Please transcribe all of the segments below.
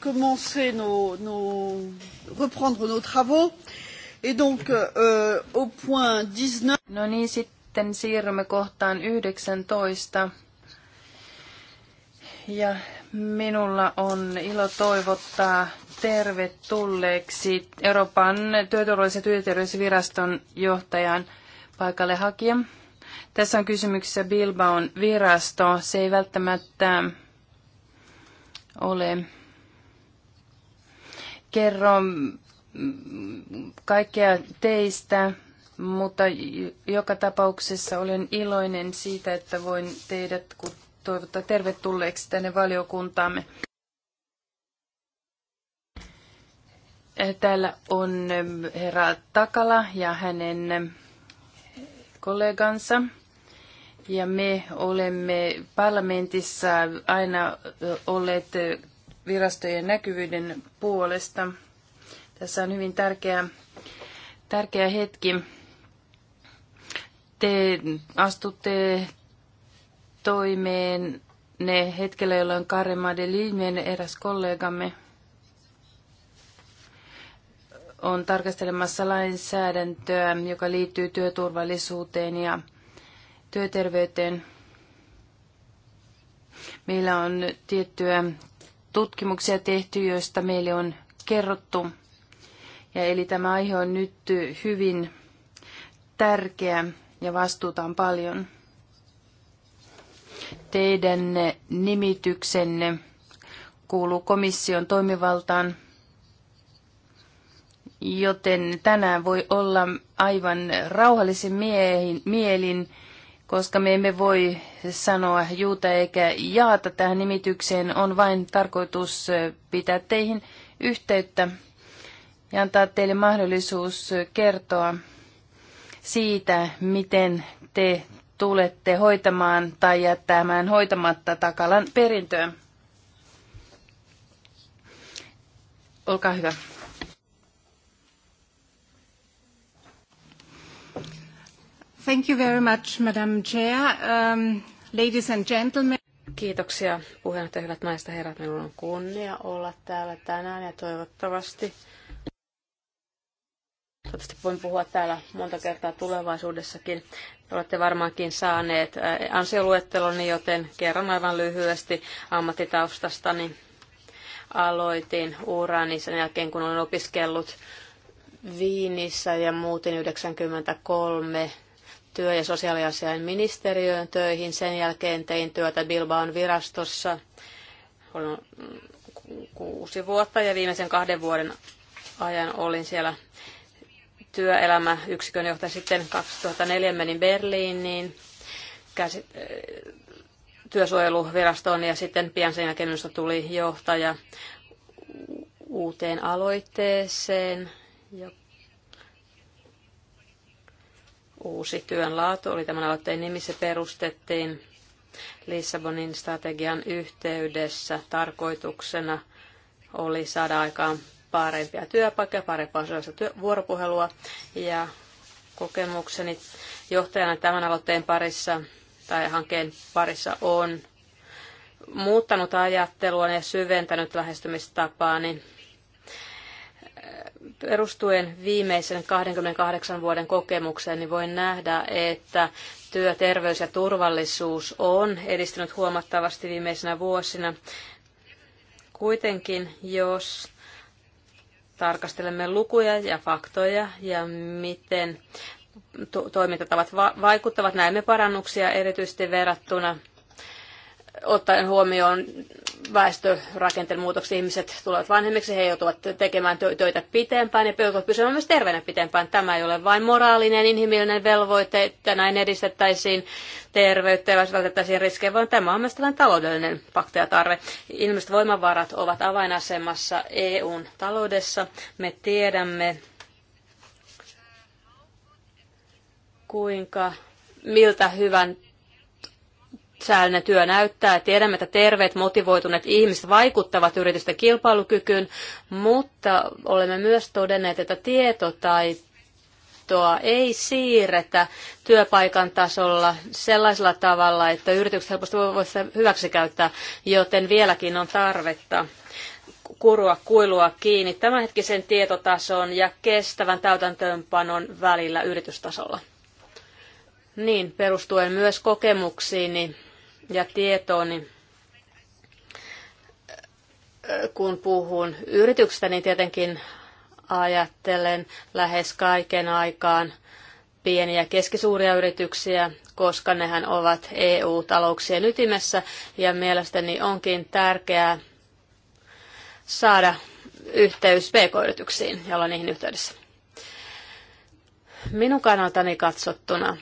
commencer nos, nos, reprendre nos travaux. Et donc, euh, au point 19... No niin, sitten siirrymme kohtaan 19. Ja minulla on ilo toivottaa tervetulleeksi Euroopan työturvallisen ja työterveysviraston johtajan paikalle hakija. Tässä on kysymyksessä Bilbaon virasto. Se ei välttämättä ole kerro kaikkea teistä, mutta joka tapauksessa olen iloinen siitä, että voin teidät toivottaa tervetulleeksi tänne valiokuntaamme. Äh, täällä on ähm, herra Takala ja hänen ähm, kollegansa. Ja me olemme parlamentissa aina äh, olleet äh, virastojen näkyvyyden puolesta. Tässä on hyvin tärkeä, tärkeä hetki. Te astutte toimeen ne hetkellä, jolloin Karre de eräs kollegamme on tarkastelemassa lainsäädäntöä, joka liittyy työturvallisuuteen ja työterveyteen. Meillä on tiettyä tutkimuksia tehty, joista meille on kerrottu. Ja eli tämä aihe on nyt hyvin tärkeä ja vastuutaan paljon. Teidän nimityksenne kuuluu komission toimivaltaan, joten tänään voi olla aivan rauhallisin miehin, mielin koska me emme voi sanoa juuta eikä jaata tähän nimitykseen, on vain tarkoitus pitää teihin yhteyttä ja antaa teille mahdollisuus kertoa siitä, miten te tulette hoitamaan tai jättämään hoitamatta Takalan perintöä. Olkaa hyvä. Thank you very much, Madam Chair. Um, ladies and gentlemen. Kiitoksia puheenjohtaja, hyvät naiset ja herrat. Minulla on kunnia olla täällä tänään ja toivottavasti voin puhua täällä monta kertaa tulevaisuudessakin. Olette varmaankin saaneet äh, ansioluetteloni, joten kerron aivan lyhyesti ammattitaustastani. Aloitin urani sen jälkeen, kun olen opiskellut Viinissä ja muutin 93 työ- ja sosiaaliasiain ministeriöön töihin. Sen jälkeen tein työtä Bilbaon virastossa kuusi vuotta ja viimeisen kahden vuoden ajan olin siellä työelämäyksikön johtaja. Sitten 2004 menin Berliiniin käsi, äh, työsuojeluvirastoon ja sitten pian sen jälkeen minusta tuli johtaja uuteen aloitteeseen, joka Uusi työn laatu oli tämän aloitteen nimi, se perustettiin Lissabonin strategian yhteydessä. Tarkoituksena oli saada aikaan parempia työpaikkoja, parempaa työ- vuoropuhelua ja kokemukseni johtajana tämän aloitteen parissa tai hankkeen parissa on muuttanut ajattelua ja syventänyt lähestymistapaani. Niin perustuen viimeisen 28 vuoden kokemukseen, niin voin nähdä, että työ, terveys ja turvallisuus on edistynyt huomattavasti viimeisinä vuosina. Kuitenkin, jos tarkastelemme lukuja ja faktoja ja miten toimintatavat vaikuttavat, näemme parannuksia erityisesti verrattuna ottaen huomioon väestörakenteen muutoksia. Ihmiset tulevat vanhemmiksi, he joutuvat tekemään töitä pitempään ja joutuvat pysymään myös terveenä pitempään. Tämä ei ole vain moraalinen, inhimillinen velvoite, että näin edistettäisiin terveyttä ja vältettäisiin riskejä, vaan tämä on myös tällainen taloudellinen fakta ja tarve. Ilmeiset voimavarat ovat avainasemassa EUn taloudessa. Me tiedämme, kuinka miltä hyvän säällinen työ näyttää. Tiedämme, että terveet, motivoituneet ihmiset vaikuttavat yritysten kilpailukykyyn, mutta olemme myös todenneet, että tietotaitoa ei siirretä työpaikan tasolla sellaisella tavalla, että yritykset helposti voivat sitä hyväksikäyttää, joten vieläkin on tarvetta kurua kuilua kiinni tämänhetkisen tietotason ja kestävän täytäntöönpanon välillä yritystasolla. Niin, perustuen myös kokemuksiini ja tietooni. Kun puhun yrityksestä, niin tietenkin ajattelen lähes kaiken aikaan pieniä ja keskisuuria yrityksiä, koska nehän ovat EU-talouksien ytimessä ja mielestäni onkin tärkeää saada yhteys pk-yrityksiin ja olla niihin yhteydessä. Minun kannaltani katsottuna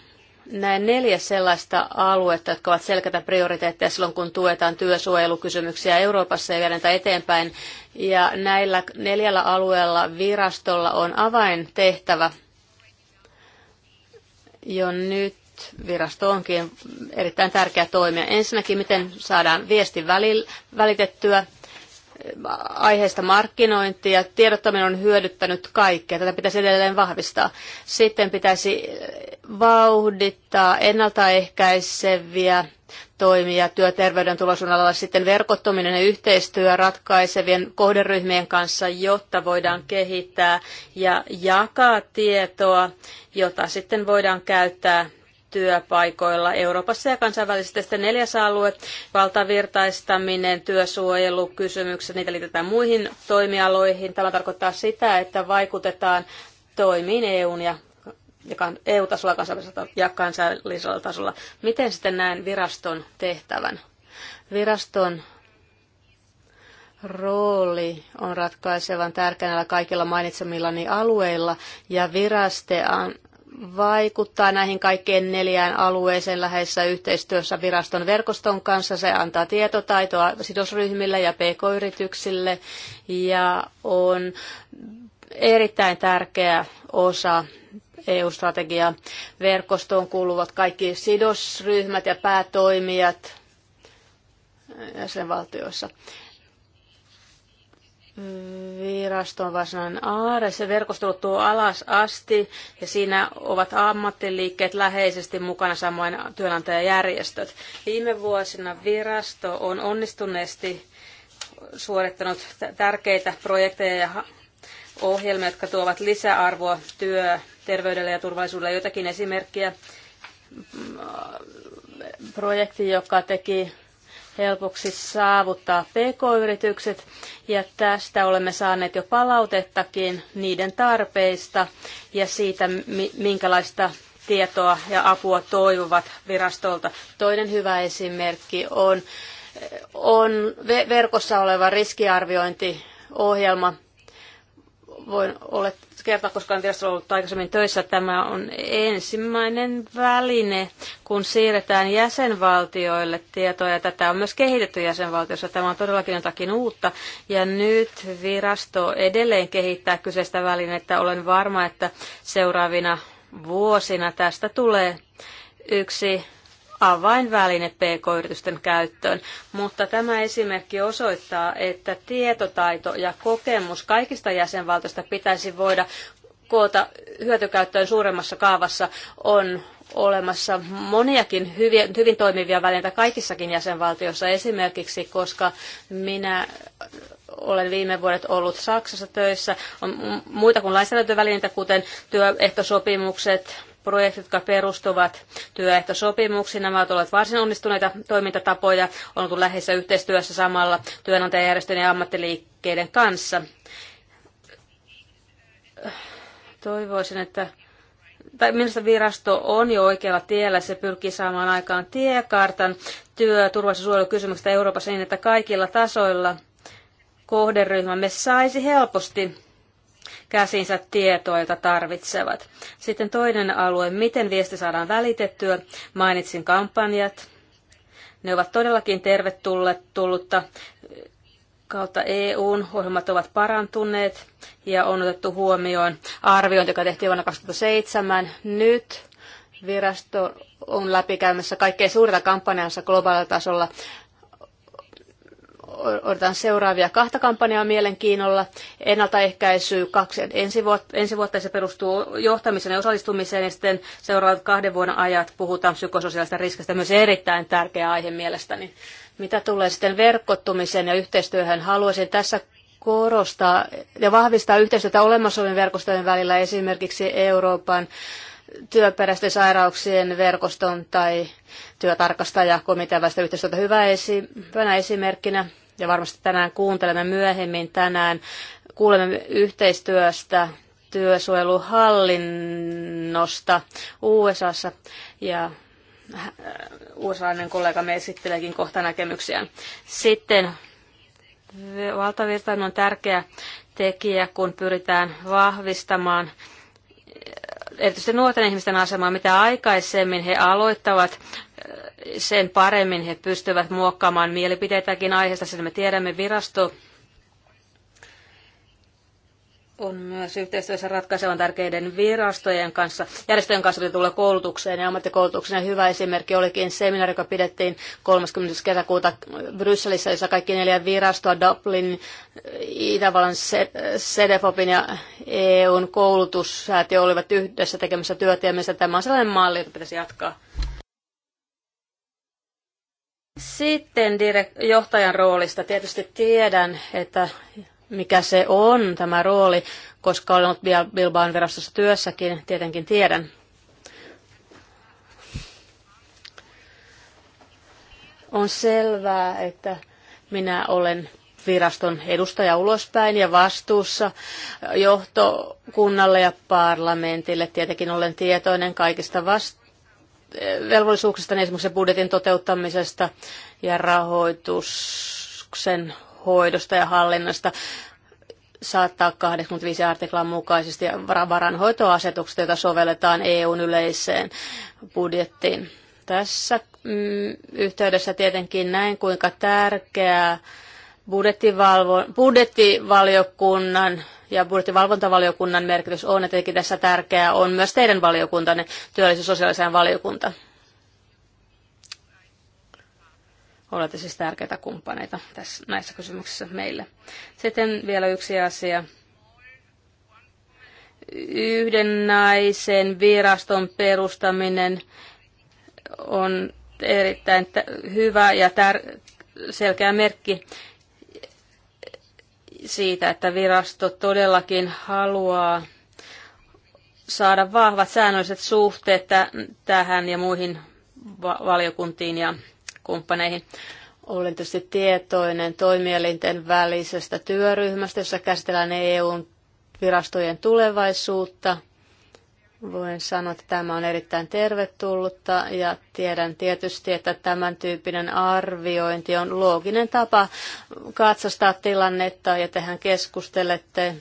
näen neljä sellaista aluetta, jotka ovat selkeitä prioriteetteja silloin, kun tuetaan työsuojelukysymyksiä Euroopassa ja viedään eteenpäin. Ja näillä neljällä alueella virastolla on avaintehtävä. Jo nyt virasto onkin erittäin tärkeä toimija. Ensinnäkin, miten saadaan viesti välitettyä aiheesta markkinointi ja tiedottaminen on hyödyttänyt kaikkea. Tätä pitäisi edelleen vahvistaa. Sitten pitäisi vauhdittaa ennaltaehkäiseviä toimia työterveyden tulosuunnalla sitten verkottuminen ja yhteistyö ratkaisevien kohderyhmien kanssa, jotta voidaan kehittää ja jakaa tietoa, jota sitten voidaan käyttää työpaikoilla Euroopassa ja kansainvälisesti. Sitten neljäs alue, valtavirtaistaminen, työsuojelukysymykset, niitä liitetään muihin toimialoihin. Tämä tarkoittaa sitä, että vaikutetaan toimiin EUn ja EU-tasolla kansainvälisellä ja kansallisella tasolla. Miten sitten näen viraston tehtävän? Viraston rooli on ratkaisevan tärkeänä kaikilla mainitsemillani alueilla ja viraste vaikuttaa näihin kaikkien neljään alueeseen läheisessä yhteistyössä viraston verkoston kanssa. Se antaa tietotaitoa sidosryhmille ja pk-yrityksille ja on erittäin tärkeä osa EU-strategiaa. Verkostoon kuuluvat kaikki sidosryhmät ja päätoimijat jäsenvaltioissa viraston varsinainen ja Se verkosto tuo alas asti ja siinä ovat ammattiliikkeet läheisesti mukana samoin työnantajajärjestöt. Viime vuosina virasto on onnistuneesti suorittanut tärkeitä projekteja ja ohjelmia, jotka tuovat lisäarvoa työ, terveydelle ja turvallisuudelle. Jotakin esimerkkiä mm, projekti, joka teki helpoksi saavuttaa pk-yritykset ja tästä olemme saaneet jo palautettakin niiden tarpeista ja siitä, minkälaista tietoa ja apua toivovat virastolta. Toinen hyvä esimerkki on, on verkossa oleva riskiarviointiohjelma, voin olla kertoa, koska en tietysti ollut aikaisemmin töissä, tämä on ensimmäinen väline, kun siirretään jäsenvaltioille tietoja. Tätä on myös kehitetty jäsenvaltiossa. Tämä on todellakin jotakin uutta. Ja nyt virasto edelleen kehittää kyseistä välinettä. Olen varma, että seuraavina vuosina tästä tulee yksi avainväline PK-yritysten käyttöön, mutta tämä esimerkki osoittaa, että tietotaito ja kokemus kaikista jäsenvaltioista pitäisi voida koota hyötykäyttöön suuremmassa kaavassa on olemassa moniakin hyviä, hyvin toimivia välineitä kaikissakin jäsenvaltioissa esimerkiksi, koska minä olen viime vuodet ollut Saksassa töissä. On muita kuin lainsäädäntövälineitä, kuten työehtosopimukset, projektit, jotka perustuvat työehtosopimuksiin. Nämä ovat olleet varsin onnistuneita toimintatapoja, on oltu läheisessä yhteistyössä samalla työnantajajärjestöjen ja ammattiliikkeiden kanssa. Toivoisin, että tai minusta virasto on jo oikealla tiellä. Se pyrkii saamaan aikaan tiekartan työ, ja Euroopassa niin, että kaikilla tasoilla kohderyhmämme saisi helposti käsinsä tietoa, jota tarvitsevat. Sitten toinen alue, miten viesti saadaan välitettyä. Mainitsin kampanjat. Ne ovat todellakin tervetullutta kautta EUn ohjelmat ovat parantuneet ja on otettu huomioon arviointi, joka tehtiin vuonna 2007. Nyt virasto on läpikäymässä kaikkein suurta kampanjansa globaalilla tasolla odotan seuraavia kahta kampanjaa mielenkiinnolla. Ennaltaehkäisy kaksi ensi vuotta, ensi vuotta se perustuu johtamiseen ja osallistumiseen ja sitten seuraavat kahden vuoden ajat puhutaan psykososiaalista riskistä, myös erittäin tärkeä aihe mielestäni. Mitä tulee sitten verkottumiseen ja yhteistyöhön, haluaisin tässä korostaa ja vahvistaa yhteistyötä olemassa olevien verkostojen välillä esimerkiksi Euroopan työperäisten sairauksien verkoston tai työtarkastajakomitean välistä yhteistyötä hyvä hyvänä esimerkkinä ja varmasti tänään kuuntelemme myöhemmin tänään, kuulemme yhteistyöstä työsuojeluhallinnosta USAssa ja äh, USAinen kollegamme esitteleekin kohta näkemyksiään. Sitten valtavirtainen on tärkeä tekijä, kun pyritään vahvistamaan erityisesti nuorten ihmisten asemaa, mitä aikaisemmin he aloittavat, sen paremmin he pystyvät muokkaamaan mielipiteitäkin aiheesta, sillä me tiedämme virasto on myös yhteistyössä ratkaisevan tärkeiden virastojen kanssa, järjestöjen kanssa, mitä tulee koulutukseen ja ammattikoulutukseen. Hyvä esimerkki olikin seminaari, joka pidettiin 30. kesäkuuta Brysselissä, jossa kaikki neljä virastoa, Dublin, Itävallan CDFOPin ja EUn koulutussäätiö olivat yhdessä tekemässä työtä, ja myös tämä on sellainen malli, jota pitäisi jatkaa. Sitten johtajan roolista. Tietysti tiedän, että mikä se on tämä rooli, koska olen ollut Bilbaan virastossa työssäkin, tietenkin tiedän. On selvää, että minä olen viraston edustaja ulospäin ja vastuussa johtokunnalle ja parlamentille. Tietenkin olen tietoinen kaikista vastuusta velvollisuuksista, niin esimerkiksi budjetin toteuttamisesta ja rahoituksen hoidosta ja hallinnasta saattaa 85 artiklan mukaisesti varanhoitoasetukset, joita sovelletaan EUn yleiseen budjettiin. Tässä mm, yhteydessä tietenkin näin, kuinka tärkeää budjettivaliokunnan ja budjettivalvontavaliokunnan merkitys on, että tässä tärkeää on myös teidän valiokuntanne, työllisyys- ja sosiaaliseen valiokunta. olette siis tärkeitä kumppaneita tässä, näissä kysymyksissä meille. Sitten vielä yksi asia. Yhden naisen viraston perustaminen on erittäin hyvä ja tär- selkeä merkki siitä, että virasto todellakin haluaa saada vahvat säännölliset suhteet tähän ja muihin valiokuntiin ja kumppaneihin. Olen tietysti tietoinen toimielinten välisestä työryhmästä, jossa käsitellään EUn virastojen tulevaisuutta. Voin sanoa, että tämä on erittäin tervetullutta ja tiedän tietysti, että tämän tyyppinen arviointi on looginen tapa katsastaa tilannetta ja tehän keskustelette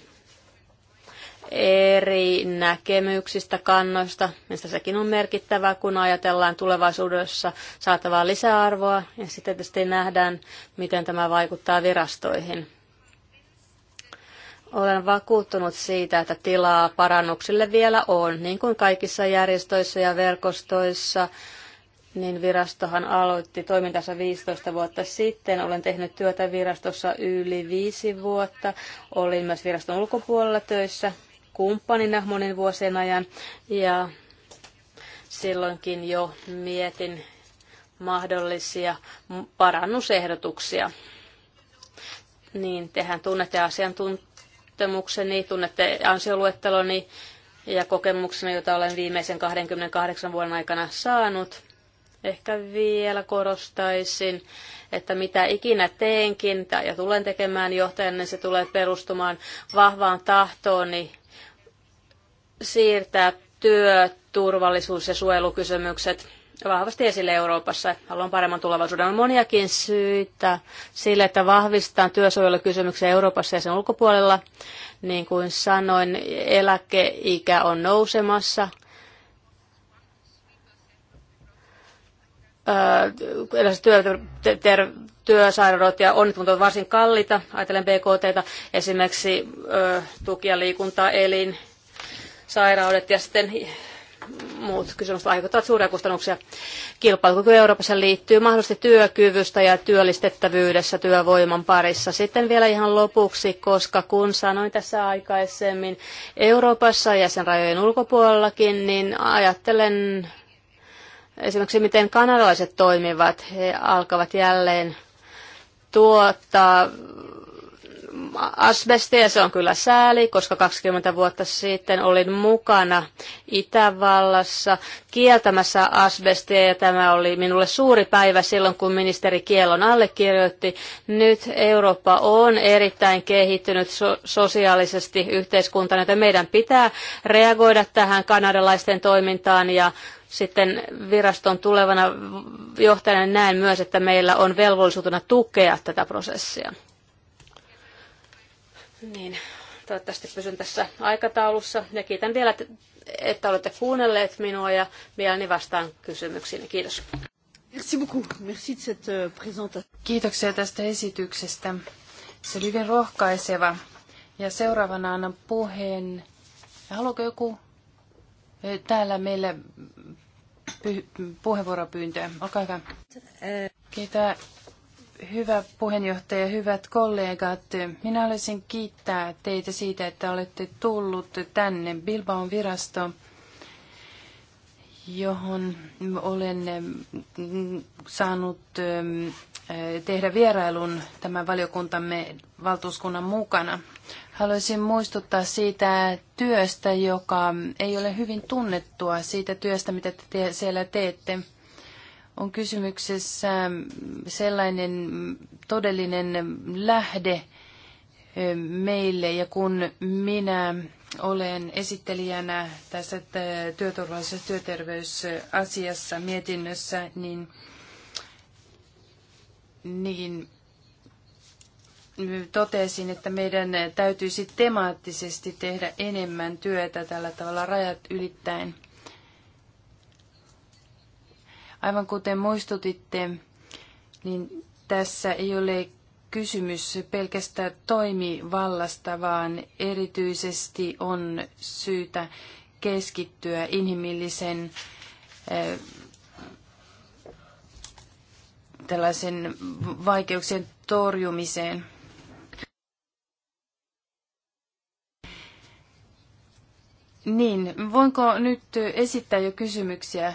eri näkemyksistä, kannoista. Mistä sekin on merkittävää, kun ajatellaan tulevaisuudessa saatavaa lisäarvoa ja sitten tietysti nähdään, miten tämä vaikuttaa virastoihin. Olen vakuuttunut siitä, että tilaa parannuksille vielä on, niin kuin kaikissa järjestöissä ja verkostoissa. Niin virastohan aloitti toimintansa 15 vuotta sitten. Olen tehnyt työtä virastossa yli viisi vuotta. Olin myös viraston ulkopuolella töissä kumppanina monen vuosien ajan ja silloinkin jo mietin mahdollisia parannusehdotuksia. Niin, tehän tunnette asiantuntemukseni, tunnette ansioluetteloni ja kokemukseni, jota olen viimeisen 28 vuoden aikana saanut. Ehkä vielä korostaisin, että mitä ikinä teenkin ja tulen tekemään johtajan, niin se tulee perustumaan vahvaan tahtooni siirtää turvallisuus ja suojelukysymykset vahvasti esille Euroopassa. Haluan paremman tulevaisuuden. On moniakin syitä sille, että vahvistetaan työsuojelukysymyksiä Euroopassa ja sen ulkopuolella. Niin kuin sanoin, eläkeikä on nousemassa. Öö, työ, työsairaudet ja onnettomuudet ovat varsin kalliita. Ajatellen BKT, esimerkiksi öö, tuki- ja sairaudet ja sitten muut kysymykset aiheuttavat suuria kustannuksia. Kilpailukyky Euroopassa liittyy mahdollisesti työkyvystä ja työllistettävyydessä työvoiman parissa. Sitten vielä ihan lopuksi, koska kun sanoin tässä aikaisemmin Euroopassa ja sen rajojen ulkopuolellakin, niin ajattelen esimerkiksi miten kanadalaiset toimivat. He alkavat jälleen tuottaa asbestia, se on kyllä sääli, koska 20 vuotta sitten olin mukana Itävallassa kieltämässä asbestia ja tämä oli minulle suuri päivä silloin, kun ministeri Kielon allekirjoitti. Nyt Eurooppa on erittäin kehittynyt so- sosiaalisesti yhteiskuntana, joten meidän pitää reagoida tähän kanadalaisten toimintaan ja sitten viraston tulevana johtajana näen myös, että meillä on velvollisuutena tukea tätä prosessia. Niin, toivottavasti pysyn tässä aikataulussa ja kiitän vielä, että olette kuunnelleet minua ja mielelläni niin vastaan kysymyksiin. Kiitos. Merci beaucoup. Merci de cette euh, présentation. Kiitoksia tästä esityksestä. Se oli hyvin rohkaiseva. Ja seuraavana annan puheen. Haluatko joku täällä meillä puheenvuoropyyntöä? Olkaa hyvä. Kiitos. Hyvä puheenjohtaja, hyvät kollegat. Minä olisin kiittää teitä siitä, että olette tullut tänne Bilbaon virasto, johon olen mm, saanut mm, tehdä vierailun tämän valiokuntamme valtuuskunnan mukana. Haluaisin muistuttaa siitä työstä, joka ei ole hyvin tunnettua, siitä työstä, mitä te siellä teette on kysymyksessä sellainen todellinen lähde meille. Ja kun minä olen esittelijänä tässä työturvallisuus- ja työterveysasiassa mietinnössä, niin, niin totesin, että meidän täytyisi temaattisesti tehdä enemmän työtä tällä tavalla rajat ylittäen – Aivan kuten muistutitte, niin tässä ei ole kysymys pelkästään toimivallasta, vaan erityisesti on syytä keskittyä inhimillisen eh, tällaisen vaikeuksien torjumiseen. Niin, voinko nyt esittää jo kysymyksiä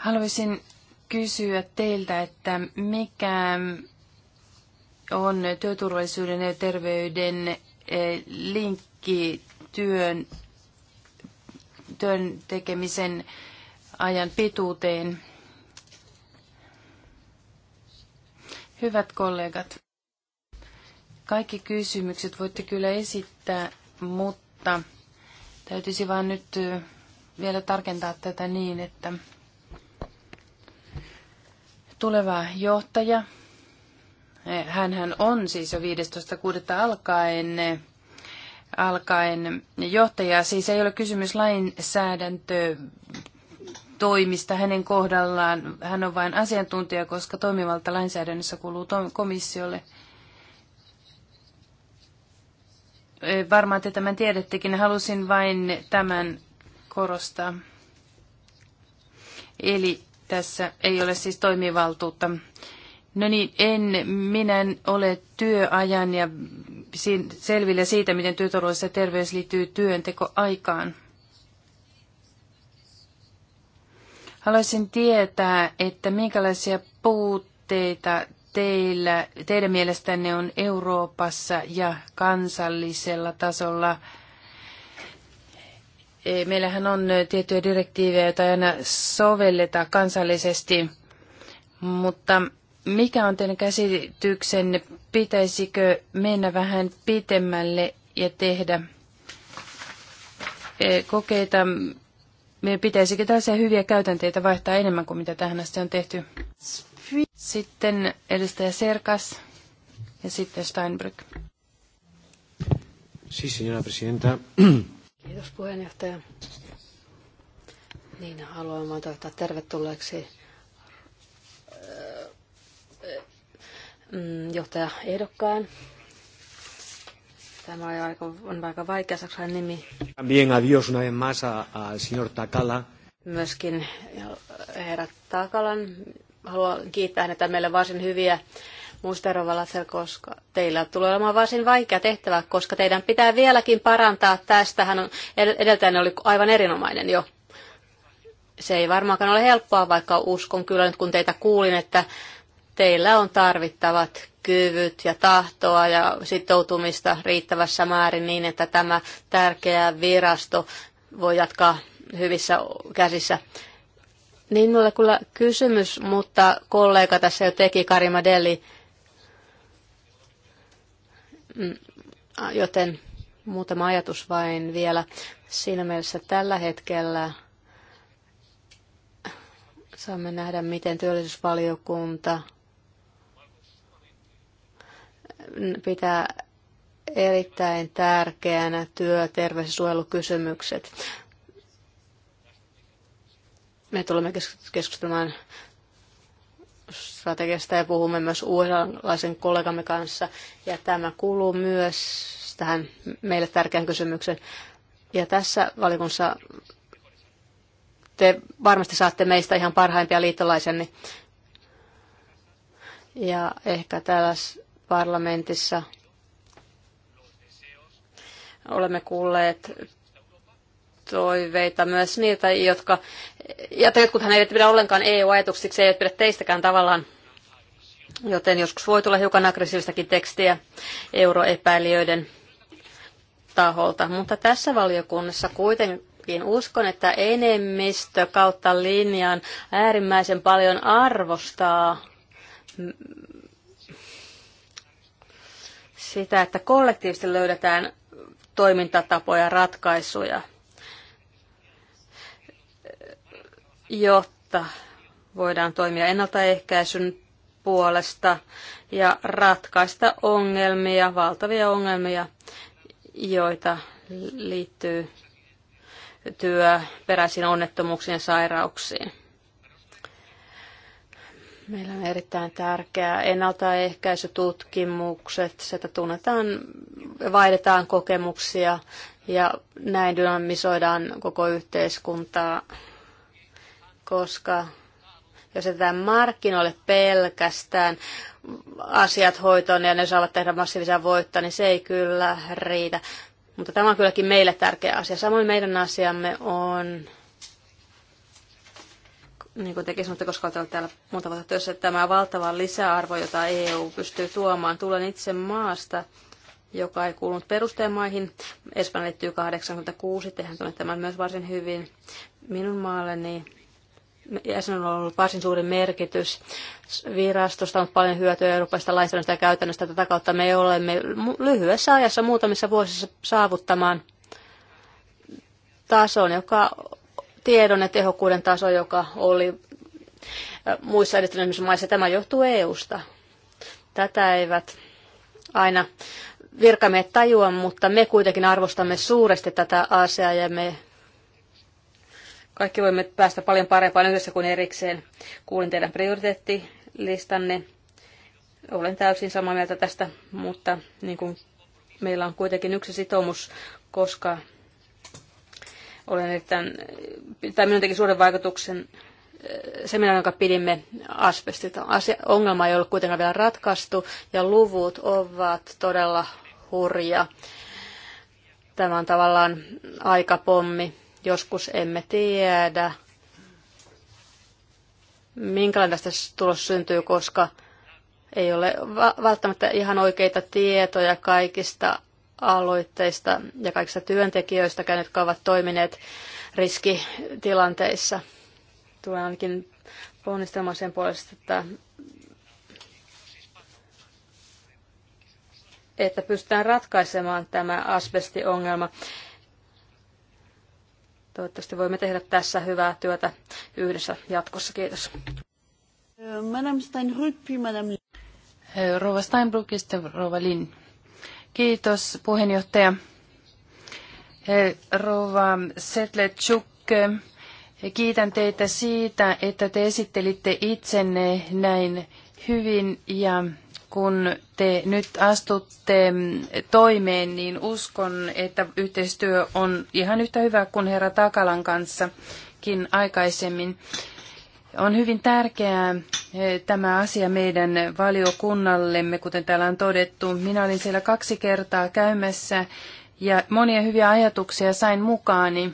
Haluaisin kysyä teiltä, että mikä on työturvallisuuden ja terveyden eh, linkki työn, työn tekemisen ajan pituuteen? Hyvät kollegat, kaikki kysymykset voitte kyllä esittää, mutta täytyisi vaan nyt eh, vielä tarkentaa tätä niin, että tuleva johtaja, hän on siis jo 15.6. alkaen alkaen johtaja. Siis ei ole kysymys lainsäädäntö toimista hänen kohdallaan. Hän on vain asiantuntija, koska toimivalta lainsäädännössä kuuluu komissiolle. Varmaan te tämän tiedättekin. Halusin vain tämän korostaa. Eli tässä ei ole siis toimivaltuutta. No niin, en minä ole työajan ja selville siitä, miten työtaloudessa ja terveys liittyy työntekoaikaan. Haluaisin tietää, että minkälaisia puutteita teillä, teidän mielestänne on Euroopassa ja kansallisella tasolla – Meillähän on tiettyjä direktiivejä, joita aina sovelletaan kansallisesti, mutta mikä on teidän käsityksenne, pitäisikö mennä vähän pitemmälle ja tehdä kokeita? Me pitäisikö tällaisia hyviä käytänteitä vaihtaa enemmän kuin mitä tähän asti on tehty? Sitten edustaja Serkas ja sitten Steinbrück. Sí, señora presidenta. Kiitos puheenjohtaja. Niin, haluan toivottaa tervetulleeksi äh, äh, mm, johtaja ehdokkaan. Tämä on aika, on aika vaikea saksan nimi. También adiós una vez más al señor Takala. Myöskin äh, herra Takalan. Haluan kiittää häntä meille varsin hyviä Muista koska teillä tulee olemaan varsin vaikea tehtävä, koska teidän pitää vieläkin parantaa tästä. Hän on, edeltäjänne oli aivan erinomainen jo. Se ei varmaankaan ole helppoa, vaikka uskon kyllä nyt kun teitä kuulin, että teillä on tarvittavat kyvyt ja tahtoa ja sitoutumista riittävässä määrin niin, että tämä tärkeä virasto voi jatkaa hyvissä käsissä. Niin minulla kyllä kysymys, mutta kollega tässä jo teki, Karima Deli, Mm, joten muutama ajatus vain vielä siinä mielessä tällä hetkellä saamme nähdä, miten työllisyysvaliokunta pitää erittäin tärkeänä työ-, ja terveyssuojelukysymykset. Me tulemme keskustelemaan strategiasta ja puhumme myös uudenlaisen kollegamme kanssa. Ja tämä kuuluu myös tähän meille tärkeän kysymyksen. Ja tässä valikunnassa te varmasti saatte meistä ihan parhaimpia liittolaisenne. Ja ehkä täällä parlamentissa olemme kuulleet toiveita myös niiltä, jotka, ja jotkuthan eivät pidä ollenkaan EU-ajatuksiksi, eivät pidä teistäkään tavallaan, joten joskus voi tulla hiukan aggressiivistakin tekstiä euroepäilijöiden taholta. Mutta tässä valiokunnassa kuitenkin uskon, että enemmistö kautta linjan äärimmäisen paljon arvostaa sitä, että kollektiivisesti löydetään toimintatapoja, ratkaisuja – jotta voidaan toimia ennaltaehkäisyn puolesta ja ratkaista ongelmia, valtavia ongelmia, joita liittyy työperäisiin onnettomuuksiin ja sairauksiin. Meillä on erittäin tärkeää ennaltaehkäisytutkimukset, sitä tunnetaan, vaihdetaan kokemuksia ja näin dynamisoidaan koko yhteiskuntaa koska jos jätetään markkinoille pelkästään asiat hoitoon ja ne saavat tehdä massiivisia voittoja, niin se ei kyllä riitä. Mutta tämä on kylläkin meille tärkeä asia. Samoin meidän asiamme on, niin kuin tekin sanotte, koska olette täällä monta vuotta työssä, että tämä valtava lisäarvo, jota EU pystyy tuomaan. tulee itse maasta, joka ei kuulunut perustemaihin. Espanja liittyy 86, tehän tunnen tämän myös varsin hyvin. Minun maalleni ja on ollut varsin suuri merkitys. Virastosta on paljon hyötyä eurooppalaisesta lainsäädännöstä ja käytännöstä. Tätä kautta me olemme lyhyessä ajassa muutamissa vuosissa saavuttamaan tason, joka tiedon ja tehokkuuden taso, joka oli äh, muissa edistyneissä maissa. Tämä johtuu EUsta. Tätä eivät aina virkamiehet tajua, mutta me kuitenkin arvostamme suuresti tätä asiaa ja me kaikki voimme päästä paljon parempaan yhdessä kuin erikseen. Kuulin teidän prioriteettilistanne. Olen täysin samaa mieltä tästä, mutta niin kuin meillä on kuitenkin yksi sitoumus, koska olen erittäin, tai minun teki suuren vaikutuksen eh, seminaari, jonka pidimme asbestista. Asia, ongelma ei ole kuitenkaan vielä ratkaistu ja luvut ovat todella hurja. Tämä on tavallaan aikapommi. Joskus emme tiedä, minkälainen tästä tulos syntyy, koska ei ole välttämättä ihan oikeita tietoja kaikista aloitteista ja kaikista työntekijöistä, jotka ovat toimineet riskitilanteissa. Tulee ainakin ponnistelmaan sen puolesta, että, että pystytään ratkaisemaan tämä asbestiongelma. ongelma Toivottavasti voimme tehdä tässä hyvää työtä yhdessä jatkossa. Kiitos. Madame Steinbrück, ja Lin. Kiitos puheenjohtaja. Rova Setlechuk, kiitän teitä siitä, että te esittelitte itsenne näin hyvin ja kun te nyt astutte toimeen, niin uskon, että yhteistyö on ihan yhtä hyvä kuin herra Takalan kanssakin aikaisemmin. On hyvin tärkeää eh, tämä asia meidän valiokunnallemme, kuten täällä on todettu. Minä olin siellä kaksi kertaa käymässä ja monia hyviä ajatuksia sain mukaani.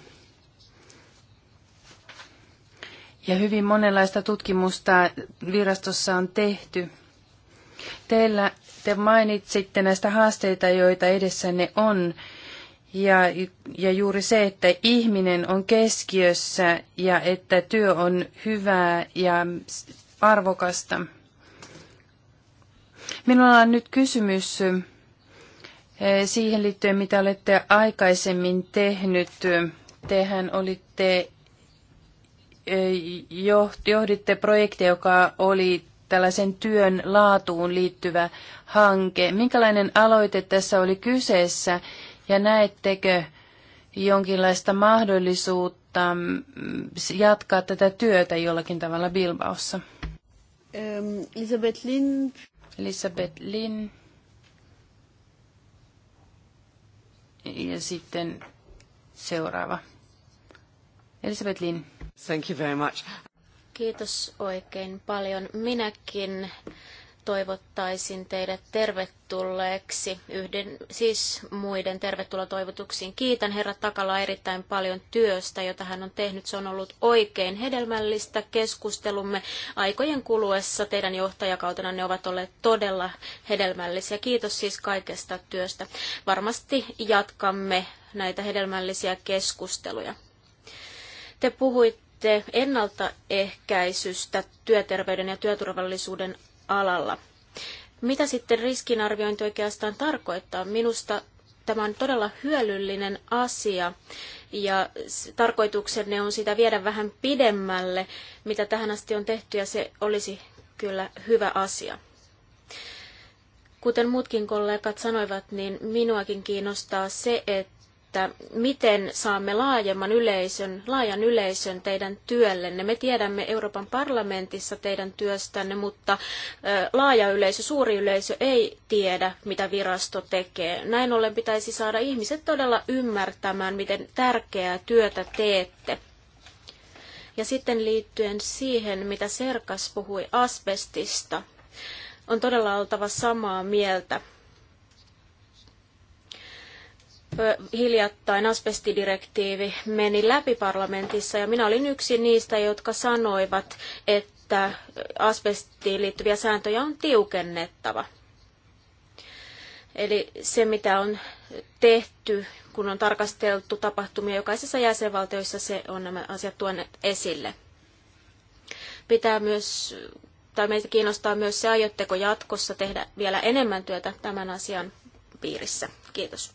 Ja hyvin monenlaista tutkimusta virastossa on tehty. Teillä te mainitsitte näistä haasteita, joita edessänne on. Ja, ja juuri se, että ihminen on keskiössä ja että työ on hyvää ja arvokasta. Minulla on nyt kysymys eh, siihen liittyen, mitä olette aikaisemmin tehnyt. Tehän olitte, eh, johditte projektia, joka oli tällaisen työn laatuun liittyvä hanke. Minkälainen aloite tässä oli kyseessä ja näettekö jonkinlaista mahdollisuutta mm, jatkaa tätä työtä jollakin tavalla Bilbaossa? Ähm, Elisabeth Lin. Elisabeth Lin. Ja sitten seuraava. Elisabeth Lin. Thank you very much. Kiitos oikein paljon. Minäkin toivottaisin teidät tervetulleeksi, yhden, siis muiden tervetulotoivotuksiin. Kiitän herra Takala erittäin paljon työstä, jota hän on tehnyt. Se on ollut oikein hedelmällistä keskustelumme. Aikojen kuluessa teidän johtajakautena ne ovat olleet todella hedelmällisiä. Kiitos siis kaikesta työstä. Varmasti jatkamme näitä hedelmällisiä keskusteluja. Te puhuitte puhuitte ennaltaehkäisystä työterveyden ja työturvallisuuden alalla. Mitä sitten riskinarviointi oikeastaan tarkoittaa? Minusta tämä on todella hyödyllinen asia ja tarkoituksenne on sitä viedä vähän pidemmälle, mitä tähän asti on tehty ja se olisi kyllä hyvä asia. Kuten muutkin kollegat sanoivat, niin minuakin kiinnostaa se, että että miten saamme laajemman yleisön, laajan yleisön teidän työllenne. Me tiedämme Euroopan parlamentissa teidän työstänne, mutta laaja yleisö, suuri yleisö ei tiedä, mitä virasto tekee. Näin ollen pitäisi saada ihmiset todella ymmärtämään, miten tärkeää työtä teette. Ja sitten liittyen siihen, mitä Serkas puhui asbestista, on todella oltava samaa mieltä hiljattain asbestidirektiivi meni läpi parlamentissa ja minä olin yksi niistä, jotka sanoivat, että asbestiin liittyviä sääntöjä on tiukennettava. Eli se, mitä on tehty, kun on tarkasteltu tapahtumia jokaisessa jäsenvaltioissa, se on nämä asiat tuoneet esille. Pitää myös, tai meitä kiinnostaa myös se, aiotteko jatkossa tehdä vielä enemmän työtä tämän asian piirissä. Kiitos.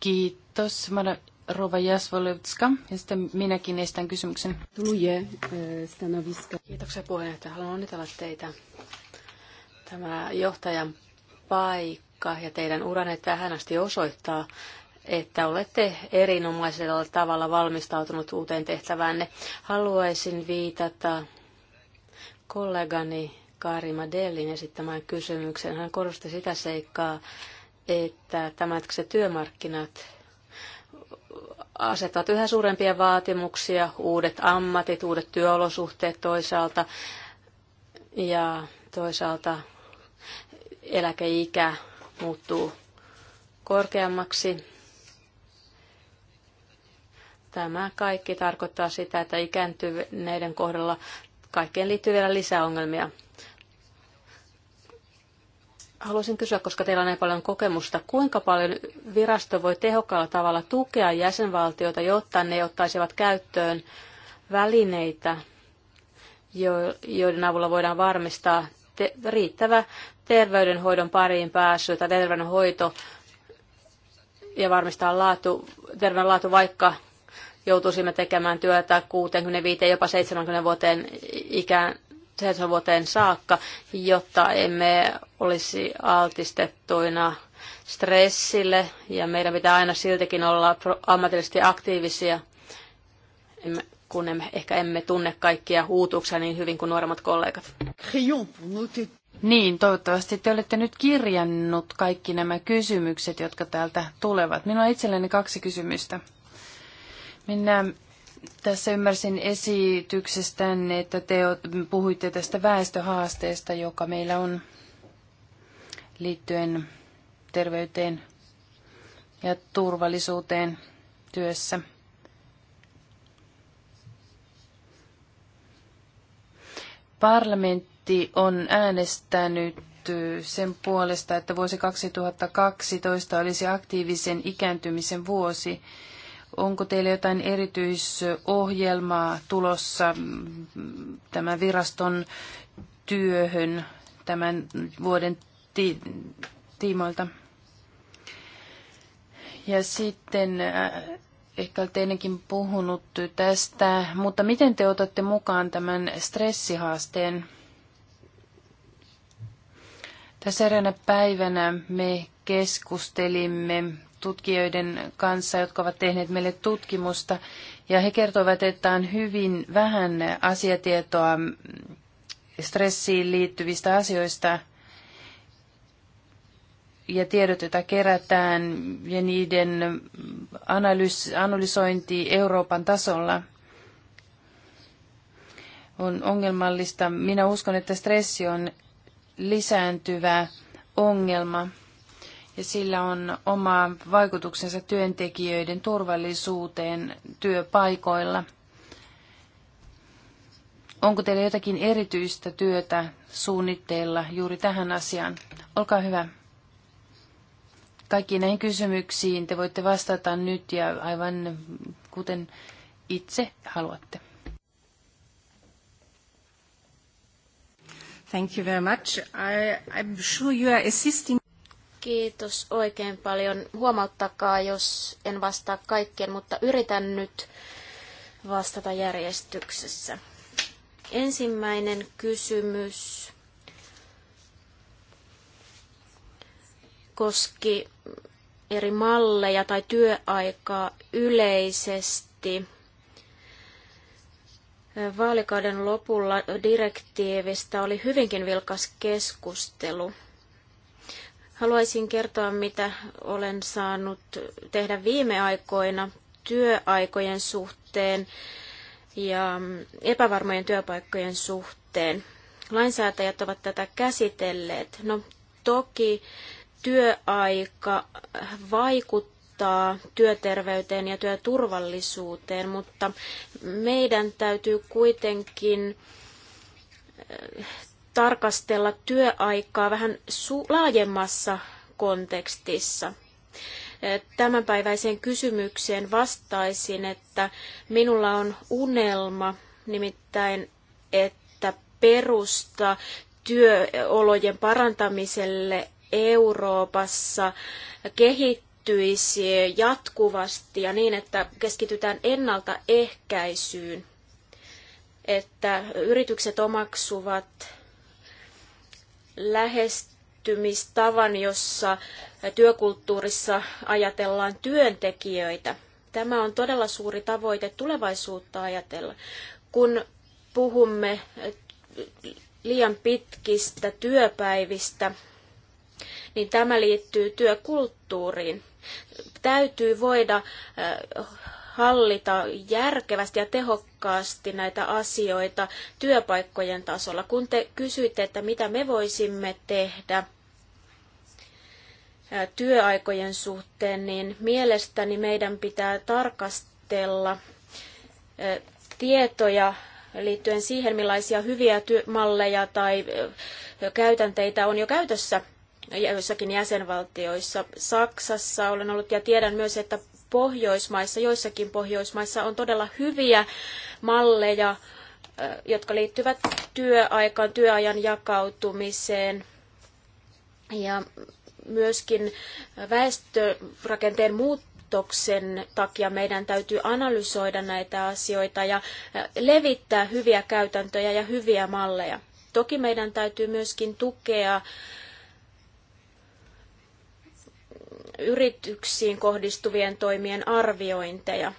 Kiitos, Mara Rova Jasvolevska. Ja sitten minäkin estän kysymyksen. Tuluje stanoviska. Kiitoksia puheenjohtaja. Haluan onnitella teitä. Tämä johtajan paikka ja teidän uranne tähän asti osoittaa, että olette erinomaisella tavalla valmistautunut uuteen tehtäväänne. Haluaisin viitata kollegani Kaari Madellin esittämään kysymykseen. Hän korosti sitä seikkaa, että se työmarkkinat asettavat yhä suurempia vaatimuksia, uudet ammatit, uudet työolosuhteet toisaalta ja toisaalta eläkeikä muuttuu korkeammaksi. Tämä kaikki tarkoittaa sitä, että ikääntyneiden kohdalla kaikkeen liittyy vielä lisäongelmia. ongelmia. Haluaisin kysyä, koska teillä on näin paljon kokemusta, kuinka paljon virasto voi tehokkaalla tavalla tukea jäsenvaltioita, jotta ne ottaisivat käyttöön välineitä, joiden avulla voidaan varmistaa te- riittävä terveydenhoidon pariin pääsy tai terveydenhoito ja varmistaa laatu, terveydenlaatu, laatu, vaikka joutuisimme tekemään työtä 65 jopa 70 vuoteen ikään 7 vuoteen saakka, jotta emme olisi altistettuina stressille ja meidän pitää aina siltikin olla ammatillisesti aktiivisia, kun emme, ehkä emme tunne kaikkia uutuksia niin hyvin kuin nuoremmat kollegat. Niin, toivottavasti te olette nyt kirjannut kaikki nämä kysymykset, jotka täältä tulevat. Minulla on itselleni kaksi kysymystä. Minä tässä ymmärsin esityksestänne, että te puhuitte tästä väestöhaasteesta, joka meillä on liittyen terveyteen ja turvallisuuteen työssä. Parlamentti on äänestänyt sen puolesta, että vuosi 2012 olisi aktiivisen ikääntymisen vuosi. Onko teillä jotain erityisohjelmaa tulossa mm, tämän viraston työhön tämän vuoden ti- tiimoilta? Ja sitten äh, ehkä olette ennenkin puhunut tästä, mutta miten te otatte mukaan tämän stressihaasteen? Tässä eräänä päivänä me keskustelimme tutkijoiden kanssa, jotka ovat tehneet meille tutkimusta, ja he kertovat, että on hyvin vähän asiatietoa stressiin liittyvistä asioista ja tiedot, joita kerätään ja niiden analys, analysointi Euroopan tasolla on ongelmallista. Minä uskon, että stressi on lisääntyvä ongelma ja sillä on oma vaikutuksensa työntekijöiden turvallisuuteen työpaikoilla. Onko teillä jotakin erityistä työtä suunnitteilla juuri tähän asiaan? Olkaa hyvä. Kaikkiin näihin kysymyksiin te voitte vastata nyt ja aivan kuten itse haluatte. Thank you very much. I, I'm sure you are assisting. Kiitos oikein paljon. Huomauttakaa, jos en vastaa kaikkien, mutta yritän nyt vastata järjestyksessä. Ensimmäinen kysymys koski eri malleja tai työaikaa yleisesti. Vaalikauden lopulla direktiivistä oli hyvinkin vilkas keskustelu. Haluaisin kertoa, mitä olen saanut tehdä viime aikoina työaikojen suhteen ja epävarmojen työpaikkojen suhteen. Lainsäätäjät ovat tätä käsitelleet. No toki työaika vaikuttaa työterveyteen ja työturvallisuuteen, mutta meidän täytyy kuitenkin tarkastella työaikaa vähän su- laajemmassa kontekstissa. Tämänpäiväiseen kysymykseen vastaisin, että minulla on unelma, nimittäin, että perusta työolojen parantamiselle Euroopassa kehittyisi jatkuvasti ja niin, että keskitytään ennaltaehkäisyyn, että yritykset omaksuvat lähestymistavan, jossa työkulttuurissa ajatellaan työntekijöitä. Tämä on todella suuri tavoite tulevaisuutta ajatella. Kun puhumme liian pitkistä työpäivistä, niin tämä liittyy työkulttuuriin. Täytyy voida hallita järkevästi ja tehokkaasti näitä asioita työpaikkojen tasolla. Kun te kysyitte, että mitä me voisimme tehdä työaikojen suhteen, niin mielestäni meidän pitää tarkastella tietoja liittyen siihen, millaisia hyviä malleja tai käytänteitä on jo käytössä joissakin jäsenvaltioissa. Saksassa olen ollut ja tiedän myös, että Pohjoismaissa, joissakin Pohjoismaissa on todella hyviä malleja, jotka liittyvät työaikaan, työajan jakautumiseen ja myöskin väestörakenteen muutoksen takia meidän täytyy analysoida näitä asioita ja levittää hyviä käytäntöjä ja hyviä malleja. Toki meidän täytyy myöskin tukea yrityksiin kohdistuvien toimien arviointeja.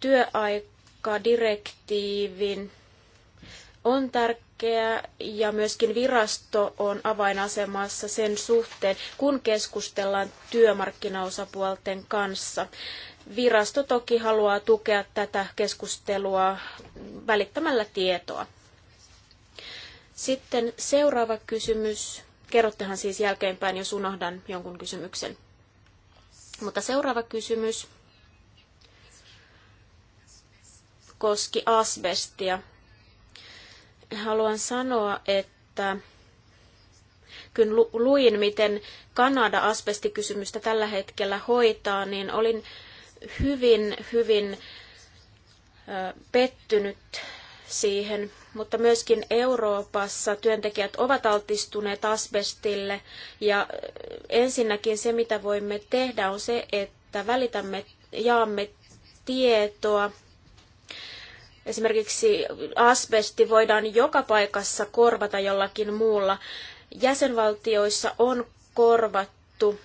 Työaikadirektiivin on tärkeä ja myöskin virasto on avainasemassa sen suhteen, kun keskustellaan työmarkkinaosapuolten kanssa. Virasto toki haluaa tukea tätä keskustelua välittämällä tietoa. Sitten seuraava kysymys Kerrottehan siis jälkeenpäin, jos unohdan jonkun kysymyksen. Mutta seuraava kysymys koski asbestia. Haluan sanoa, että kun luin, miten Kanada asbestikysymystä tällä hetkellä hoitaa, niin olin hyvin, hyvin pettynyt siihen mutta myöskin Euroopassa työntekijät ovat altistuneet asbestille. Ja ensinnäkin se, mitä voimme tehdä, on se, että välitämme, jaamme tietoa. Esimerkiksi asbesti voidaan joka paikassa korvata jollakin muulla. Jäsenvaltioissa on korvattu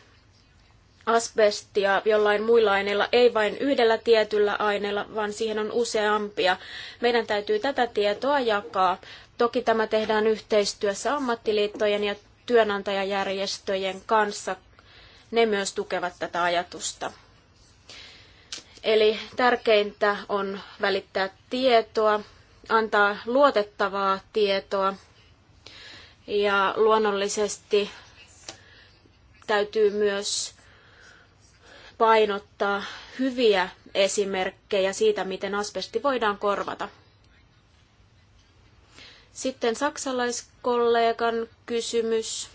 asbestia jollain muilla aineilla, ei vain yhdellä tietyllä aineella, vaan siihen on useampia. Meidän täytyy tätä tietoa jakaa. Toki tämä tehdään yhteistyössä ammattiliittojen ja työnantajajärjestöjen kanssa. Ne myös tukevat tätä ajatusta. Eli tärkeintä on välittää tietoa, antaa luotettavaa tietoa ja luonnollisesti täytyy myös painottaa hyviä esimerkkejä siitä, miten asbesti voidaan korvata. Sitten saksalaiskollegan kysymys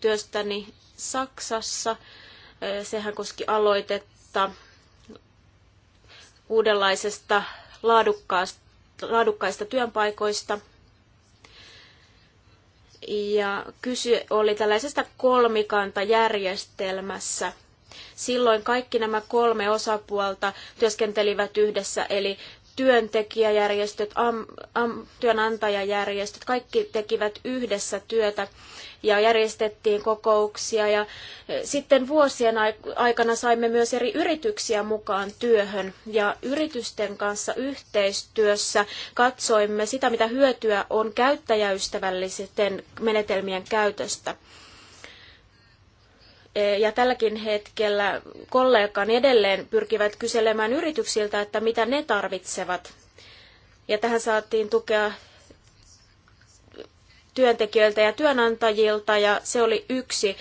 työstäni Saksassa. Sehän koski aloitetta uudenlaisesta laadukkaasta, laadukkaista työpaikoista. Ja kysy oli tällaisesta kolmikantajärjestelmässä – Silloin kaikki nämä kolme osapuolta työskentelivät yhdessä, eli työntekijäjärjestöt, am, am, työnantajajärjestöt, kaikki tekivät yhdessä työtä ja järjestettiin kokouksia. Ja e, sitten vuosien aikana saimme myös eri yrityksiä mukaan työhön ja yritysten kanssa yhteistyössä katsoimme sitä, mitä hyötyä on käyttäjäystävällisten menetelmien käytöstä. Eh, ja tälläkin hetkellä kollegani edelleen pyrkivät kyselemään yrityksiltä, että mitä ne tarvitsevat. Ja tähän saatiin tukea työntekijöiltä ja työnantajilta ja se oli yksi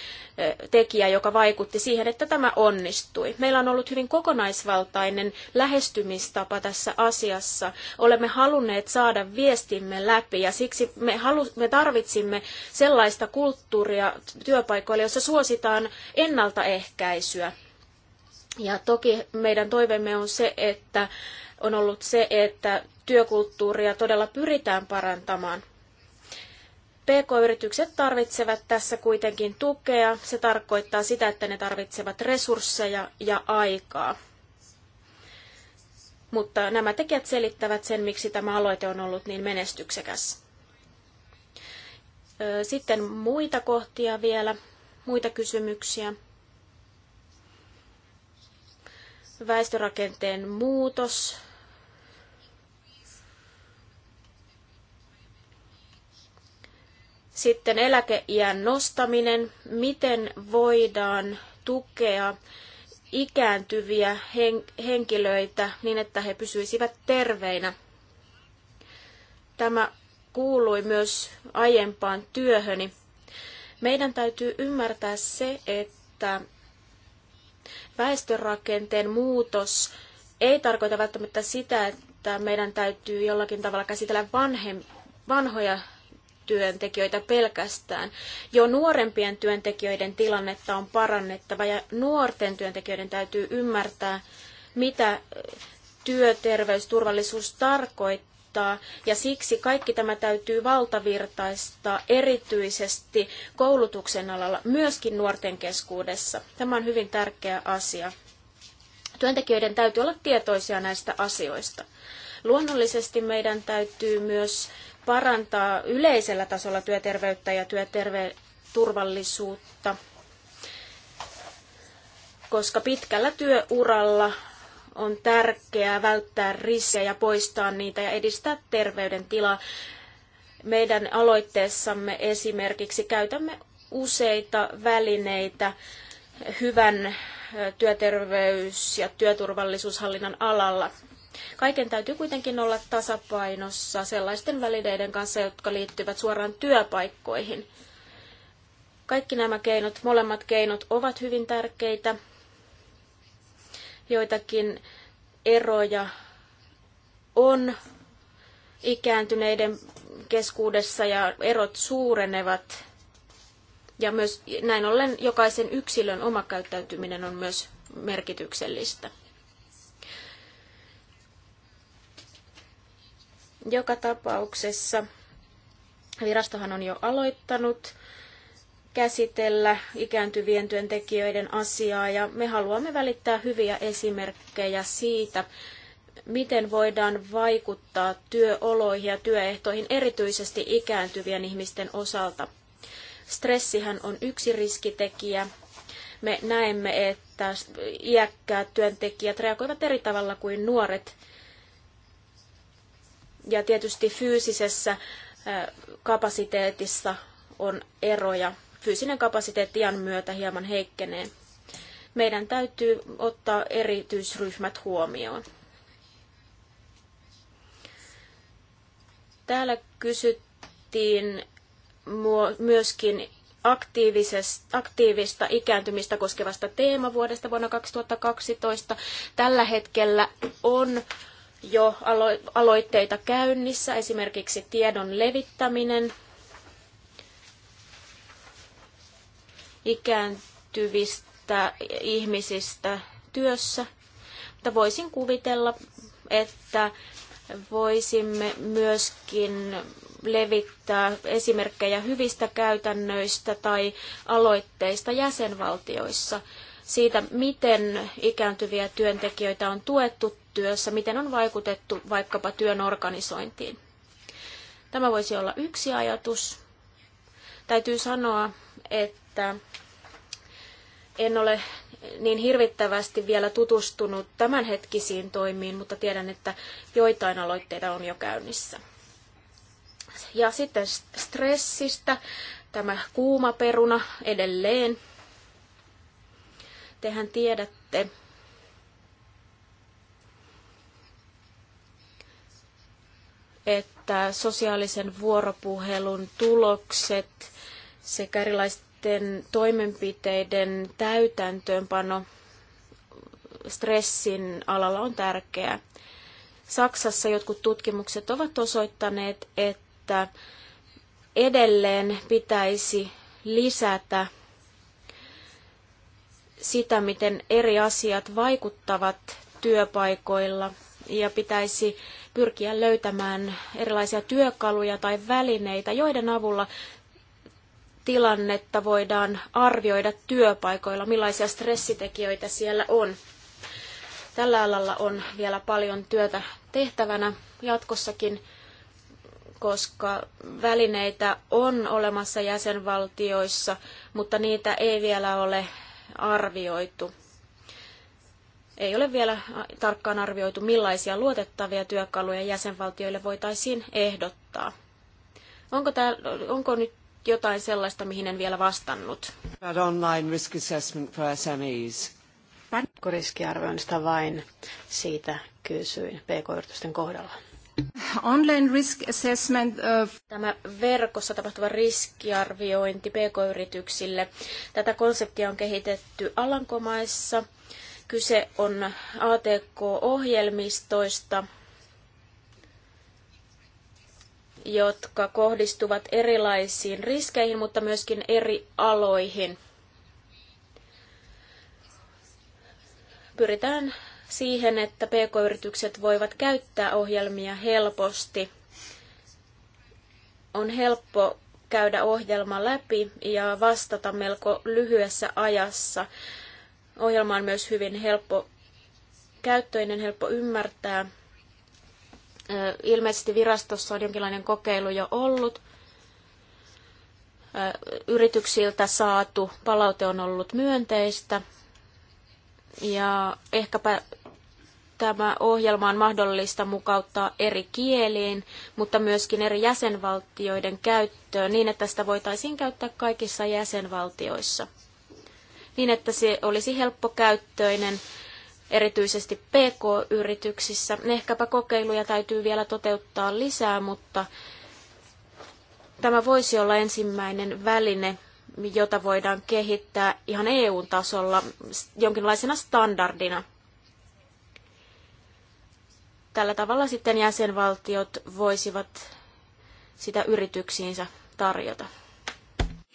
tekijä, joka vaikutti siihen, että tämä onnistui. Meillä on ollut hyvin kokonaisvaltainen lähestymistapa tässä asiassa. Olemme halunneet saada viestimme läpi ja siksi me, halu, me tarvitsimme sellaista kulttuuria työpaikoilla, jossa suositaan ennaltaehkäisyä. Ja toki meidän toiveemme on se, että on ollut se, että työkulttuuria todella pyritään parantamaan. PK-yritykset tarvitsevat tässä kuitenkin tukea. Se tarkoittaa sitä, että ne tarvitsevat resursseja ja aikaa. Mutta nämä tekijät selittävät sen, miksi tämä aloite on ollut niin menestyksekäs. Sitten muita kohtia vielä, muita kysymyksiä. Väestörakenteen muutos, Sitten eläkeiän nostaminen, miten voidaan tukea ikääntyviä henkilöitä niin, että he pysyisivät terveinä. Tämä kuului myös aiempaan työhöni. Meidän täytyy ymmärtää se, että väestörakenteen muutos ei tarkoita välttämättä sitä, että meidän täytyy jollakin tavalla käsitellä vanhem, vanhoja työntekijöitä pelkästään. Jo nuorempien työntekijöiden tilannetta on parannettava ja nuorten työntekijöiden täytyy ymmärtää, mitä eh, työterveysturvallisuus tarkoittaa. Ja siksi kaikki tämä täytyy valtavirtaistaa erityisesti koulutuksen alalla, myöskin nuorten keskuudessa. Tämä on hyvin tärkeä asia. Työntekijöiden täytyy olla tietoisia näistä asioista. Luonnollisesti meidän täytyy myös parantaa yleisellä tasolla työterveyttä ja työterveysturvallisuutta, koska pitkällä työuralla on tärkeää välttää riskejä, poistaa niitä ja edistää terveydentilaa. Meidän aloitteessamme esimerkiksi käytämme useita välineitä hyvän työterveys- ja työturvallisuushallinnan alalla. Kaiken täytyy kuitenkin olla tasapainossa sellaisten välineiden kanssa, jotka liittyvät suoraan työpaikkoihin. Kaikki nämä keinot, molemmat keinot ovat hyvin tärkeitä. Joitakin eroja on ikääntyneiden keskuudessa ja erot suurenevat. Ja myös näin ollen jokaisen yksilön oma käyttäytyminen on myös merkityksellistä. Joka tapauksessa virastohan on jo aloittanut käsitellä ikääntyvien työntekijöiden asiaa ja me haluamme välittää hyviä esimerkkejä siitä, miten voidaan vaikuttaa työoloihin ja työehtoihin erityisesti ikääntyvien ihmisten osalta. Stressihän on yksi riskitekijä. Me näemme, että iäkkäät työntekijät reagoivat eri tavalla kuin nuoret ja tietysti fyysisessä kapasiteetissa on eroja. Fyysinen kapasiteetti iän myötä hieman heikkenee. Meidän täytyy ottaa erityisryhmät huomioon. Täällä kysyttiin myöskin aktiivista ikääntymistä koskevasta teemavuodesta vuonna 2012. Tällä hetkellä on jo aloitteita käynnissä, esimerkiksi tiedon levittäminen ikääntyvistä ihmisistä työssä. Mutta voisin kuvitella, että voisimme myöskin levittää esimerkkejä hyvistä käytännöistä tai aloitteista jäsenvaltioissa – siitä, miten ikääntyviä työntekijöitä on tuettu työssä, miten on vaikutettu vaikkapa työn organisointiin. Tämä voisi olla yksi ajatus. Täytyy sanoa, että en ole niin hirvittävästi vielä tutustunut tämänhetkisiin toimiin, mutta tiedän, että joitain aloitteita on jo käynnissä. Ja sitten stressistä, tämä kuuma peruna edelleen. Tehän tiedätte, että sosiaalisen vuoropuhelun tulokset sekä erilaisten toimenpiteiden täytäntöönpano stressin alalla on tärkeää. Saksassa jotkut tutkimukset ovat osoittaneet, että edelleen pitäisi lisätä sitä, miten eri asiat vaikuttavat työpaikoilla ja pitäisi pyrkiä löytämään erilaisia työkaluja tai välineitä, joiden avulla tilannetta voidaan arvioida työpaikoilla, millaisia stressitekijöitä siellä on. Tällä alalla on vielä paljon työtä tehtävänä jatkossakin, koska välineitä on olemassa jäsenvaltioissa, mutta niitä ei vielä ole arvioitu. Ei ole vielä tarkkaan arvioitu, millaisia luotettavia työkaluja jäsenvaltioille voitaisiin ehdottaa. Onko, tää, onko nyt jotain sellaista, mihin en vielä vastannut? Online risk assessment for SMEs. Riskiarvioinnista vain siitä kysyin pk-yritysten kohdalla. Online risk assessment of... Uh, Tämä verkossa tapahtuva riskiarviointi pk-yrityksille. Tätä konseptia on kehitetty Alankomaissa. Kyse on ATK-ohjelmistoista, jotka kohdistuvat erilaisiin riskeihin, mutta myöskin eri aloihin. Pyritään siihen, että pk-yritykset voivat käyttää ohjelmia helposti. On helppo käydä ohjelma läpi ja vastata melko lyhyessä ajassa. Ohjelma on myös hyvin helppo käyttöinen, helppo ymmärtää. Ilmeisesti virastossa on jonkinlainen kokeilu jo ollut. Yrityksiltä saatu palaute on ollut myönteistä ja ehkäpä tämä ohjelma on mahdollista mukauttaa eri kieliin, mutta myöskin eri jäsenvaltioiden käyttöön niin, että sitä voitaisiin käyttää kaikissa jäsenvaltioissa. Niin, että se olisi helppokäyttöinen erityisesti PK-yrityksissä. Ehkäpä kokeiluja täytyy vielä toteuttaa lisää, mutta tämä voisi olla ensimmäinen väline, jota voidaan kehittää ihan EU-tasolla jonkinlaisena standardina tällä tavalla sitten jäsenvaltiot voisivat sitä yrityksiinsä tarjota.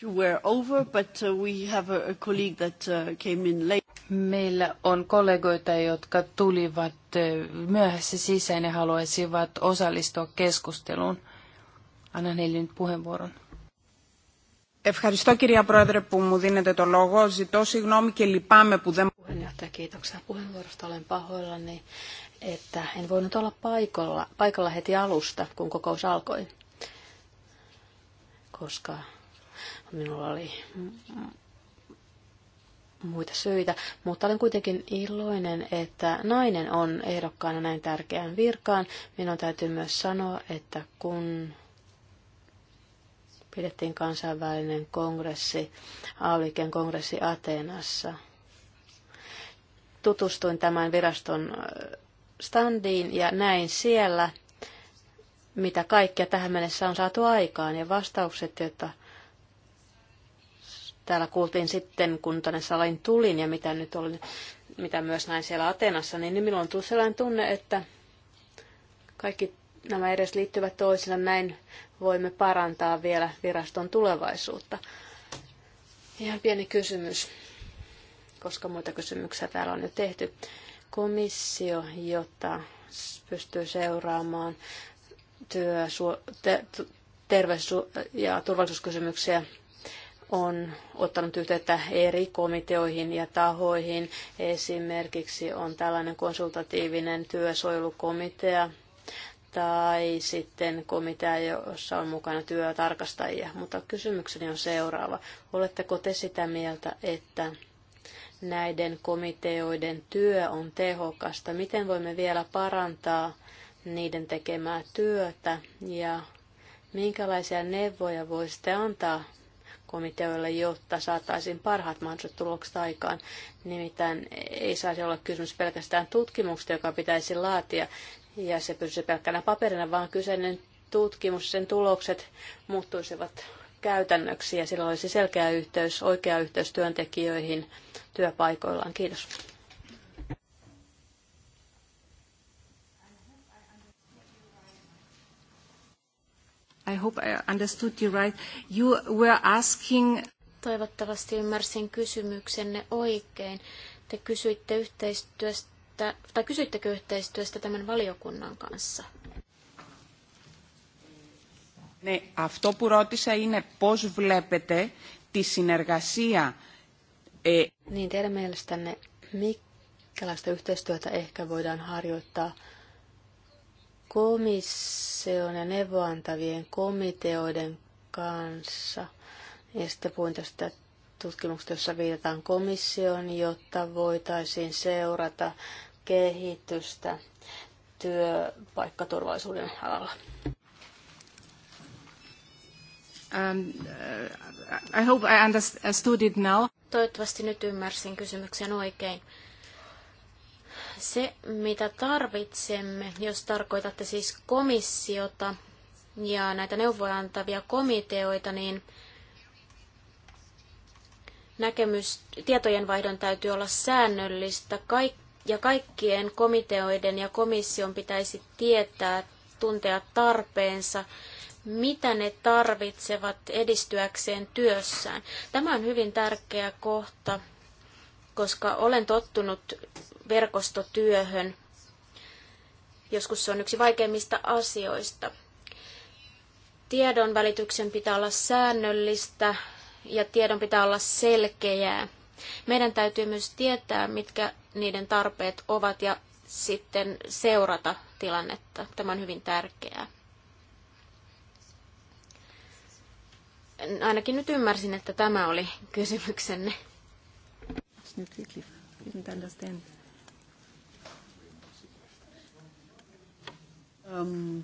You were over, but uh, we have a colleague that uh, came in late. Meillä on kollegoita, jotka tulivat uh, myöhässä sisään ja haluaisivat osallistua keskusteluun. Annan heille nyt puheenvuoron. Ευχαριστώ κυρία Πρόεδρε που μου δίνετε το λόγο. Ζητώ συγγνώμη και λυπάμαι που δεν... Puheenjohtaja, kiitoksia puheenvuorosta. Olen pahoillani, että en voinut olla paikalla, paikalla heti alusta, kun kokous alkoi, koska minulla oli muita syitä, mutta olen kuitenkin iloinen, että nainen on ehdokkaana näin tärkeään virkaan. Minun täytyy myös sanoa, että kun pidettiin kansainvälinen kongressi, Auliken kongressi Ateenassa, tutustuin tämän viraston standiin ja näin siellä, mitä kaikkea tähän mennessä on saatu aikaan ja vastaukset, joita täällä kuultiin sitten, kun tänne salin tulin ja mitä nyt oli, mitä myös näin siellä Atenassa, niin, niin minulla on tullut sellainen tunne, että kaikki nämä edes liittyvät toisina, näin voimme parantaa vielä viraston tulevaisuutta. Ihan pieni kysymys, koska muita kysymyksiä täällä on nyt tehty komissio, jota pystyy seuraamaan työ, te, terveys- ja turvallisuuskysymyksiä, on ottanut yhteyttä eri komiteoihin ja tahoihin. Esimerkiksi on tällainen konsultatiivinen työsuojelukomitea tai sitten komitea, jossa on mukana työtarkastajia. Mutta kysymykseni on seuraava. Oletteko te sitä mieltä, että näiden komiteoiden työ on tehokasta, miten voimme vielä parantaa niiden tekemää työtä ja minkälaisia neuvoja voisitte antaa komiteoille, jotta saataisiin parhaat mahdolliset tulokset aikaan. Nimittäin ei saisi olla kysymys pelkästään tutkimuksesta, joka pitäisi laatia, ja se pysyisi pelkkänä paperina, vaan kyseinen tutkimus, sen tulokset muuttuisivat käytännöksi ja sillä olisi selkeä yhteys, oikea yhteys työntekijöihin työpaikoillaan. Kiitos. I hope I understood you right. You were asking... Toivottavasti ymmärsin kysymyksenne oikein. Te kysyitte yhteistyöstä, tai kysyittekö yhteistyöstä tämän valiokunnan kanssa? Ναι, αυτό που ρώτησα είναι πώς βλέπετε τη συνεργασία. Ε... Niin teidän mielestänne, minkälaista yhteistyötä ehkä voidaan harjoittaa komission ja neuvoantavien komiteoiden kanssa? Ja sitten puhuin tästä tutkimuksesta, jossa viitataan komissioon, jotta voitaisiin seurata kehitystä työpaikkaturvallisuuden alalla. Um, uh, I hope I understood uh, it now. Toivottavasti nyt ymmärsin kysymyksen oikein. Se, mitä tarvitsemme, jos tarkoitatte siis komissiota ja näitä neuvoja antavia komiteoita, niin näkemys, tietojenvaihdon täytyy olla säännöllistä kaik, ja kaikkien komiteoiden ja komission pitäisi tietää, tuntea tarpeensa mitä ne tarvitsevat edistyäkseen työssään. Tämä on hyvin tärkeä kohta, koska olen tottunut verkostotyöhön. Joskus se on yksi vaikeimmista asioista. Tiedon välityksen pitää olla säännöllistä ja tiedon pitää olla selkeää. Meidän täytyy myös tietää, mitkä niiden tarpeet ovat ja sitten seurata tilannetta. Tämä on hyvin tärkeää. Ainakin nyt ymmärsin, että tämä oli kysymyksenne. Um,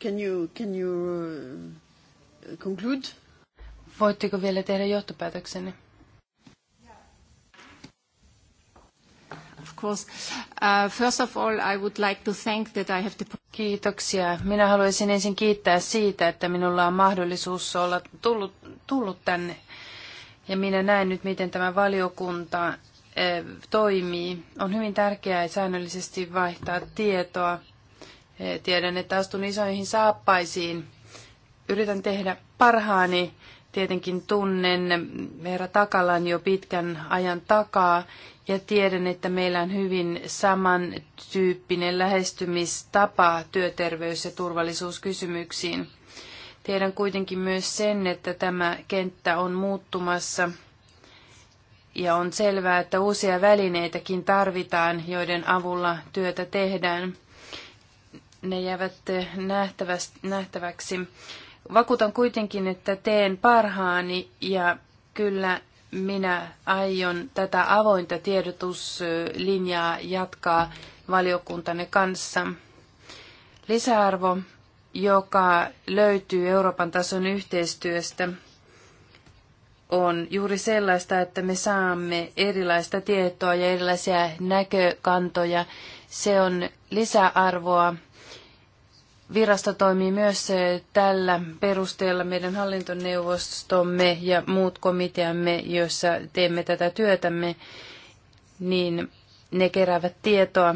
can you, can you uh, conclude? Voitteko vielä tehdä johtopäätöksenne? Of course. Uh, first of all, I would like to thank that I have the Kiitoksia. Minä haluaisin ensin kiittää siitä, että minulla on mahdollisuus olla tullut, tullut tänne. Ja minä näen nyt, miten tämä valiokunta eh, toimii. On hyvin tärkeää säännöllisesti vaihtaa tietoa. Eh, tiedän, että astun isoihin saappaisiin. Yritän tehdä parhaani tietenkin tunnen herra Takalan jo pitkän ajan takaa ja tiedän, että meillä on hyvin samantyyppinen lähestymistapa työterveys- ja turvallisuuskysymyksiin. Tiedän kuitenkin myös sen, että tämä kenttä on muuttumassa ja on selvää, että uusia välineitäkin tarvitaan, joiden avulla työtä tehdään. Ne jäävät eh, nähtäväksi Vakuutan kuitenkin, että teen parhaani ja kyllä minä aion tätä avointa tiedotuslinjaa jatkaa valiokuntanne kanssa. Lisäarvo, joka löytyy Euroopan tason yhteistyöstä, on juuri sellaista, että me saamme erilaista tietoa ja erilaisia näkökantoja. Se on lisäarvoa Virasto toimii myös tällä perusteella meidän hallintoneuvostomme ja muut komiteamme, joissa teemme tätä työtämme, niin ne keräävät tietoa.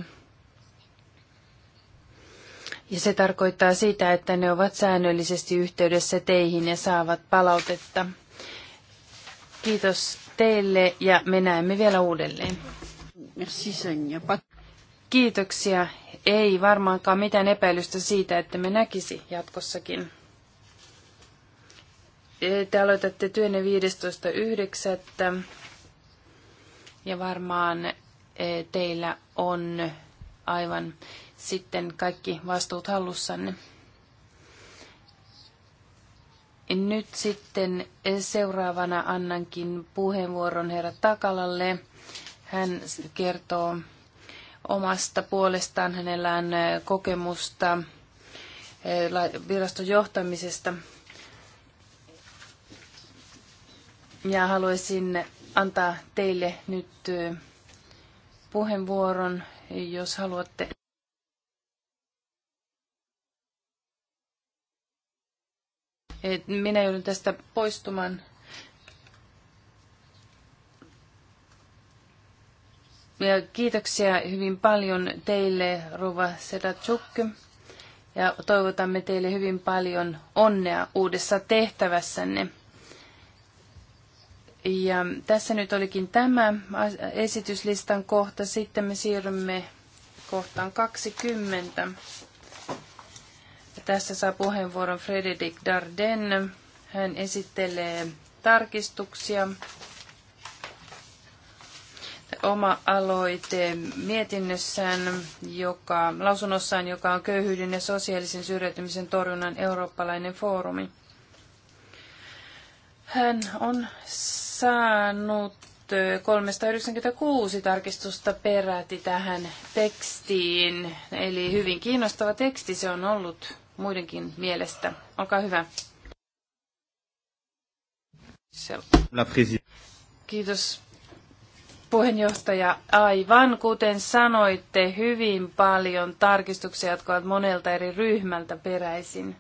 Ja se tarkoittaa sitä, että ne ovat säännöllisesti yhteydessä teihin ja saavat palautetta. Kiitos teille ja me näemme vielä uudelleen. Kiitoksia ei varmaankaan mitään epäilystä siitä, että me näkisi jatkossakin. E, te aloitatte työnne 15.9. ja varmaan e, teillä on aivan sitten kaikki vastuut hallussanne. Nyt sitten e, seuraavana annankin puheenvuoron herra Takalalle. Hän kertoo omasta puolestaan. Hänellä on eh, kokemusta eh, viraston johtamisesta. Ja haluaisin antaa teille nyt eh, puheenvuoron, jos haluatte. Minä joudun tästä poistumaan Ja kiitoksia hyvin paljon teille, Rova Sedatsukki. ja toivotamme teille hyvin paljon onnea uudessa tehtävässänne. Ja tässä nyt olikin tämä esityslistan kohta. Sitten me siirrymme kohtaan 20. Tässä saa puheenvuoron Frederik Darden. Hän esittelee tarkistuksia oma aloite mietinnössään, joka, lausunnossaan, joka on köyhyyden ja sosiaalisen syrjäytymisen torjunnan eurooppalainen foorumi. Hän on saanut 396 tarkistusta peräti tähän tekstiin, eli hyvin kiinnostava teksti se on ollut muidenkin mielestä. Olkaa hyvä. Kiitos puheenjohtaja, aivan kuten sanoitte, hyvin paljon tarkistuksia, jotka ovat monelta eri ryhmältä peräisin.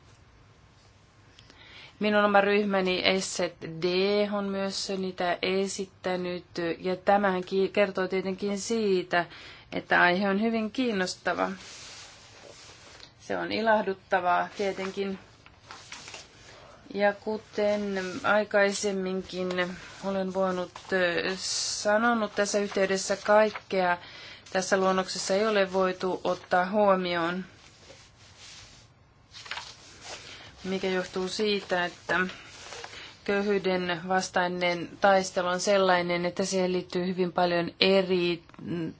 Minun oma ryhmäni SZD on myös niitä esittänyt, ja tämähän kertoo tietenkin siitä, että aihe on hyvin kiinnostava. Se on ilahduttavaa tietenkin. Ja kuten aikaisemminkin olen voinut sanonut tässä yhteydessä kaikkea, tässä luonnoksessa ei ole voitu ottaa huomioon, mikä johtuu siitä, että köyhyyden vastainen taistelu on sellainen, että siihen liittyy hyvin paljon eri mm,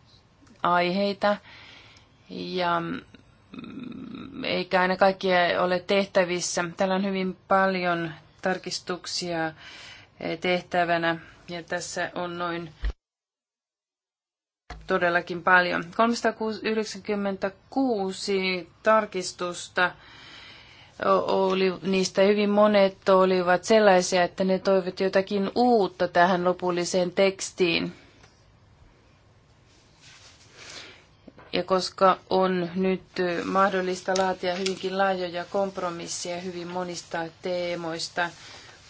aiheita ja eikä aina kaikkia ole tehtävissä. Täällä on hyvin paljon tarkistuksia tehtävänä ja tässä on noin todellakin paljon. 396 tarkistusta oli, niistä hyvin monet olivat sellaisia, että ne toivat jotakin uutta tähän lopulliseen tekstiin. Ja koska on nyt mahdollista laatia hyvinkin laajoja kompromisseja hyvin monista teemoista,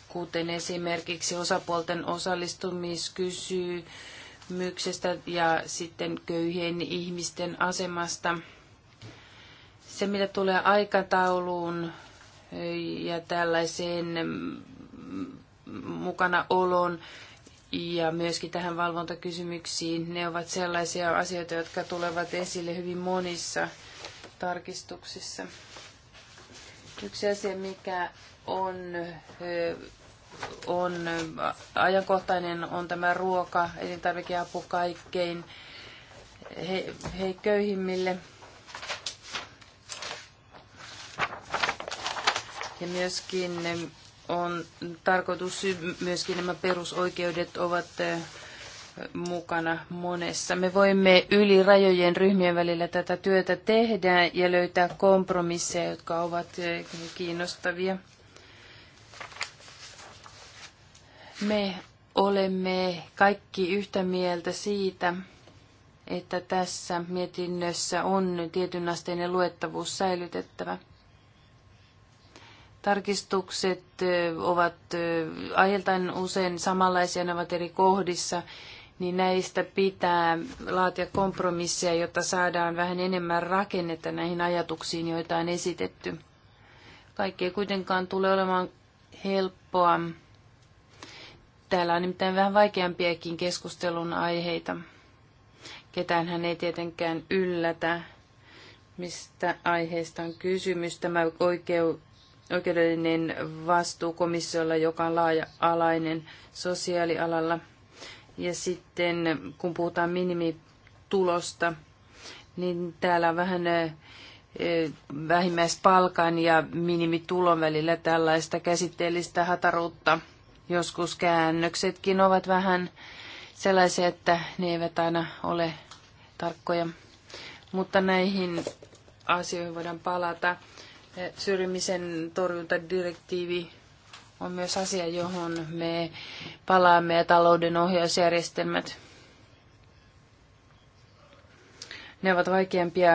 kuten esimerkiksi osapuolten osallistumiskysymyksestä ja sitten köyhien ihmisten asemasta. Se, mitä tulee aikatauluun ja tällaiseen mm, mukana oloon ja myöskin tähän valvontakysymyksiin. Ne ovat sellaisia asioita, jotka tulevat esille hyvin monissa tarkistuksissa. Yksi asia, mikä on, on ajankohtainen, on tämä ruoka, elintarvikeapu kaikkein he, he köyhimmille. Ja myöskin on tarkoitus, myöskin nämä perusoikeudet ovat eh, mukana monessa. Me voimme yli rajojen ryhmien välillä tätä työtä tehdä ja löytää kompromisseja, jotka ovat eh, kiinnostavia. Me olemme kaikki yhtä mieltä siitä, että tässä mietinnössä on tietynasteinen luettavuus säilytettävä tarkistukset ovat aiheeltaan usein samanlaisia, ne ovat eri kohdissa, niin näistä pitää laatia kompromisseja, jotta saadaan vähän enemmän rakennetta näihin ajatuksiin, joita on esitetty. Kaikki ei kuitenkaan tule olemaan helppoa. Täällä on nimittäin vähän vaikeampiakin keskustelun aiheita. Ketään hän ei tietenkään yllätä, mistä aiheesta on kysymys. Tämä oikeu, oikeudellinen vastuu komissiolla, joka on laaja-alainen sosiaalialalla. Ja sitten kun puhutaan minimitulosta, niin täällä on vähän vähimmäispalkan ja minimitulon välillä tällaista käsitteellistä hataruutta. Joskus käännöksetkin ovat vähän sellaisia, että ne eivät aina ole tarkkoja. Mutta näihin asioihin voidaan palata syrjimisen torjuntadirektiivi on myös asia, johon me palaamme ja talouden ohjausjärjestelmät. Ne ovat vaikeampia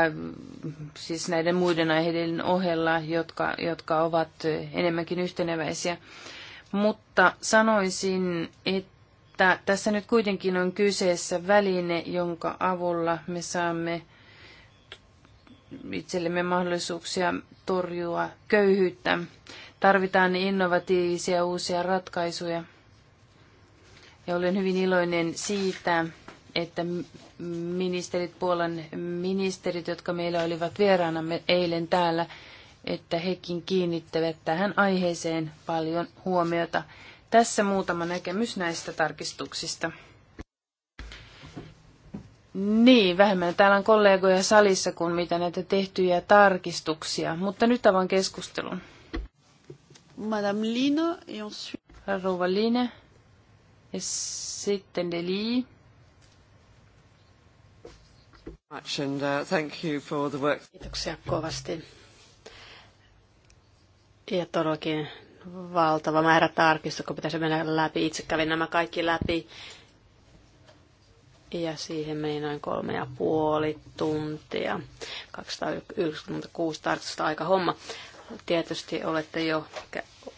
siis näiden muiden aiheiden ohella, jotka, jotka ovat enemmänkin yhteneväisiä. Mutta sanoisin, että tässä nyt kuitenkin on kyseessä väline, jonka avulla me saamme itsellemme mahdollisuuksia torjua köyhyyttä. Tarvitaan innovatiivisia uusia ratkaisuja. Ja olen hyvin iloinen siitä, että ministerit, Puolan ministerit, jotka meillä olivat vieraanamme eilen täällä, että hekin kiinnittävät tähän aiheeseen paljon huomiota. Tässä muutama näkemys näistä tarkistuksista. Niin, vähemmän täällä on kollegoja salissa kuin mitä näitä tehtyjä tarkistuksia, mutta nyt avaan keskustelun. Madame Lina ja ensuite... Rouva Line ja sitten Deli. Uh, Kiitoksia kovasti. Ja todellakin valtava määrä tarkistusta, kun pitäisi mennä läpi. Itse kävin nämä kaikki läpi ja siihen noin kolme ja puoli tuntia. 296 tarkistusta aika homma. Tietysti olette jo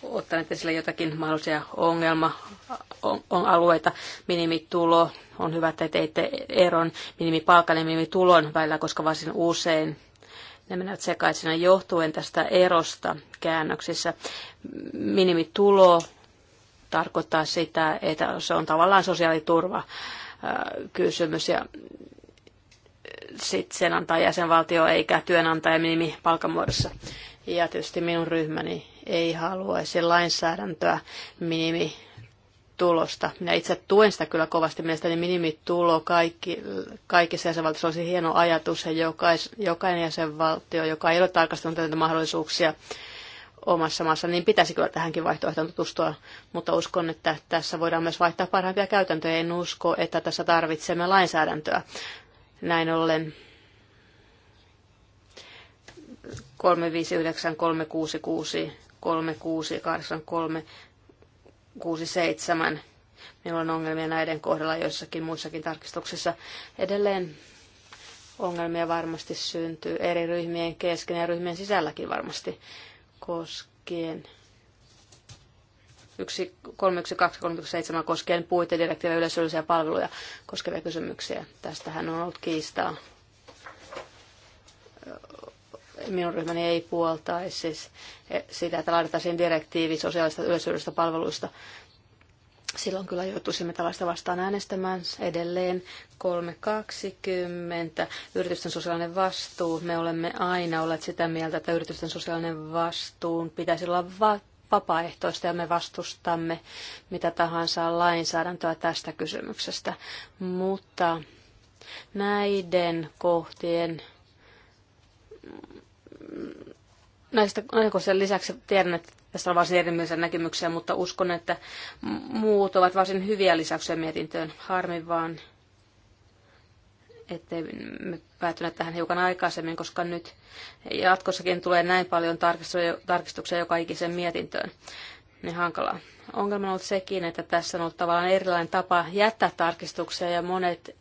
ottaneet esille jotakin mahdollisia ongelma on, on alueita. Minimitulo on hyvä, että teitte eron minimipalkan ja minimitulon välillä, koska varsin usein ne menevät sekaisin johtuen tästä erosta käännöksissä. Minimitulo tarkoittaa sitä, että se on tavallaan sosiaaliturva kysymys ja sitten sen antaa jäsenvaltio eikä työnantaja minimi palkamuodossa. Ja tietysti minun ryhmäni ei haluaisi lainsäädäntöä minimi tulosta. Minä itse tuen sitä kyllä kovasti. Mielestäni minimitulo kaikki, kaikissa jäsenvaltioissa olisi hieno ajatus ja jokais, jokainen jäsenvaltio, joka ei ole tarkastanut näitä mahdollisuuksia, omassa maassa, niin pitäisi kyllä tähänkin vaihtoehtoon tutustua, mutta uskon, että tässä voidaan myös vaihtaa parhaimpia käytäntöjä. En usko, että tässä tarvitsemme lainsäädäntöä. Näin ollen 359, 366, 368, 367. Meillä on ongelmia näiden kohdalla joissakin muissakin tarkistuksissa. Edelleen ongelmia varmasti syntyy eri ryhmien kesken ja ryhmien sisälläkin varmasti koskien 1312-317 koskien puitedirektiivä yleisöllisiä palveluja koskevia kysymyksiä. Tästähän on ollut kiistaa. Minun ryhmäni ei puoltaisi siis eh, sitä, että laadittaisiin direktiivi sosiaalista yleisöllisistä palveluista Silloin kyllä joutuisimme tällaista vastaan äänestämään edelleen 3.20. Yritysten sosiaalinen vastuu. Me olemme aina olleet sitä mieltä, että yritysten sosiaalinen vastuun pitäisi olla va- vapaaehtoista ja me vastustamme mitä tahansa lainsäädäntöä tästä kysymyksestä. Mutta näiden kohtien näistä aikoista lisäksi tiedän, että Tästä on varsin erimielisiä näkemyksiä, mutta uskon, että muut ovat varsin hyviä lisäyksiä mietintöön. Harmi vaan, ettei me päätyneet tähän hiukan aikaisemmin, koska nyt jatkossakin tulee näin paljon tarkistuksia joka ikisen mietintöön. Niin hankalaa. Ongelma on ollut sekin, että tässä on ollut tavallaan erilainen tapa jättää tarkistuksia ja monet,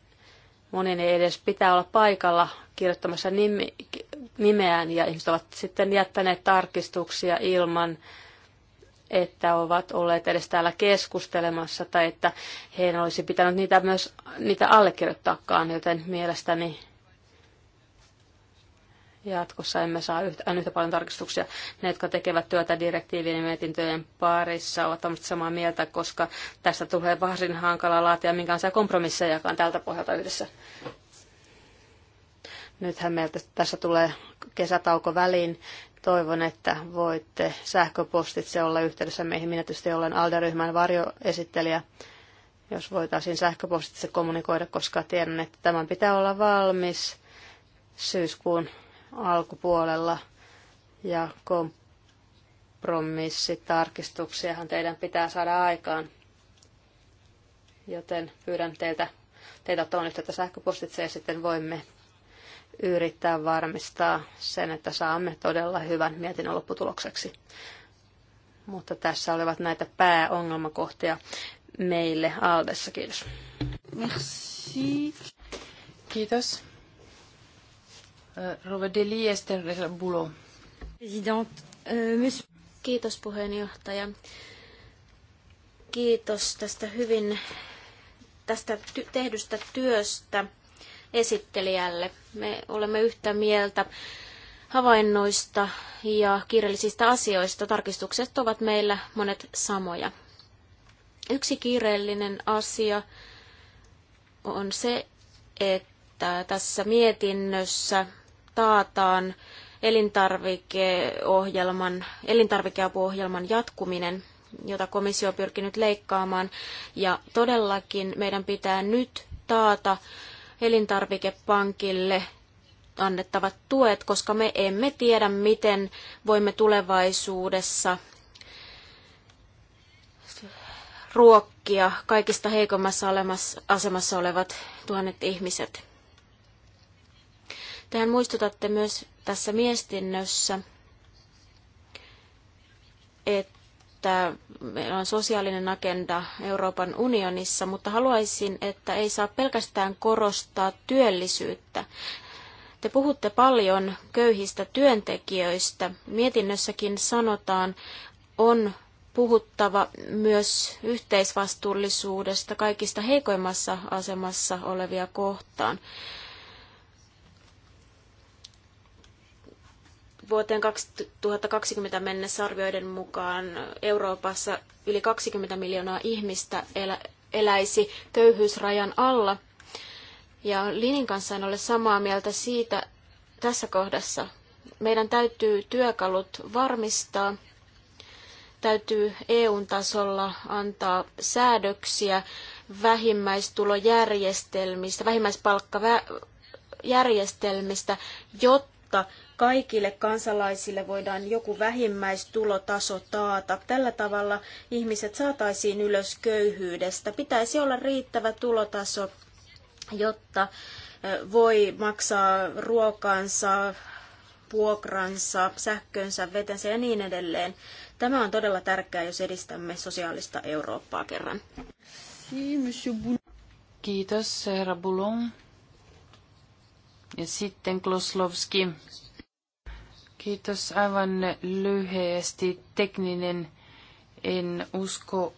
monen ei edes pitää olla paikalla kirjoittamassa nimi, nimeään ja ihmiset ovat sitten jättäneet tarkistuksia ilman, että ovat olleet edes täällä keskustelemassa tai että heidän olisi pitänyt niitä myös niitä allekirjoittaakaan, joten mielestäni jatkossa emme saa yhtä, yhtä paljon tarkistuksia. Ne, jotka tekevät työtä direktiivien ja mietintöjen parissa, ovat samaa mieltä, koska tästä tulee varsin hankala laatia minkäänlaisia kompromissejakaan tältä pohjalta yhdessä. Nythän meiltä tässä tulee kesätauko väliin. Toivon, että voitte sähköpostitse olla yhteydessä meihin. Minä tietysti olen ALDE-ryhmän varjoesittelijä, jos voitaisiin sähköpostitse kommunikoida, koska tiedän, että tämän pitää olla valmis syyskuun alkupuolella. Ja kompromissitarkistuksiahan teidän pitää saada aikaan. Joten pyydän teiltä, teitä ottamaan yhteyttä sähköpostitse ja sitten voimme yrittää varmistaa sen, että saamme todella hyvän mietinnön lopputulokseksi. Mutta tässä olivat näitä pääongelmakohtia meille Aldessa. Kiitos. Merci. Kiitos. Kiitos puheenjohtaja. Kiitos tästä hyvin tästä tehdystä työstä esittelijälle. Me olemme yhtä mieltä havainnoista ja kiireellisistä asioista. Tarkistukset ovat meillä monet samoja. Yksi kiireellinen asia on se, että tässä mietinnössä taataan elintarvikeohjelman, elintarvikeapuohjelman jatkuminen, jota komissio on pyrkinyt leikkaamaan. Ja todellakin meidän pitää nyt taata elintarvikepankille annettavat tuet, koska me emme tiedä, miten voimme tulevaisuudessa ruokkia kaikista heikommassa asemassa olevat tuhannet ihmiset. Tähän muistutatte myös tässä miestinnössä, että että meillä on sosiaalinen agenda Euroopan unionissa, mutta haluaisin, että ei saa pelkästään korostaa työllisyyttä. Te puhutte paljon köyhistä työntekijöistä. Mietinnössäkin sanotaan, on puhuttava myös yhteisvastuullisuudesta kaikista heikoimmassa asemassa olevia kohtaan. Vuoteen 2020 mennessä arvioiden mukaan Euroopassa yli 20 miljoonaa ihmistä elä, eläisi köyhyysrajan alla. Ja Linin kanssa en ole samaa mieltä siitä tässä kohdassa. Meidän täytyy työkalut varmistaa. Täytyy EU-tasolla antaa säädöksiä vähimmäistulojärjestelmistä, vähimmäispalkkajärjestelmistä, jotta kaikille kansalaisille voidaan joku vähimmäistulotaso taata. Tällä tavalla ihmiset saataisiin ylös köyhyydestä. Pitäisi olla riittävä tulotaso, jotta voi maksaa ruokansa, vuokransa, sähkönsä, vetensä ja niin edelleen. Tämä on todella tärkeää, jos edistämme sosiaalista Eurooppaa kerran. Kiitos, herra Boulon. Ja sitten Kloslovski. Kiitos. Aivan lyhyesti tekninen. En usko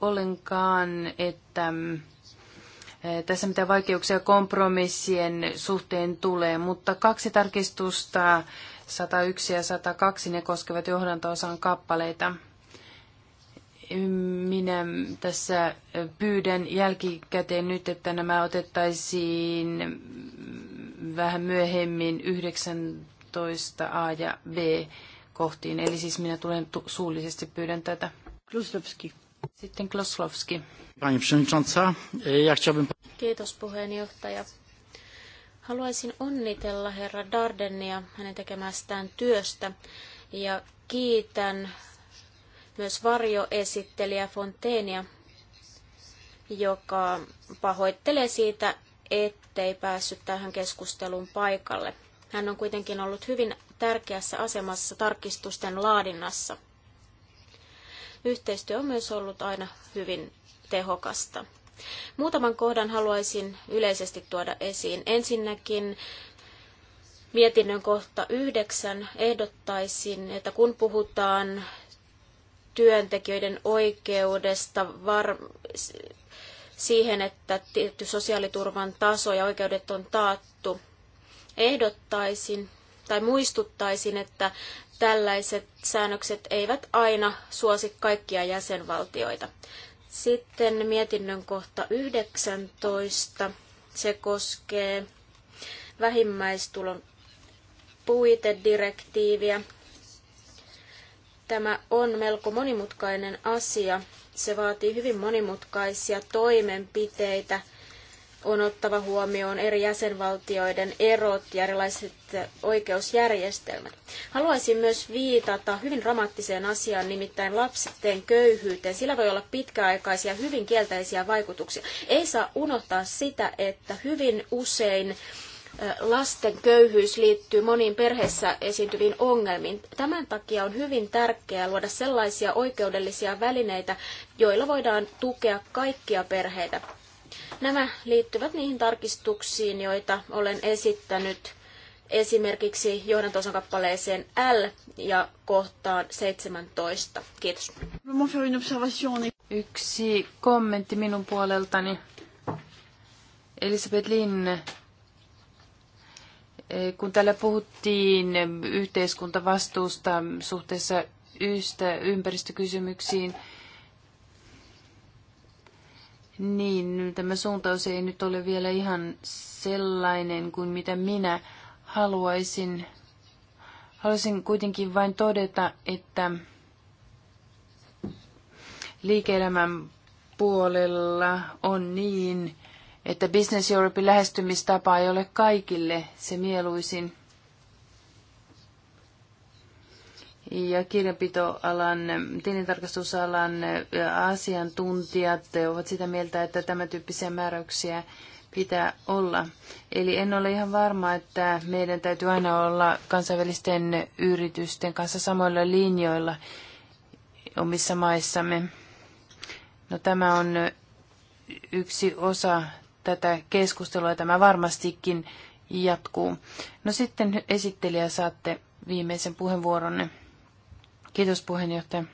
ollenkaan, että mm, eh, tässä mitä vaikeuksia kompromissien suhteen tulee, mutta kaksi tarkistusta, 101 ja 102, ne koskevat johdantoosan kappaleita. Minä tässä pyydän jälkikäteen nyt, että nämä otettaisiin vähän myöhemmin 19. 12 A ja B kohtiin. Eli siis minä tulen suullisesti pyydän tätä. Kloslovski. Sitten Kloslovski. E, Kiitos puheenjohtaja. Haluaisin onnitella herra Dardenia hänen tekemästään työstä ja kiitän myös varjoesittelijä Fontenia, joka pahoittelee siitä, ettei päässyt tähän keskusteluun paikalle. Hän on kuitenkin ollut hyvin tärkeässä asemassa tarkistusten laadinnassa. Yhteistyö on myös ollut aina hyvin tehokasta. Muutaman kohdan haluaisin yleisesti tuoda esiin. Ensinnäkin mietinnön kohta yhdeksän ehdottaisin, että kun puhutaan työntekijöiden oikeudesta var- siihen, että tietty sosiaaliturvan taso ja oikeudet on taattu, ehdottaisin tai muistuttaisin, että tällaiset säännökset eivät aina suosi kaikkia jäsenvaltioita. Sitten mietinnön kohta 19. Se koskee vähimmäistulon puitedirektiiviä. Tämä on melko monimutkainen asia. Se vaatii hyvin monimutkaisia toimenpiteitä – on ottava huomioon eri jäsenvaltioiden erot ja erilaiset oikeusjärjestelmät. Haluaisin myös viitata hyvin dramaattiseen asiaan, nimittäin lapsien köyhyyteen. Sillä voi olla pitkäaikaisia, hyvin kielteisiä vaikutuksia. Ei saa unohtaa sitä, että hyvin usein lasten köyhyys liittyy moniin perheissä esiintyviin ongelmiin. Tämän takia on hyvin tärkeää luoda sellaisia oikeudellisia välineitä, joilla voidaan tukea kaikkia perheitä. Nämä liittyvät niihin tarkistuksiin, joita olen esittänyt esimerkiksi johdantoson kappaleeseen L ja kohtaan 17. Kiitos. Yksi kommentti minun puoleltani. Elisabeth Linne, kun täällä puhuttiin yhteiskuntavastuusta suhteessa ystä, ympäristökysymyksiin, niin, tämä suuntaus ei nyt ole vielä ihan sellainen kuin mitä minä haluaisin. Haluaisin kuitenkin vain todeta, että liike-elämän puolella on niin, että Business Europe lähestymistapa ei ole kaikille se mieluisin. ja kirjanpitoalan, tilintarkastusalan asiantuntijat ovat sitä mieltä, että tämä tyyppisiä määräyksiä pitää olla. Eli en ole ihan varma, että meidän täytyy aina olla kansainvälisten yritysten kanssa samoilla linjoilla omissa maissamme. No tämä on yksi osa tätä keskustelua ja tämä varmastikin jatkuu. No sitten esittelijä saatte viimeisen puheenvuoronne. Kiitos puheenjohtaja.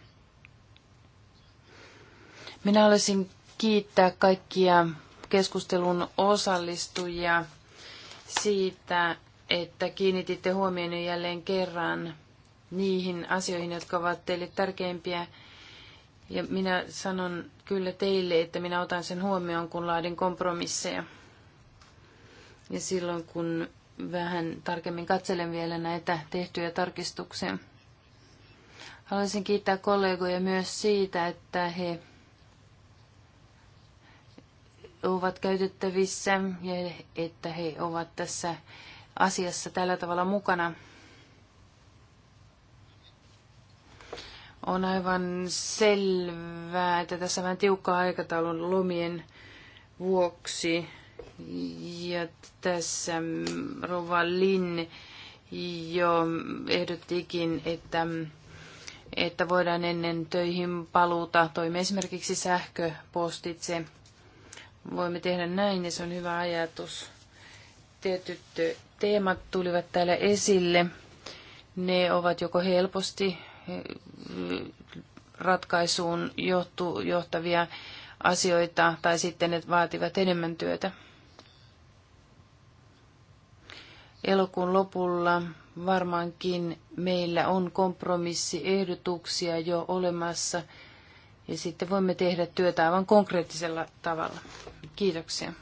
Minä olisin kiittää kaikkia keskustelun osallistujia siitä, että kiinnititte huomioon jälleen kerran niihin asioihin, jotka ovat teille tärkeimpiä. Ja minä sanon kyllä teille, että minä otan sen huomioon, kun laadin kompromisseja. Ja silloin, kun vähän tarkemmin katselen vielä näitä tehtyjä tarkistuksia. Haluaisin kiittää kollegoja myös siitä, että he ovat käytettävissä ja että he ovat tässä asiassa tällä tavalla mukana. On aivan selvää, että tässä vähän tiukka aikataulun lomien vuoksi. Ja tässä Rova Lin jo ehdottikin, että että voidaan ennen töihin paluuta toimia esimerkiksi sähköpostitse. Voimme tehdä näin ja se on hyvä ajatus. Tietyt teemat tulivat täällä esille. Ne ovat joko helposti eh, ratkaisuun johtu, johtavia asioita tai sitten ne vaativat enemmän työtä. Elokuun lopulla varmaankin meillä on kompromissiehdotuksia jo olemassa ja sitten voimme tehdä työtä aivan konkreettisella tavalla. Kiitoksia.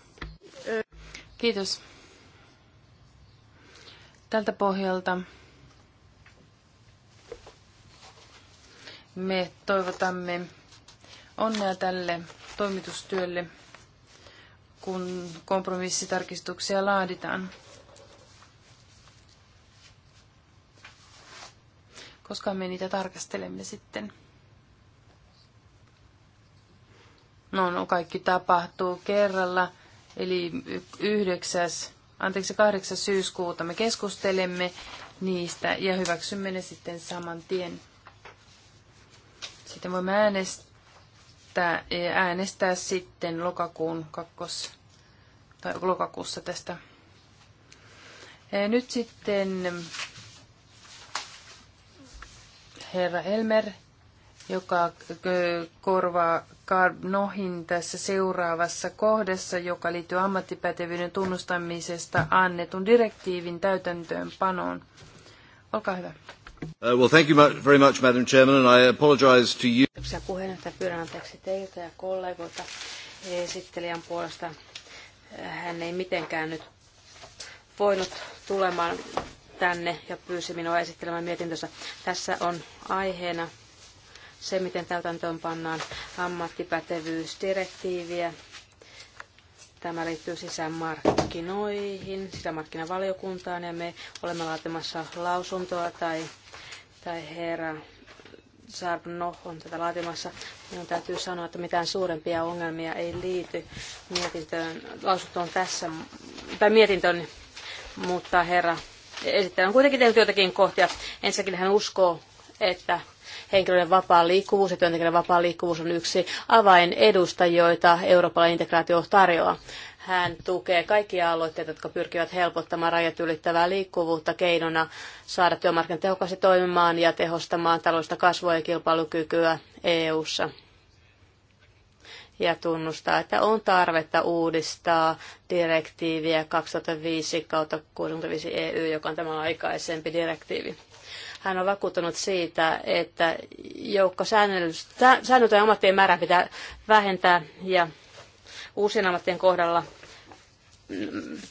Kiitos. Tältä pohjalta me toivotamme onnea tälle toimitustyölle, kun kompromissitarkistuksia laaditaan. koska me niitä tarkastelemme sitten. No, no kaikki tapahtuu kerralla, eli 9. Anteeksi, 8. syyskuuta me keskustelemme niistä ja hyväksymme ne sitten saman tien. Sitten voimme äänestää, e, äänestää sitten lokakuun kakkos, tai lokakuussa tästä. E, nyt sitten herra Elmer, joka korvaa Karnohin tässä seuraavassa kohdassa, joka liittyy ammattipätevyyden tunnustamisesta annetun direktiivin täytäntöönpanoon. Olkaa hyvä. Uh, well, thank you very much, Madam Chairman, and I apologize to you. Kiitoksia puheenjohtaja. Pyydän anteeksi teiltä ja kollegoilta esittelijän puolesta. Hän ei mitenkään nyt voinut tulemaan tänne ja pyysi minua esittelemään mietintönsä. Tässä on aiheena se, miten täytäntöön pannaan ammattipätevyysdirektiiviä. Tämä liittyy sisämarkkinoihin, sisämarkkinavaliokuntaan ja me olemme laatimassa lausuntoa tai, tai herra Sarno on tätä laatimassa. Minun täytyy sanoa, että mitään suurempia ongelmia ei liity mietintöön, lausuntoon tässä, tai mietintöön, mutta herra esittäjä on kuitenkin tehnyt joitakin kohtia. Ensinnäkin hän uskoo, että henkilöiden vapaa liikkuvuus ja työntekijöiden vapaa liikkuvuus on yksi avain edusta, joita Euroopan integraatio tarjoaa. Hän tukee kaikkia aloitteita, jotka pyrkivät helpottamaan rajat ylittävää liikkuvuutta keinona saada työmarkkinat tehokkaasti toimimaan ja tehostamaan taloudellista kasvua ja kilpailukykyä EU-ssa ja tunnustaa, että on tarvetta uudistaa direktiiviä 2005-65 EU, joka on tämä aikaisempi direktiivi. Hän on vakuuttunut siitä, että joukko säännöllisten ammattien määrä pitää vähentää ja uusien ammattien kohdalla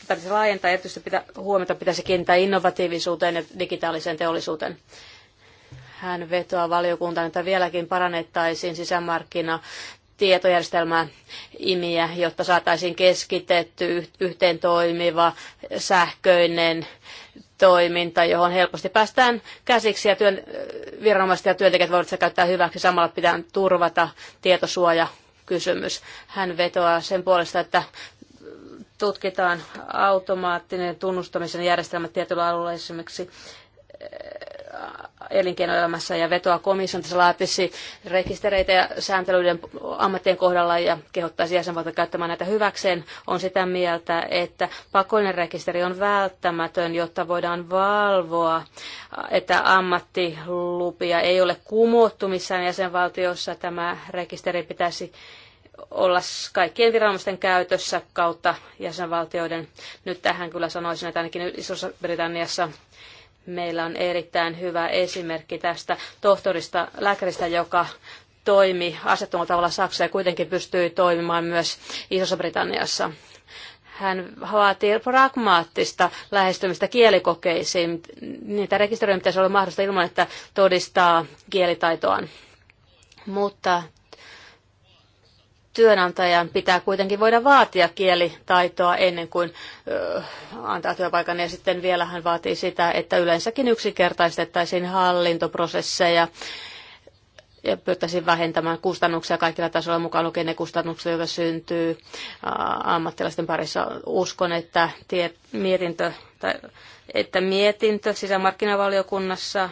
pitäisi laajentaa, erityisesti pitä, huomiota pitäisi kiinnittää innovatiivisuuteen ja digitaaliseen teollisuuteen. Hän vetoaa valiokuntaan, että vieläkin parannettaisiin sisämarkkina tietojärjestelmää imiä, jotta saataisiin keskitetty, yhteen toimiva, sähköinen toiminta, johon helposti päästään käsiksi ja työn, viranomaiset ja työntekijät voivat sitä käyttää hyväksi. Samalla pitää turvata tietosuoja kysymys. Hän vetoaa sen puolesta, että tutkitaan automaattinen tunnustamisen järjestelmä tietyllä alueella esimerkiksi elinkeinoelämässä ja vetoa komission, että se laatisi rekistereitä ja sääntelyiden ammattien kohdalla ja kehottaisi jäsenvaltioita käyttämään näitä hyväkseen, on sitä mieltä, että pakollinen rekisteri on välttämätön, jotta voidaan valvoa, että ammattilupia ei ole kumottu missään jäsenvaltiossa. Tämä rekisteri pitäisi olla kaikkien viranomaisten käytössä kautta jäsenvaltioiden. Nyt tähän kyllä sanoisin, että ainakin Isossa-Britanniassa Meillä on erittäin hyvä esimerkki tästä tohtorista, lääkäristä, joka toimi asettomalla tavalla Saksa ja kuitenkin pystyi toimimaan myös Isossa-Britanniassa. Hän vaatii pragmaattista lähestymistä kielikokeisiin. Niitä rekisteröintiä pitäisi olla mahdollista ilman, että todistaa kielitaitoaan. Mutta työnantajan pitää kuitenkin voida vaatia kielitaitoa ennen kuin ö, antaa työpaikan ja sitten vielä hän vaatii sitä, että yleensäkin yksinkertaistettaisiin hallintoprosesseja ja pyrittäisiin vähentämään kustannuksia kaikilla tasoilla mukaan lukien ne kustannukset, joita syntyy ammattilaisten parissa. Uskon, että tie, mietintö, tai, että mietintö sisämarkkinavaliokunnassa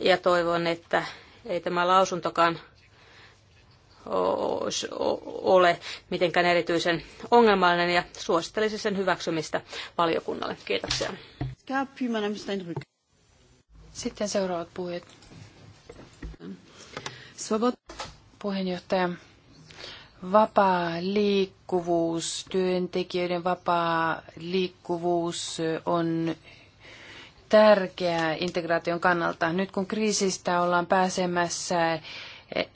ja toivon, että ei tämä lausuntokaan ole mitenkään erityisen ongelmallinen ja suosittelisin sen hyväksymistä valiokunnalle. Kiitoksia. Sitten seuraavat puhujat. Svobod... Puheenjohtaja. Vapaa liikkuvuus, työntekijöiden vapaa liikkuvuus on tärkeää integraation kannalta. Nyt kun kriisistä ollaan pääsemässä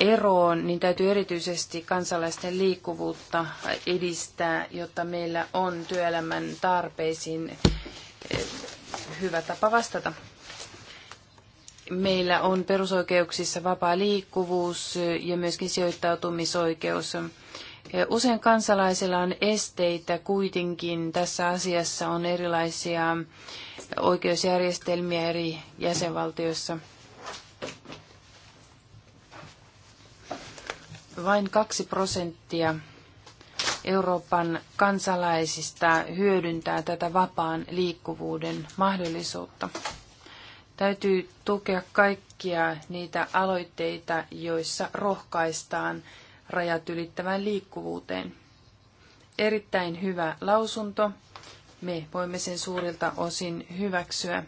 eroon, niin täytyy erityisesti kansalaisten liikkuvuutta edistää, jotta meillä on työelämän tarpeisiin eh, hyvä tapa vastata. Meillä on perusoikeuksissa vapaa liikkuvuus eh, ja myöskin sijoittautumisoikeus. Eh, usein kansalaisilla on esteitä kuitenkin. Tässä asiassa on erilaisia oikeusjärjestelmiä eri jäsenvaltioissa. vain kaksi prosenttia Euroopan kansalaisista hyödyntää tätä vapaan liikkuvuuden mahdollisuutta. Täytyy tukea kaikkia niitä aloitteita, joissa rohkaistaan rajat ylittävään liikkuvuuteen. Erittäin hyvä lausunto. Me voimme sen suurilta osin hyväksyä.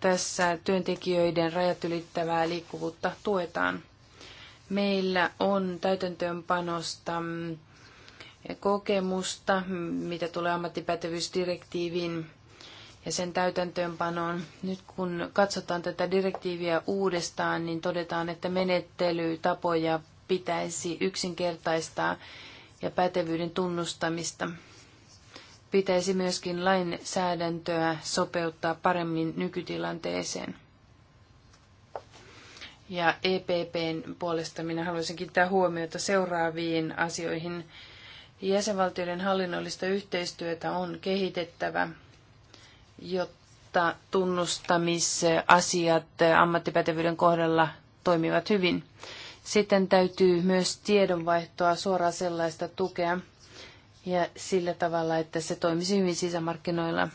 Tässä työntekijöiden rajat ylittävää liikkuvuutta tuetaan. Meillä on täytäntöönpanosta mm, kokemusta, mm, mitä tulee ammattipätevyysdirektiiviin ja sen täytäntöönpanoon. Nyt kun katsotaan tätä direktiiviä uudestaan, niin todetaan, että menettelytapoja pitäisi yksinkertaistaa ja pätevyyden tunnustamista. Pitäisi myöskin lainsäädäntöä sopeuttaa paremmin nykytilanteeseen. Ja EPPn puolesta minä haluaisin kiittää huomiota seuraaviin asioihin. Jäsenvaltioiden hallinnollista yhteistyötä on kehitettävä, jotta tunnustamisasiat ammattipätevyyden kohdalla toimivat hyvin. Sitten täytyy myös tiedonvaihtoa suoraan sellaista tukea ja sillä tavalla, että se toimisi hyvin sisämarkkinoilla.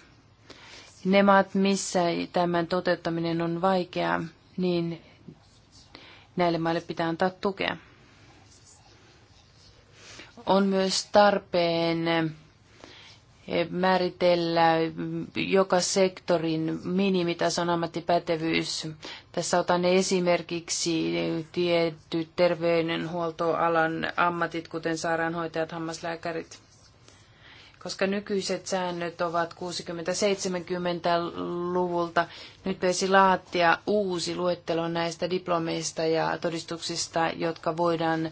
Ne maat, missä tämän toteuttaminen on vaikeaa, niin näille maille pitää antaa tukea. On myös tarpeen eh, määritellä joka sektorin minimitason ammattipätevyys. Tässä otan esimerkiksi tietty terveydenhuoltoalan ammatit, kuten sairaanhoitajat, hammaslääkärit koska nykyiset säännöt ovat 60-70-luvulta. Nyt pitäisi laatia uusi luettelo näistä diplomeista ja todistuksista, jotka voidaan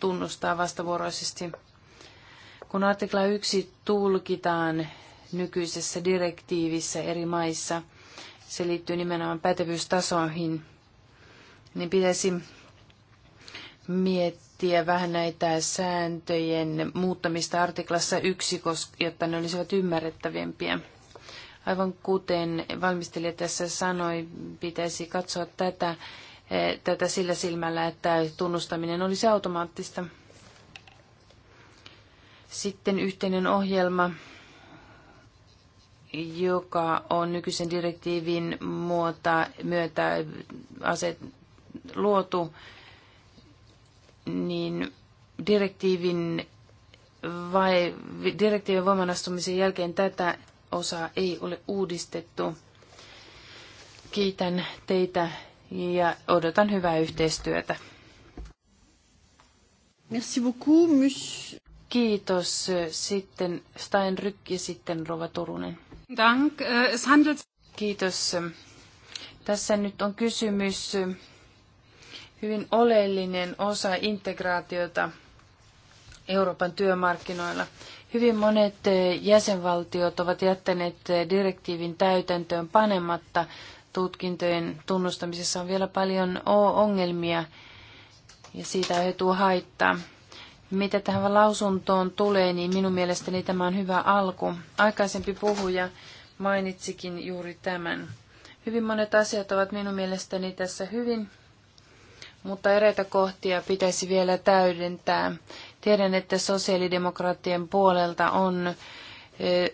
tunnustaa vastavuoroisesti. Kun artikla 1 tulkitaan nykyisessä direktiivissä eri maissa, se liittyy nimenomaan pätevyystasoihin, niin pitäisi miettiä, miettiä vähän näitä sääntöjen muuttamista artiklassa yksi, jotta ne olisivat ymmärrettävimpiä. Aivan kuten valmistelija tässä sanoi, pitäisi katsoa tätä, eh, tätä sillä silmällä, että tunnustaminen olisi automaattista. Sitten yhteinen ohjelma, joka on nykyisen direktiivin muota, myötä aset, luotu niin direktiivin vai direktiivin voimanastumisen jälkeen tätä osaa ei ole uudistettu. Kiitän teitä ja odotan hyvää yhteistyötä. Merci beaucoup, mys. Kiitos. Sitten Rykki ja sitten Rova Turunen. Dank. Äh, es handelt... Kiitos. Tässä nyt on kysymys hyvin oleellinen osa integraatiota Euroopan työmarkkinoilla. Hyvin monet eh, jäsenvaltiot ovat jättäneet eh, direktiivin täytäntöön panematta. Tutkintojen tunnustamisessa on vielä paljon ongelmia ja siitä aiheutuu haittaa. Mitä tähän lausuntoon tulee, niin minun mielestäni tämä on hyvä alku. Aikaisempi puhuja mainitsikin juuri tämän. Hyvin monet asiat ovat minun mielestäni tässä hyvin mutta eräitä kohtia pitäisi vielä täydentää. Tiedän, että sosiaalidemokraattien puolelta on,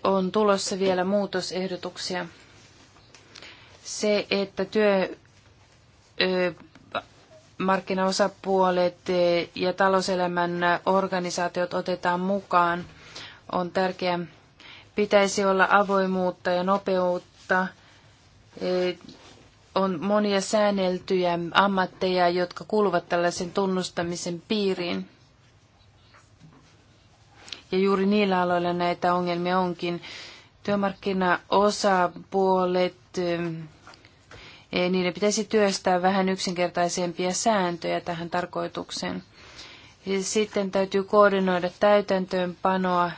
on tulossa vielä muutosehdotuksia. Se, että työ, markkinaosapuolet ja talouselämän organisaatiot otetaan mukaan, on tärkeää. Pitäisi olla avoimuutta ja nopeutta on monia säänneltyjä ammatteja, jotka kuuluvat tällaisen tunnustamisen piiriin. Ja juuri niillä aloilla näitä ongelmia onkin. Työmarkkinaosapuolet, eh, niiden pitäisi työstää vähän yksinkertaisempia sääntöjä tähän tarkoitukseen. Sitten täytyy koordinoida täytäntöönpanoa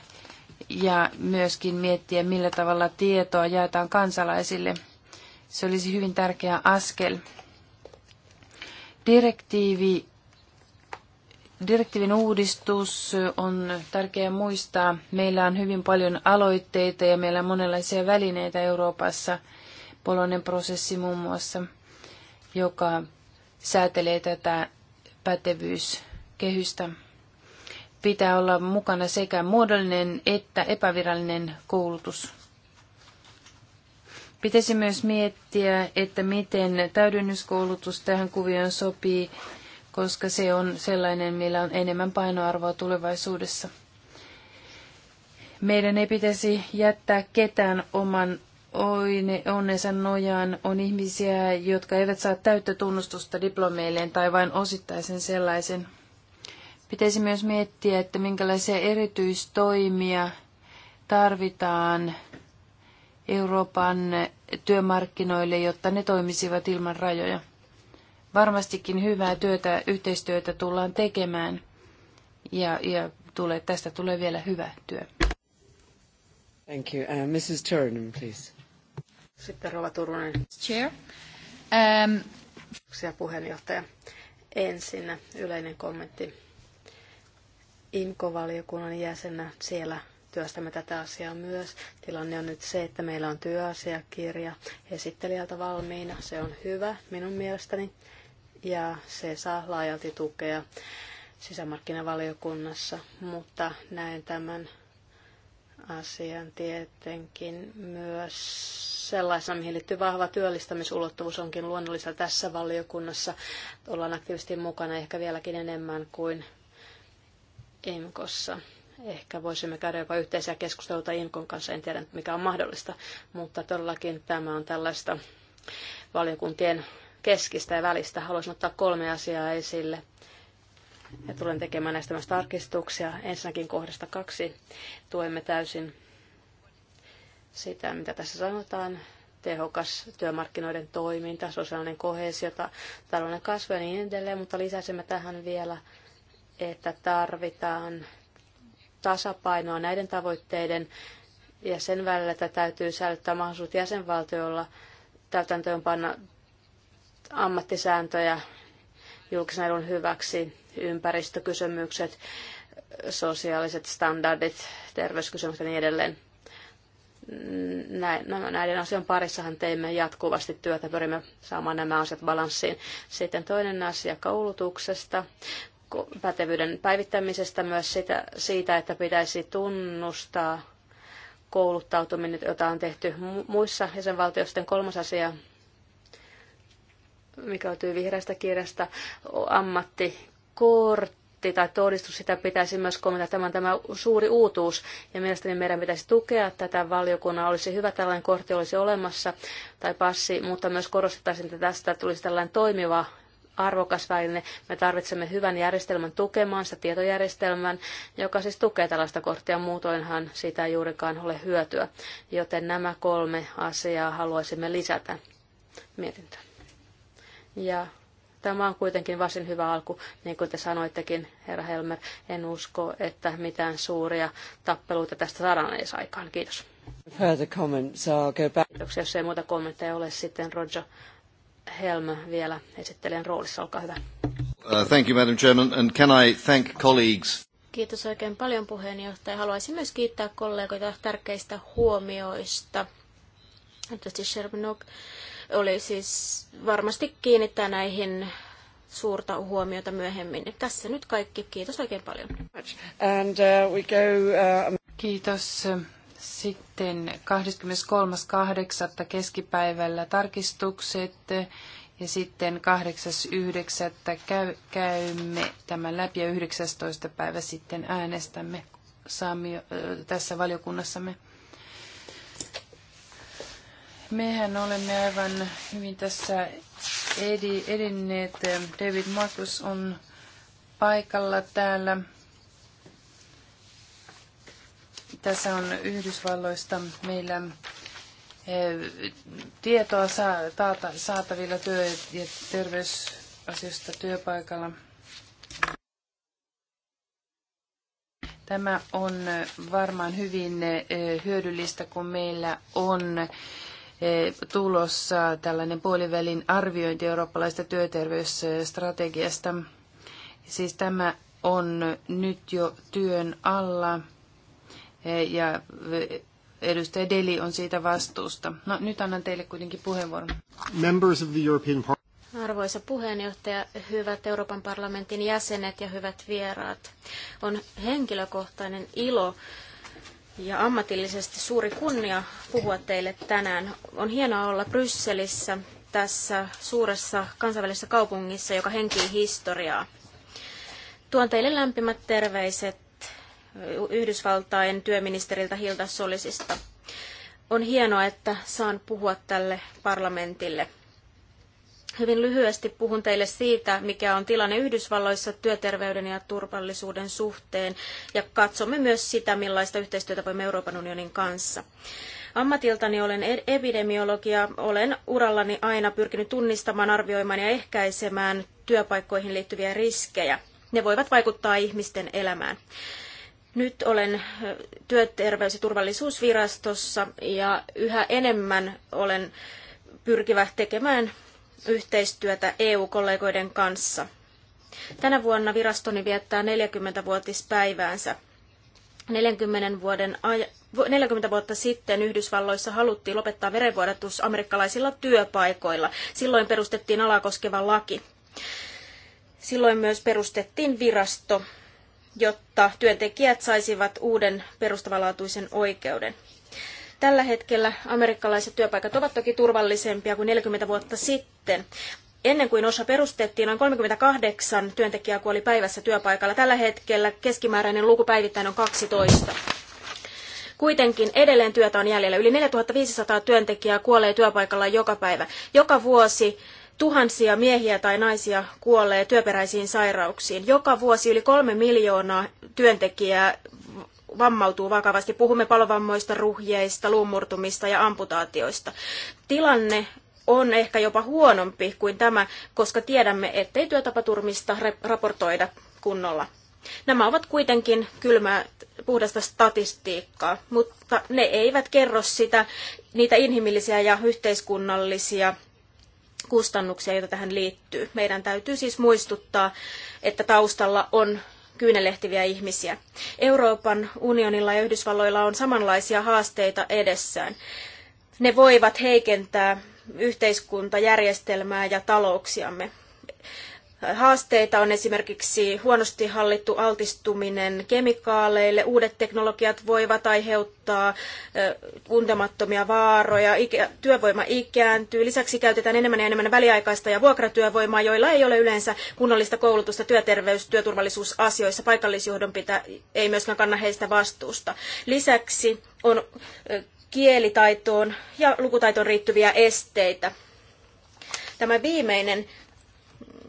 ja myöskin miettiä, millä tavalla tietoa jaetaan kansalaisille – se olisi hyvin tärkeä askel. Direktiivi, direktiivin uudistus on tärkeää muistaa. Meillä on hyvin paljon aloitteita ja meillä on monenlaisia välineitä Euroopassa. Polonen prosessi muun muassa, joka säätelee tätä pätevyyskehystä pitää olla mukana sekä muodollinen että epävirallinen koulutus. Pitäisi myös miettiä, että miten täydennyskoulutus tähän kuvioon sopii, koska se on sellainen, millä on enemmän painoarvoa tulevaisuudessa. Meidän ei pitäisi jättää ketään oman onnensa nojaan. On ihmisiä, jotka eivät saa täyttä tunnustusta diplomeilleen tai vain osittaisen sellaisen. Pitäisi myös miettiä, että minkälaisia erityistoimia tarvitaan Euroopan työmarkkinoille, jotta ne toimisivat ilman rajoja. Varmastikin hyvää työtä, yhteistyötä tullaan tekemään ja, ja tulee, tästä tulee vielä hyvä työ. Thank you. Uh, Mrs. Turunen, please. Sitten Rova Turunen. Chair. Um... um puheenjohtaja. Ensin yleinen kommentti. IMKO-valiokunnan jäsenä siellä työstämme tätä asiaa myös. Tilanne on nyt se, että meillä on työasiakirja esittelijältä valmiina. Se on hyvä minun mielestäni ja se saa laajalti tukea sisämarkkinavaliokunnassa, mutta näen tämän asian tietenkin myös sellaisena, mihin liittyy vahva työllistämisulottuvuus onkin luonnollista tässä valiokunnassa. Ollaan aktiivisesti mukana ehkä vieläkin enemmän kuin emkossa. Ehkä voisimme käydä jopa yhteisiä keskusteluita Inkon kanssa, en tiedä mikä on mahdollista, mutta todellakin tämä on tällaista valiokuntien keskistä ja välistä. Haluaisin ottaa kolme asiaa esille ja tulen tekemään näistä myös tarkistuksia. Ensinnäkin kohdasta kaksi tuemme täysin sitä, mitä tässä sanotaan, tehokas työmarkkinoiden toiminta, sosiaalinen kohesio, talouden kasvu ja niin edelleen, mutta lisäsimme tähän vielä, että tarvitaan tasapainoa näiden tavoitteiden ja sen välillä, että täytyy säilyttää mahdollisuus jäsenvaltioilla täytäntöönpanna ammattisääntöjä julkisen edun hyväksi, ympäristökysymykset, sosiaaliset standardit, terveyskysymykset ja niin edelleen. Näiden asian parissahan teimme jatkuvasti työtä, pyrimme saamaan nämä asiat balanssiin. Sitten toinen asia koulutuksesta pätevyyden päivittämisestä, myös sitä, siitä, että pitäisi tunnustaa kouluttautuminen, jota on tehty muissa jäsenvaltioissa. Sitten kolmas asia, mikä löytyy vihreästä kirjasta, ammattikortti tai todistus, sitä pitäisi myös kommentoida. Tämä on tämä suuri uutuus ja mielestäni meidän pitäisi tukea tätä valiokunnan. Olisi hyvä tällainen kortti olisi olemassa tai passi, mutta myös korostettaisiin, että tästä tulisi tällainen toimiva arvokas väline. Me tarvitsemme hyvän järjestelmän tukemaan sitä tietojärjestelmän, joka siis tukee tällaista korttia. Muutoinhan siitä ei juurikaan ole hyötyä. Joten nämä kolme asiaa haluaisimme lisätä mietintöön. Ja tämä on kuitenkin varsin hyvä alku, niin kuin te sanoittekin, herra Helmer. En usko, että mitään suuria tappeluita tästä saadaan edes aikaan. Kiitos. Further comments, I'll go back. Kiitoksia, jos ei muuta kommentteja ole sitten Roger Helm vielä esittelijän roolissa, olkaa hyvä. Uh, thank you, Madam Chairman, and can I thank colleagues? Kiitos oikein paljon puheenjohtaja. Haluaisin myös kiittää kollegoita tärkeistä huomioista. Tietysti Shermanok oli siis varmasti kiinnittää näihin suurta huomiota myöhemmin. Tässä nyt kaikki. Kiitos oikein paljon. And, uh, we go, uh... Kiitos. Sitten 23.8. keskipäivällä tarkistukset ja sitten 8.9. Käy, käymme tämän läpi ja 19. päivä sitten äänestämme saamio, tässä valiokunnassamme. Mehän olemme aivan hyvin tässä edinneet. David Markus on paikalla täällä. Tässä on Yhdysvalloista meillä eh, tietoa saatavilla työ- ja terveysasioista työpaikalla. Tämä on varmaan hyvin eh, hyödyllistä, kun meillä on eh, tulossa tällainen puolivälin arviointi eurooppalaista työterveysstrategiasta. Siis tämä on nyt jo työn alla ja edustaja Deli on siitä vastuusta. No, nyt annan teille kuitenkin puheenvuoron. Members of the European Parliament. Arvoisa puheenjohtaja, hyvät Euroopan parlamentin jäsenet ja hyvät vieraat. On henkilökohtainen ilo ja ammatillisesti suuri kunnia puhua teille tänään. On hienoa olla Brysselissä tässä suuressa kansainvälisessä kaupungissa, joka henkii historiaa. Tuon teille lämpimät terveiset Yhdysvaltain työministeriltä Hilda Solisista. On hienoa, että saan puhua tälle parlamentille. Hyvin lyhyesti puhun teille siitä, mikä on tilanne Yhdysvalloissa työterveyden ja turvallisuuden suhteen, ja katsomme myös sitä, millaista yhteistyötä voimme Euroopan unionin kanssa. Ammatiltani olen e- epidemiologia. Olen urallani aina pyrkinyt tunnistamaan, arvioimaan ja ehkäisemään työpaikkoihin liittyviä riskejä. Ne voivat vaikuttaa ihmisten elämään. Nyt olen työterveys- ja turvallisuusvirastossa ja yhä enemmän olen pyrkivä tekemään yhteistyötä EU-kollegoiden kanssa. Tänä vuonna virastoni viettää 40-vuotispäiväänsä. 40, vuoden aja, 40 vuotta sitten Yhdysvalloissa haluttiin lopettaa verenvuodatus amerikkalaisilla työpaikoilla. Silloin perustettiin alakoskeva laki. Silloin myös perustettiin virasto, jotta työntekijät saisivat uuden perustavanlaatuisen oikeuden. Tällä hetkellä amerikkalaiset työpaikat ovat toki turvallisempia kuin 40 vuotta sitten. Ennen kuin osa perustettiin, noin 38 työntekijää kuoli päivässä työpaikalla. Tällä hetkellä keskimääräinen luku päivittäin on 12. Kuitenkin edelleen työtä on jäljellä. Yli 4500 työntekijää kuolee työpaikalla joka päivä. Joka vuosi Tuhansia miehiä tai naisia kuolee työperäisiin sairauksiin. Joka vuosi yli kolme miljoonaa työntekijää vammautuu vakavasti. Puhumme palovammoista, ruhjeista, luunmurtumista ja amputaatioista. Tilanne on ehkä jopa huonompi kuin tämä, koska tiedämme, ettei työtapaturmista raportoida kunnolla. Nämä ovat kuitenkin kylmää puhdasta statistiikkaa, mutta ne eivät kerro sitä, niitä inhimillisiä ja yhteiskunnallisia kustannuksia, joita tähän liittyy. Meidän täytyy siis muistuttaa, että taustalla on kyynelehtiviä ihmisiä. Euroopan unionilla ja Yhdysvalloilla on samanlaisia haasteita edessään. Ne voivat heikentää yhteiskuntajärjestelmää ja talouksiamme. Haasteita on esimerkiksi huonosti hallittu altistuminen kemikaaleille. Uudet teknologiat voivat aiheuttaa tuntemattomia vaaroja. Työvoima ikääntyy. Lisäksi käytetään enemmän ja enemmän väliaikaista ja vuokratyövoimaa, joilla ei ole yleensä kunnollista koulutusta työterveys- ja työturvallisuusasioissa. Paikallisjohdon pitää, ei myöskään kanna heistä vastuusta. Lisäksi on kielitaitoon ja lukutaitoon riittyviä esteitä. Tämä viimeinen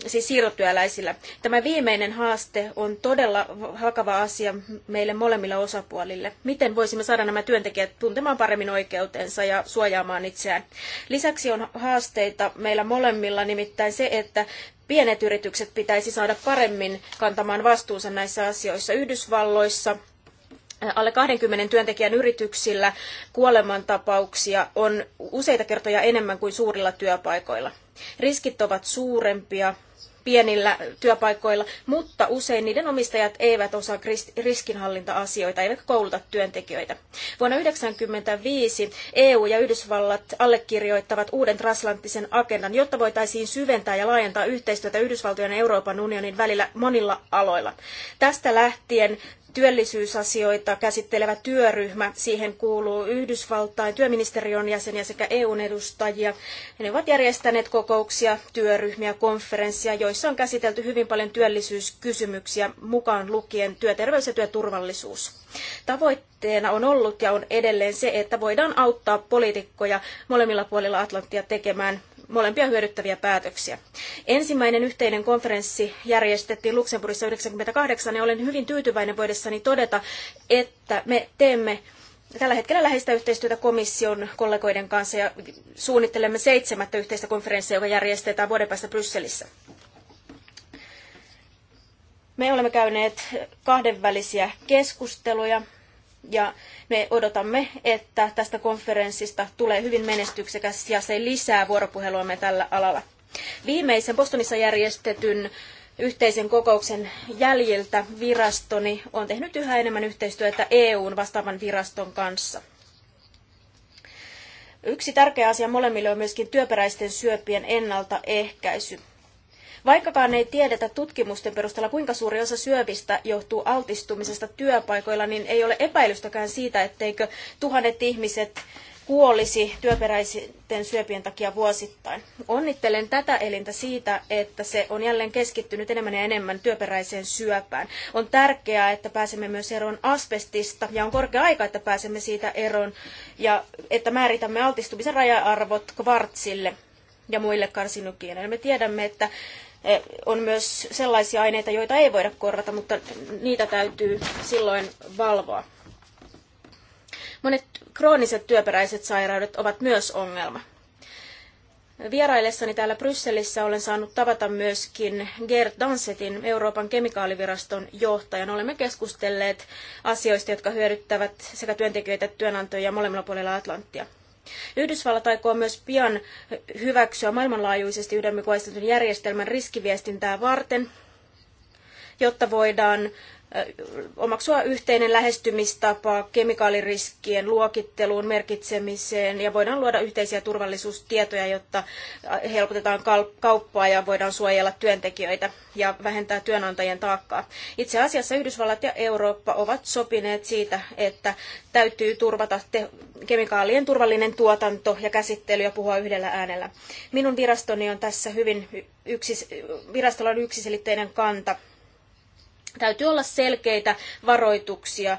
siis siirrotyöläisillä. Tämä viimeinen haaste on todella hakava asia meille molemmille osapuolille. Miten voisimme saada nämä työntekijät tuntemaan paremmin oikeutensa ja suojaamaan itseään? Lisäksi on haasteita meillä molemmilla, nimittäin se, että pienet yritykset pitäisi saada paremmin kantamaan vastuunsa näissä asioissa. Yhdysvalloissa alle 20 työntekijän yrityksillä kuolemantapauksia on useita kertoja enemmän kuin suurilla työpaikoilla. Riskit ovat suurempia pienillä työpaikoilla, mutta usein niiden omistajat eivät osaa riskinhallinta-asioita eivätkä kouluta työntekijöitä. Vuonna 1995 EU ja Yhdysvallat allekirjoittavat uuden transatlanttisen agendan, jotta voitaisiin syventää ja laajentaa yhteistyötä Yhdysvaltojen ja Euroopan unionin välillä monilla aloilla. Tästä lähtien työllisyysasioita käsittelevä työryhmä. Siihen kuuluu Yhdysvaltain työministeriön jäseniä sekä eu edustajia. Ne ovat järjestäneet kokouksia, työryhmiä, konferensseja, joissa on käsitelty hyvin paljon työllisyyskysymyksiä mukaan lukien työterveys ja työturvallisuus. Tavoitteena on ollut ja on edelleen se, että voidaan auttaa poliitikkoja molemmilla puolilla Atlanttia tekemään molempia hyödyttäviä päätöksiä. Ensimmäinen yhteinen konferenssi järjestettiin Luxemburgissa 1998 ja olen hyvin tyytyväinen voidessani todeta, että me teemme tällä hetkellä läheistä yhteistyötä komission kollegoiden kanssa ja suunnittelemme seitsemättä yhteistä konferenssia, joka järjestetään vuoden päästä Brysselissä. Me olemme käyneet kahdenvälisiä keskusteluja ja me odotamme, että tästä konferenssista tulee hyvin menestyksekäs ja se lisää vuoropuheluamme tällä alalla. Viimeisen Bostonissa järjestetyn yhteisen kokouksen jäljiltä virastoni on tehnyt yhä enemmän yhteistyötä EUn vastaavan viraston kanssa. Yksi tärkeä asia molemmille on myöskin työperäisten syöpien ennaltaehkäisy. Vaikkakaan ei tiedetä tutkimusten perusteella, kuinka suuri osa syövistä johtuu altistumisesta työpaikoilla, niin ei ole epäilystäkään siitä, etteikö tuhannet ihmiset kuolisi työperäisten syöpien takia vuosittain. Onnittelen tätä elintä siitä, että se on jälleen keskittynyt enemmän ja enemmän työperäiseen syöpään. On tärkeää, että pääsemme myös eroon asbestista ja on korkea aika, että pääsemme siitä eroon ja että määritämme altistumisen raja-arvot kvartsille ja muille karsinogeeneille. Me tiedämme, että Eh, on myös sellaisia aineita, joita ei voida korvata, mutta niitä täytyy silloin valvoa. Monet krooniset työperäiset sairaudet ovat myös ongelma. Vieraillessani täällä Brysselissä olen saanut tavata myöskin Gerd Dansetin, Euroopan kemikaaliviraston johtajan. Olemme keskustelleet asioista, jotka hyödyttävät sekä työntekijöitä että työnantajia molemmilla puolilla Atlanttia. Yhdysvallat aikoo myös pian hyväksyä maailmanlaajuisesti yhdenmukaistetun järjestelmän riskiviestintää varten, jotta voidaan omaksua yhteinen lähestymistapa kemikaaliriskien luokitteluun, merkitsemiseen ja voidaan luoda yhteisiä turvallisuustietoja, jotta helpotetaan kauppaa ja voidaan suojella työntekijöitä ja vähentää työnantajien taakkaa. Itse asiassa Yhdysvallat ja Eurooppa ovat sopineet siitä, että täytyy turvata te- kemikaalien turvallinen tuotanto ja käsittely ja puhua yhdellä äänellä. Minun virastoni on tässä hyvin yksis- virastolla on yksiselitteinen kanta Täytyy olla selkeitä varoituksia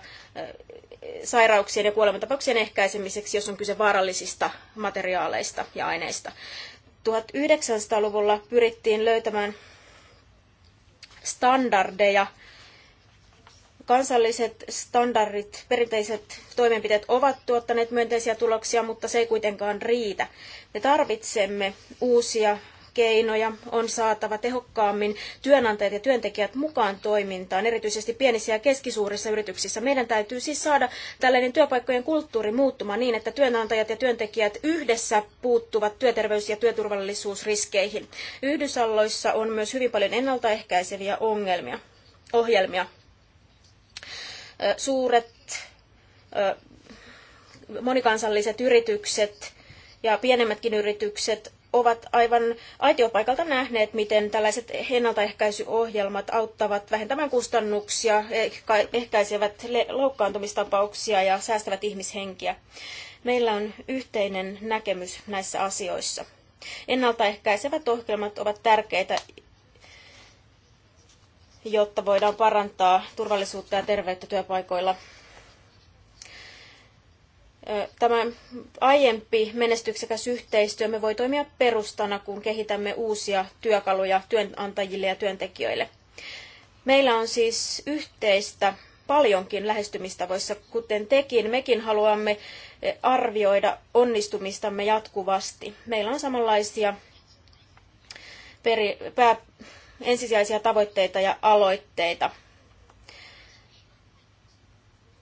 sairauksien ja kuolemantapauksien ehkäisemiseksi, jos on kyse vaarallisista materiaaleista ja aineista. 1900-luvulla pyrittiin löytämään standardeja. Kansalliset standardit, perinteiset toimenpiteet ovat tuottaneet myönteisiä tuloksia, mutta se ei kuitenkaan riitä. Me tarvitsemme uusia keinoja on saatava tehokkaammin työnantajat ja työntekijät mukaan toimintaan, erityisesti pienissä ja keskisuurissa yrityksissä. Meidän täytyy siis saada tällainen työpaikkojen kulttuuri muuttumaan niin, että työnantajat ja työntekijät yhdessä puuttuvat työterveys- ja työturvallisuusriskeihin. Yhdysvalloissa on myös hyvin paljon ennaltaehkäiseviä ongelmia, ohjelmia. Suuret monikansalliset yritykset ja pienemmätkin yritykset ovat aivan aitiopaikalta nähneet, miten tällaiset ennaltaehkäisyohjelmat auttavat vähentämään kustannuksia, eh, ehkäisevät loukkaantumistapauksia ja säästävät ihmishenkiä. Meillä on yhteinen näkemys näissä asioissa. Ennaltaehkäisevät ohjelmat ovat tärkeitä, jotta voidaan parantaa turvallisuutta ja terveyttä työpaikoilla Tämä aiempi menestyksekäs yhteistyömme voi toimia perustana, kun kehitämme uusia työkaluja työnantajille ja työntekijöille. Meillä on siis yhteistä paljonkin lähestymistavoissa, kuten tekin. Mekin haluamme arvioida onnistumistamme jatkuvasti. Meillä on samanlaisia peri, pää, ensisijaisia tavoitteita ja aloitteita.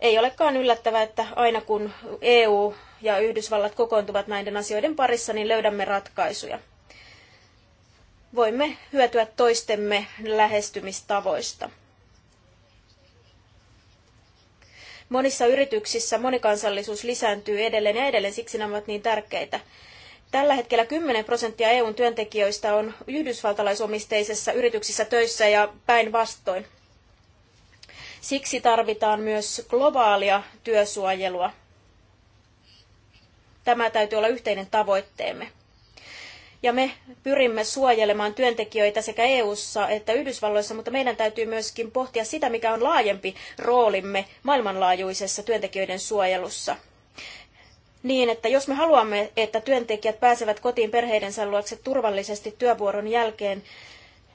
Ei olekaan yllättävää, että aina kun EU ja Yhdysvallat kokoontuvat näiden asioiden parissa, niin löydämme ratkaisuja. Voimme hyötyä toistemme lähestymistavoista. Monissa yrityksissä monikansallisuus lisääntyy edelleen ja edelleen, siksi nämä ovat niin tärkeitä. Tällä hetkellä 10 prosenttia EUn työntekijöistä on yhdysvaltalaisomisteisessa yrityksissä töissä ja päinvastoin. Siksi tarvitaan myös globaalia työsuojelua. Tämä täytyy olla yhteinen tavoitteemme. Ja me pyrimme suojelemaan työntekijöitä sekä EU:ssa että Yhdysvalloissa, mutta meidän täytyy myöskin pohtia sitä, mikä on laajempi roolimme maailmanlaajuisessa työntekijöiden suojelussa. Niin, että jos me haluamme, että työntekijät pääsevät kotiin perheidensä luokse turvallisesti työvuoron jälkeen,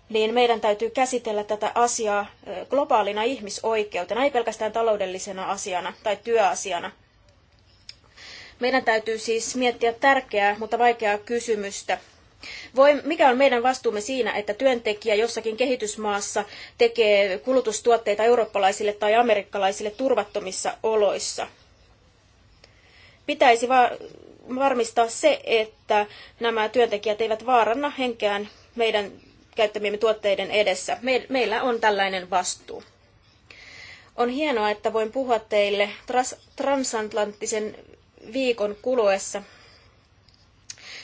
niin meidän täytyy käsitellä tätä asiaa globaalina ihmisoikeutena, ei pelkästään taloudellisena asiana tai työasiana. Meidän täytyy siis miettiä tärkeää, mutta vaikeaa kysymystä. Voi, mikä on meidän vastuumme siinä, että työntekijä jossakin kehitysmaassa tekee kulutustuotteita eurooppalaisille tai amerikkalaisille turvattomissa oloissa? Pitäisi va- varmistaa se, että nämä työntekijät eivät vaaranna henkeään meidän käyttämiemme tuotteiden edessä. Meillä on tällainen vastuu. On hienoa, että voin puhua teille transatlanttisen viikon kuluessa.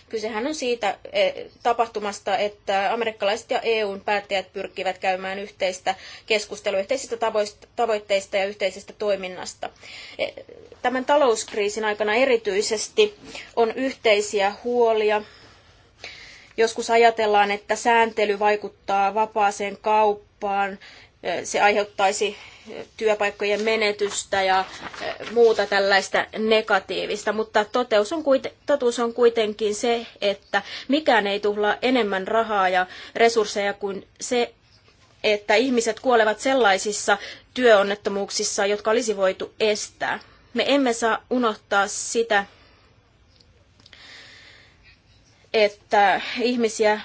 Kysehän on siitä e, tapahtumasta, että amerikkalaiset ja EUn päättäjät pyrkivät käymään yhteistä keskustelua yhteisistä tavoitteista ja yhteisestä toiminnasta. E, tämän talouskriisin aikana erityisesti on yhteisiä huolia, Joskus ajatellaan, että sääntely vaikuttaa vapaaseen kauppaan, se aiheuttaisi työpaikkojen menetystä ja muuta tällaista negatiivista, mutta toteus on kuite, totuus on kuitenkin se, että mikään ei tuhlaa enemmän rahaa ja resursseja kuin se, että ihmiset kuolevat sellaisissa työonnettomuuksissa, jotka olisi voitu estää. Me emme saa unohtaa sitä, että ihmisiä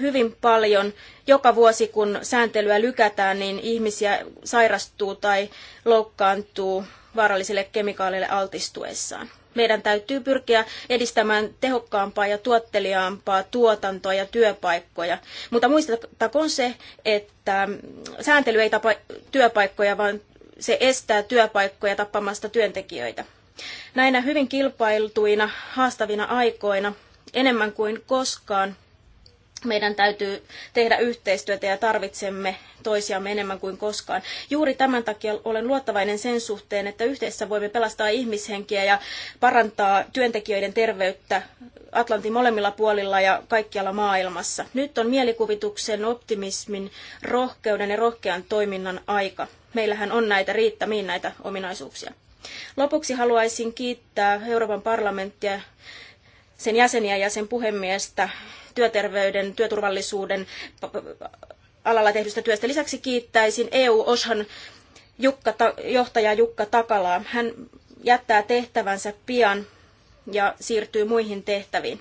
hyvin paljon joka vuosi, kun sääntelyä lykätään, niin ihmisiä sairastuu tai loukkaantuu vaarallisille kemikaaleille altistuessaan. Meidän täytyy pyrkiä edistämään tehokkaampaa ja tuotteliaampaa tuotantoa ja työpaikkoja. Mutta muistettakoon se, että sääntely ei tapa työpaikkoja, vaan se estää työpaikkoja tappamasta työntekijöitä. Näinä hyvin kilpailtuina, haastavina aikoina enemmän kuin koskaan meidän täytyy tehdä yhteistyötä ja tarvitsemme toisiamme enemmän kuin koskaan. Juuri tämän takia olen luottavainen sen suhteen, että yhdessä voimme pelastaa ihmishenkiä ja parantaa työntekijöiden terveyttä Atlantin molemmilla puolilla ja kaikkialla maailmassa. Nyt on mielikuvituksen, optimismin, rohkeuden ja rohkean toiminnan aika. Meillähän on näitä riittämiin näitä ominaisuuksia. Lopuksi haluaisin kiittää Euroopan parlamenttia sen jäseniä ja sen puhemiestä työterveyden, työturvallisuuden alalla tehdystä työstä. Lisäksi kiittäisin EU-OSHAN Jukka, johtaja Jukka Takalaa. Hän jättää tehtävänsä pian ja siirtyy muihin tehtäviin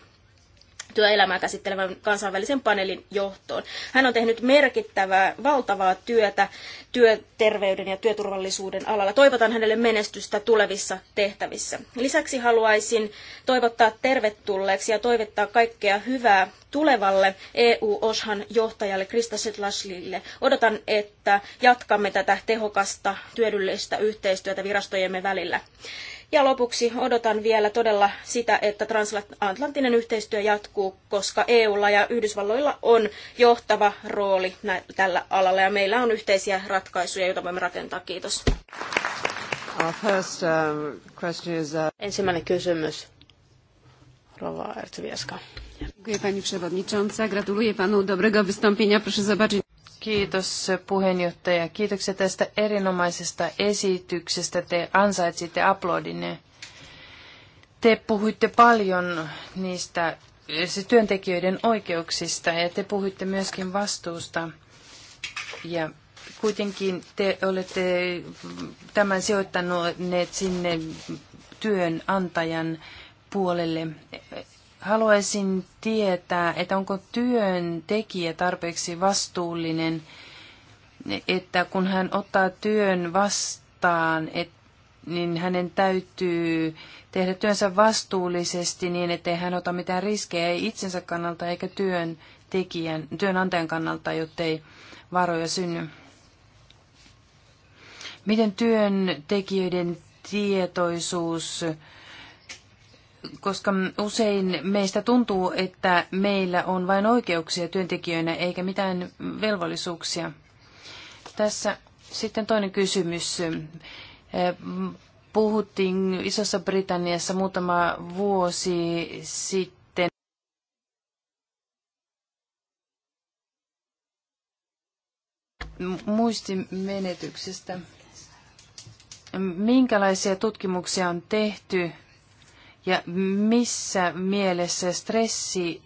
työelämää käsittelevän kansainvälisen paneelin johtoon. Hän on tehnyt merkittävää, valtavaa työtä työterveyden ja työturvallisuuden alalla. Toivotan hänelle menestystä tulevissa tehtävissä. Lisäksi haluaisin toivottaa tervetulleeksi ja toivottaa kaikkea hyvää tulevalle EU-OSHAN johtajalle Krista Setlaslille. Odotan, että jatkamme tätä tehokasta, työdyllistä yhteistyötä virastojemme välillä. Ja lopuksi odotan vielä todella sitä, että transatlanttinen yhteistyö jatkuu, koska EUlla ja Yhdysvalloilla on johtava rooli tällä alalla ja meillä on yhteisiä ratkaisuja, joita voimme rakentaa. Kiitos. First, uh, is, uh... Ensimmäinen kysymys. Rova Ertvieska. Dziękuję Pani Przewodnicząca. Gratuluję Panu dobrego wystąpienia. Proszę zobaczyć. Kiitos puheenjohtaja. Kiitoksia tästä erinomaisesta esityksestä. Te ansaitsitte aplodinne. Te puhuitte paljon niistä siis työntekijöiden oikeuksista ja te puhuitte myöskin vastuusta. Ja kuitenkin te olette tämän sijoittaneet sinne työnantajan puolelle. Haluaisin tietää, että onko työntekijä tarpeeksi vastuullinen, että kun hän ottaa työn vastaan, et, niin hänen täytyy tehdä työnsä vastuullisesti niin, ettei hän ota mitään riskejä ei itsensä kannalta eikä työn tekijän, työnantajan kannalta, jottei varoja synny. Miten työntekijöiden tietoisuus koska usein meistä tuntuu, että meillä on vain oikeuksia työntekijöinä eikä mitään velvollisuuksia. Tässä sitten toinen kysymys. Puhuttiin Isossa Britanniassa muutama vuosi sitten. muistimenetyksestä. Minkälaisia tutkimuksia on tehty ja missä mielessä stressi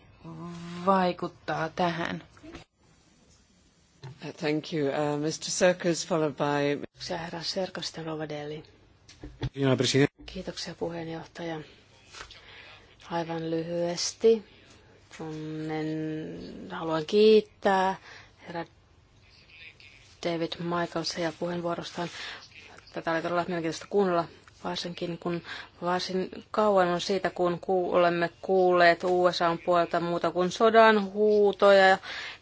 vaikuttaa tähän? Thank you. Uh, Mr. Serkis, followed by... Herra Kiitoksia puheenjohtaja. Aivan lyhyesti, en, haluan kiittää herra David Michaelsia puheenvuorostaan. Tätä oli todella mielenkiintoista kuunnella varsinkin kun varsin kauan on siitä, kun olemme kuulleet on puolta muuta kuin sodan huutoja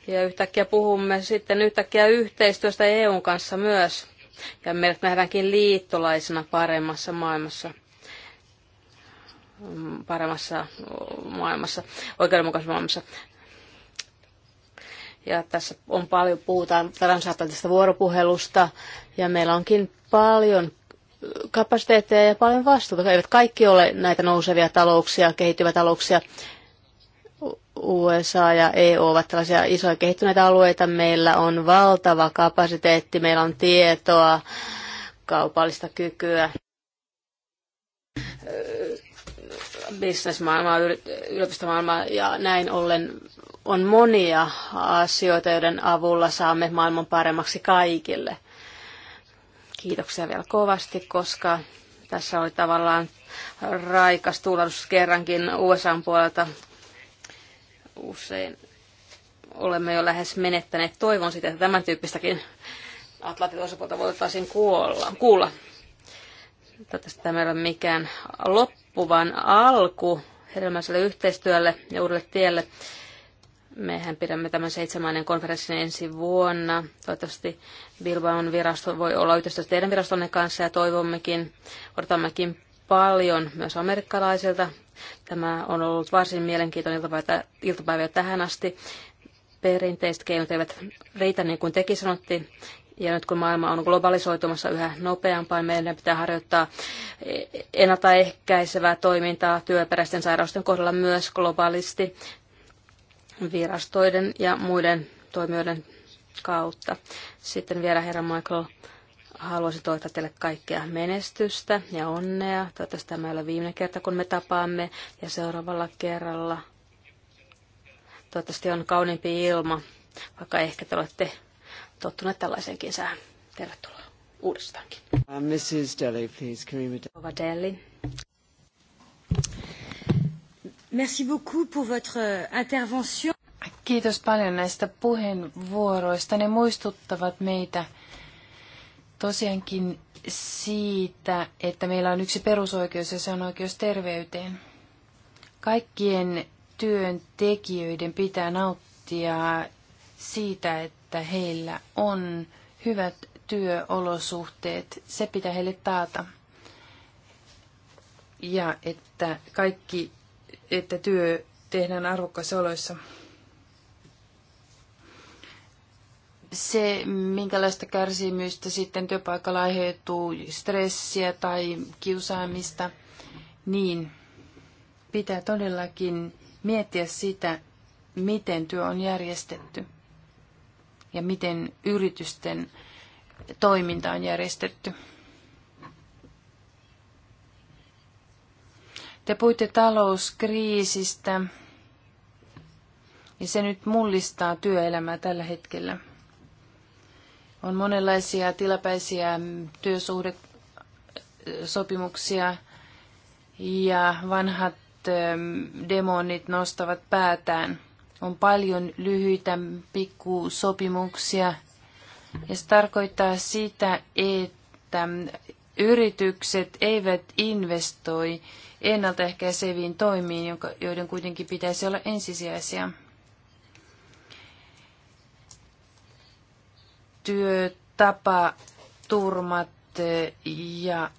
ja yhtäkkiä puhumme sitten yhtäkkiä yhteistyöstä EUn kanssa myös. Ja meidät nähdäänkin liittolaisena paremmassa maailmassa mm, paremmassa mm, maailmassa, oikeudenmukaisessa maailmassa. Ja tässä on paljon, puhutaan tällaisesta vuoropuhelusta, ja meillä onkin paljon kapasiteetteja ja paljon vastuuta. Eivät kaikki ole näitä nousevia talouksia, kehittyviä talouksia. USA ja EU ovat tällaisia isoja kehittyneitä alueita. Meillä on valtava kapasiteetti, meillä on tietoa, kaupallista kykyä, bisnesmaailmaa, yliopistomaailmaa ja näin ollen on monia asioita, joiden avulla saamme maailman paremmaksi kaikille – Kiitoksia vielä kovasti, koska tässä oli tavallaan raikas tulos kerrankin USAn puolelta. Usein olemme jo lähes menettäneet toivon sitä, että tämän tyyppistäkin Atlantin osapuolta voitaisiin kuolla, kuulla. Toivottavasti tämä ei ole mikään loppu, vaan alku hedelmälliselle yhteistyölle ja uudelle tielle. Mehän pidämme tämän seitsemännen konferenssin ensi vuonna. Toivottavasti Bilbaon virasto voi olla yhteistyössä teidän virastonne kanssa ja toivommekin, odotammekin paljon myös amerikkalaisilta. Tämä on ollut varsin mielenkiintoinen iltapäivä, iltapäivä tähän asti. Perinteiset keinot eivät riitä niin kuin tekin sanottiin. Ja nyt kun maailma on globalisoitumassa yhä nopeampaan, meidän pitää harjoittaa ennaltaehkäisevää toimintaa työperäisten sairausten kohdalla myös globaalisti virastoiden ja muiden toimijoiden kautta. Sitten vielä herra Michael, haluaisin toivottaa teille kaikkea menestystä ja onnea. Toivottavasti tämä ei ole viimeinen kerta, kun me tapaamme ja seuraavalla kerralla toivottavasti on kauniimpi ilma, vaikka ehkä te olette tottuneet tällaiseenkin sään. Tervetuloa uudestaankin. Uh, Mrs. Deli, please, Karima Deli. Merci beaucoup pour votre euh, intervention. Kiitos paljon näistä puheenvuoroista. Ne muistuttavat meitä tosiaankin siitä, että meillä on yksi perusoikeus ja se on oikeus terveyteen. Kaikkien työntekijöiden pitää nauttia siitä, että heillä on hyvät työolosuhteet. Se pitää heille taata. Ja että kaikki että työ tehdään arvokkaissa oloissa. Se, minkälaista kärsimystä sitten työpaikalla aiheutuu, stressiä tai kiusaamista, niin pitää todellakin miettiä sitä, miten työ on järjestetty ja miten yritysten toiminta on järjestetty. Te puhuitte talouskriisistä ja se nyt mullistaa työelämää tällä hetkellä. On monenlaisia tilapäisiä työsuhdesopimuksia ja vanhat ähm, demonit nostavat päätään. On paljon lyhyitä pikkusopimuksia ja se tarkoittaa sitä, että yritykset eivät investoi ennaltaehkäiseviin toimiin, joiden kuitenkin pitäisi olla ensisijaisia. Työtapa, turmat ja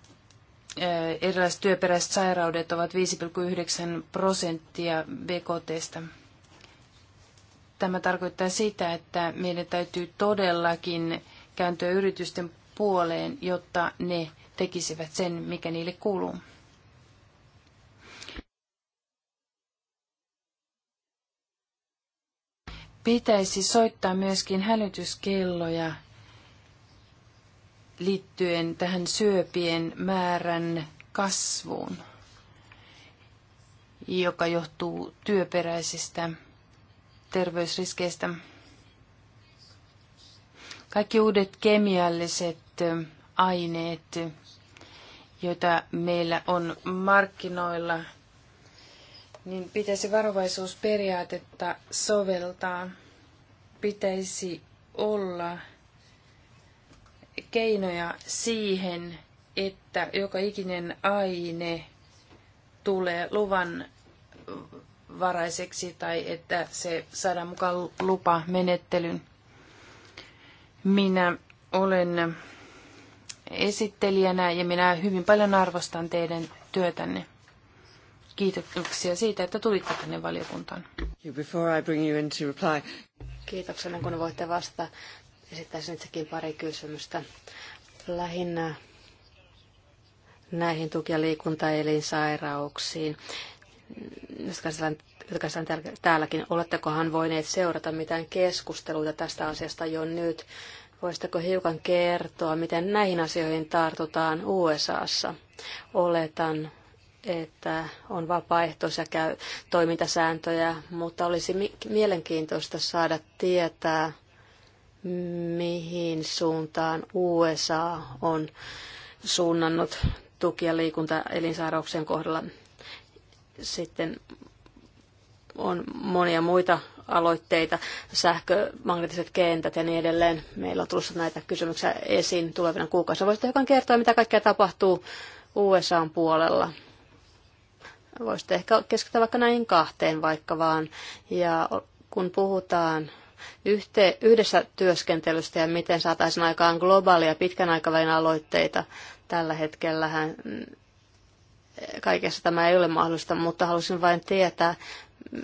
erilaiset työperäiset sairaudet ovat 5,9 prosenttia BKTstä. Tämä tarkoittaa sitä, että meidän täytyy todellakin kääntyä yritysten puoleen, jotta ne tekisivät sen, mikä niille kuuluu. pitäisi soittaa myöskin hälytyskelloja liittyen tähän syöpien määrän kasvuun, joka johtuu työperäisistä terveysriskeistä. Kaikki uudet kemialliset aineet, joita meillä on markkinoilla – niin pitäisi varovaisuusperiaatetta soveltaa. Pitäisi olla keinoja siihen, että joka ikinen aine tulee luvan varaiseksi tai että se saadaan mukaan lupa menettelyn. Minä olen esittelijänä ja minä hyvin paljon arvostan teidän työtänne kiitoksia siitä, että tulitte tänne valiokuntaan. Before I bring you in to reply. Kiitoksena, kun voitte vastata. Esittäisin itsekin pari kysymystä. Lähinnä näihin tuki- ja liikuntaelinsairauksiin, jotka käsitellään täälläkin. Olettekohan voineet seurata mitään keskusteluita tästä asiasta jo nyt? Voisitteko hiukan kertoa, miten näihin asioihin tartutaan USAssa? Oletan, että on vapaaehtoisia käy toimintasääntöjä, mutta olisi mielenkiintoista saada tietää, mihin suuntaan USA on suunnannut tuki- ja liikuntaelinsairauksien kohdalla. Sitten on monia muita aloitteita, sähkömagnetiset kentät ja niin edelleen. Meillä on tullut näitä kysymyksiä esiin tulevina kuukausina. Voisitko hiukan kertoa, mitä kaikkea tapahtuu USAn puolella? Voisitte ehkä keskittyä vaikka näihin kahteen vaikka vaan. Ja kun puhutaan yhte, yhdessä työskentelystä ja miten saataisiin aikaan globaalia pitkän aikavälin aloitteita, tällä hetkellä mm, kaikessa tämä ei ole mahdollista, mutta halusin vain tietää, mm,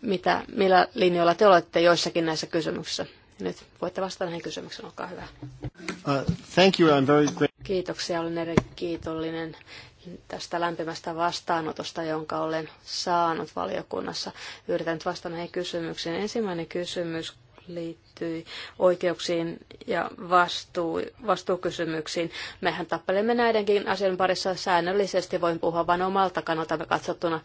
mitä, millä linjoilla te olette joissakin näissä kysymyksissä. Nyt voitte vastata näihin kysymyksiin, olkaa hyvä. Uh, thank you, I'm very Kiitoksia, olen erittäin kiitollinen tästä lämpimästä vastaanotosta, jonka olen saanut valiokunnassa. Yritän nyt vastata näihin kysymyksiin. Ensimmäinen kysymys liittyi oikeuksiin ja vastuu, vastuukysymyksiin. Mehän tappelemme näidenkin asian parissa säännöllisesti. Voin puhua vain omalta kannaltamme katsottuna.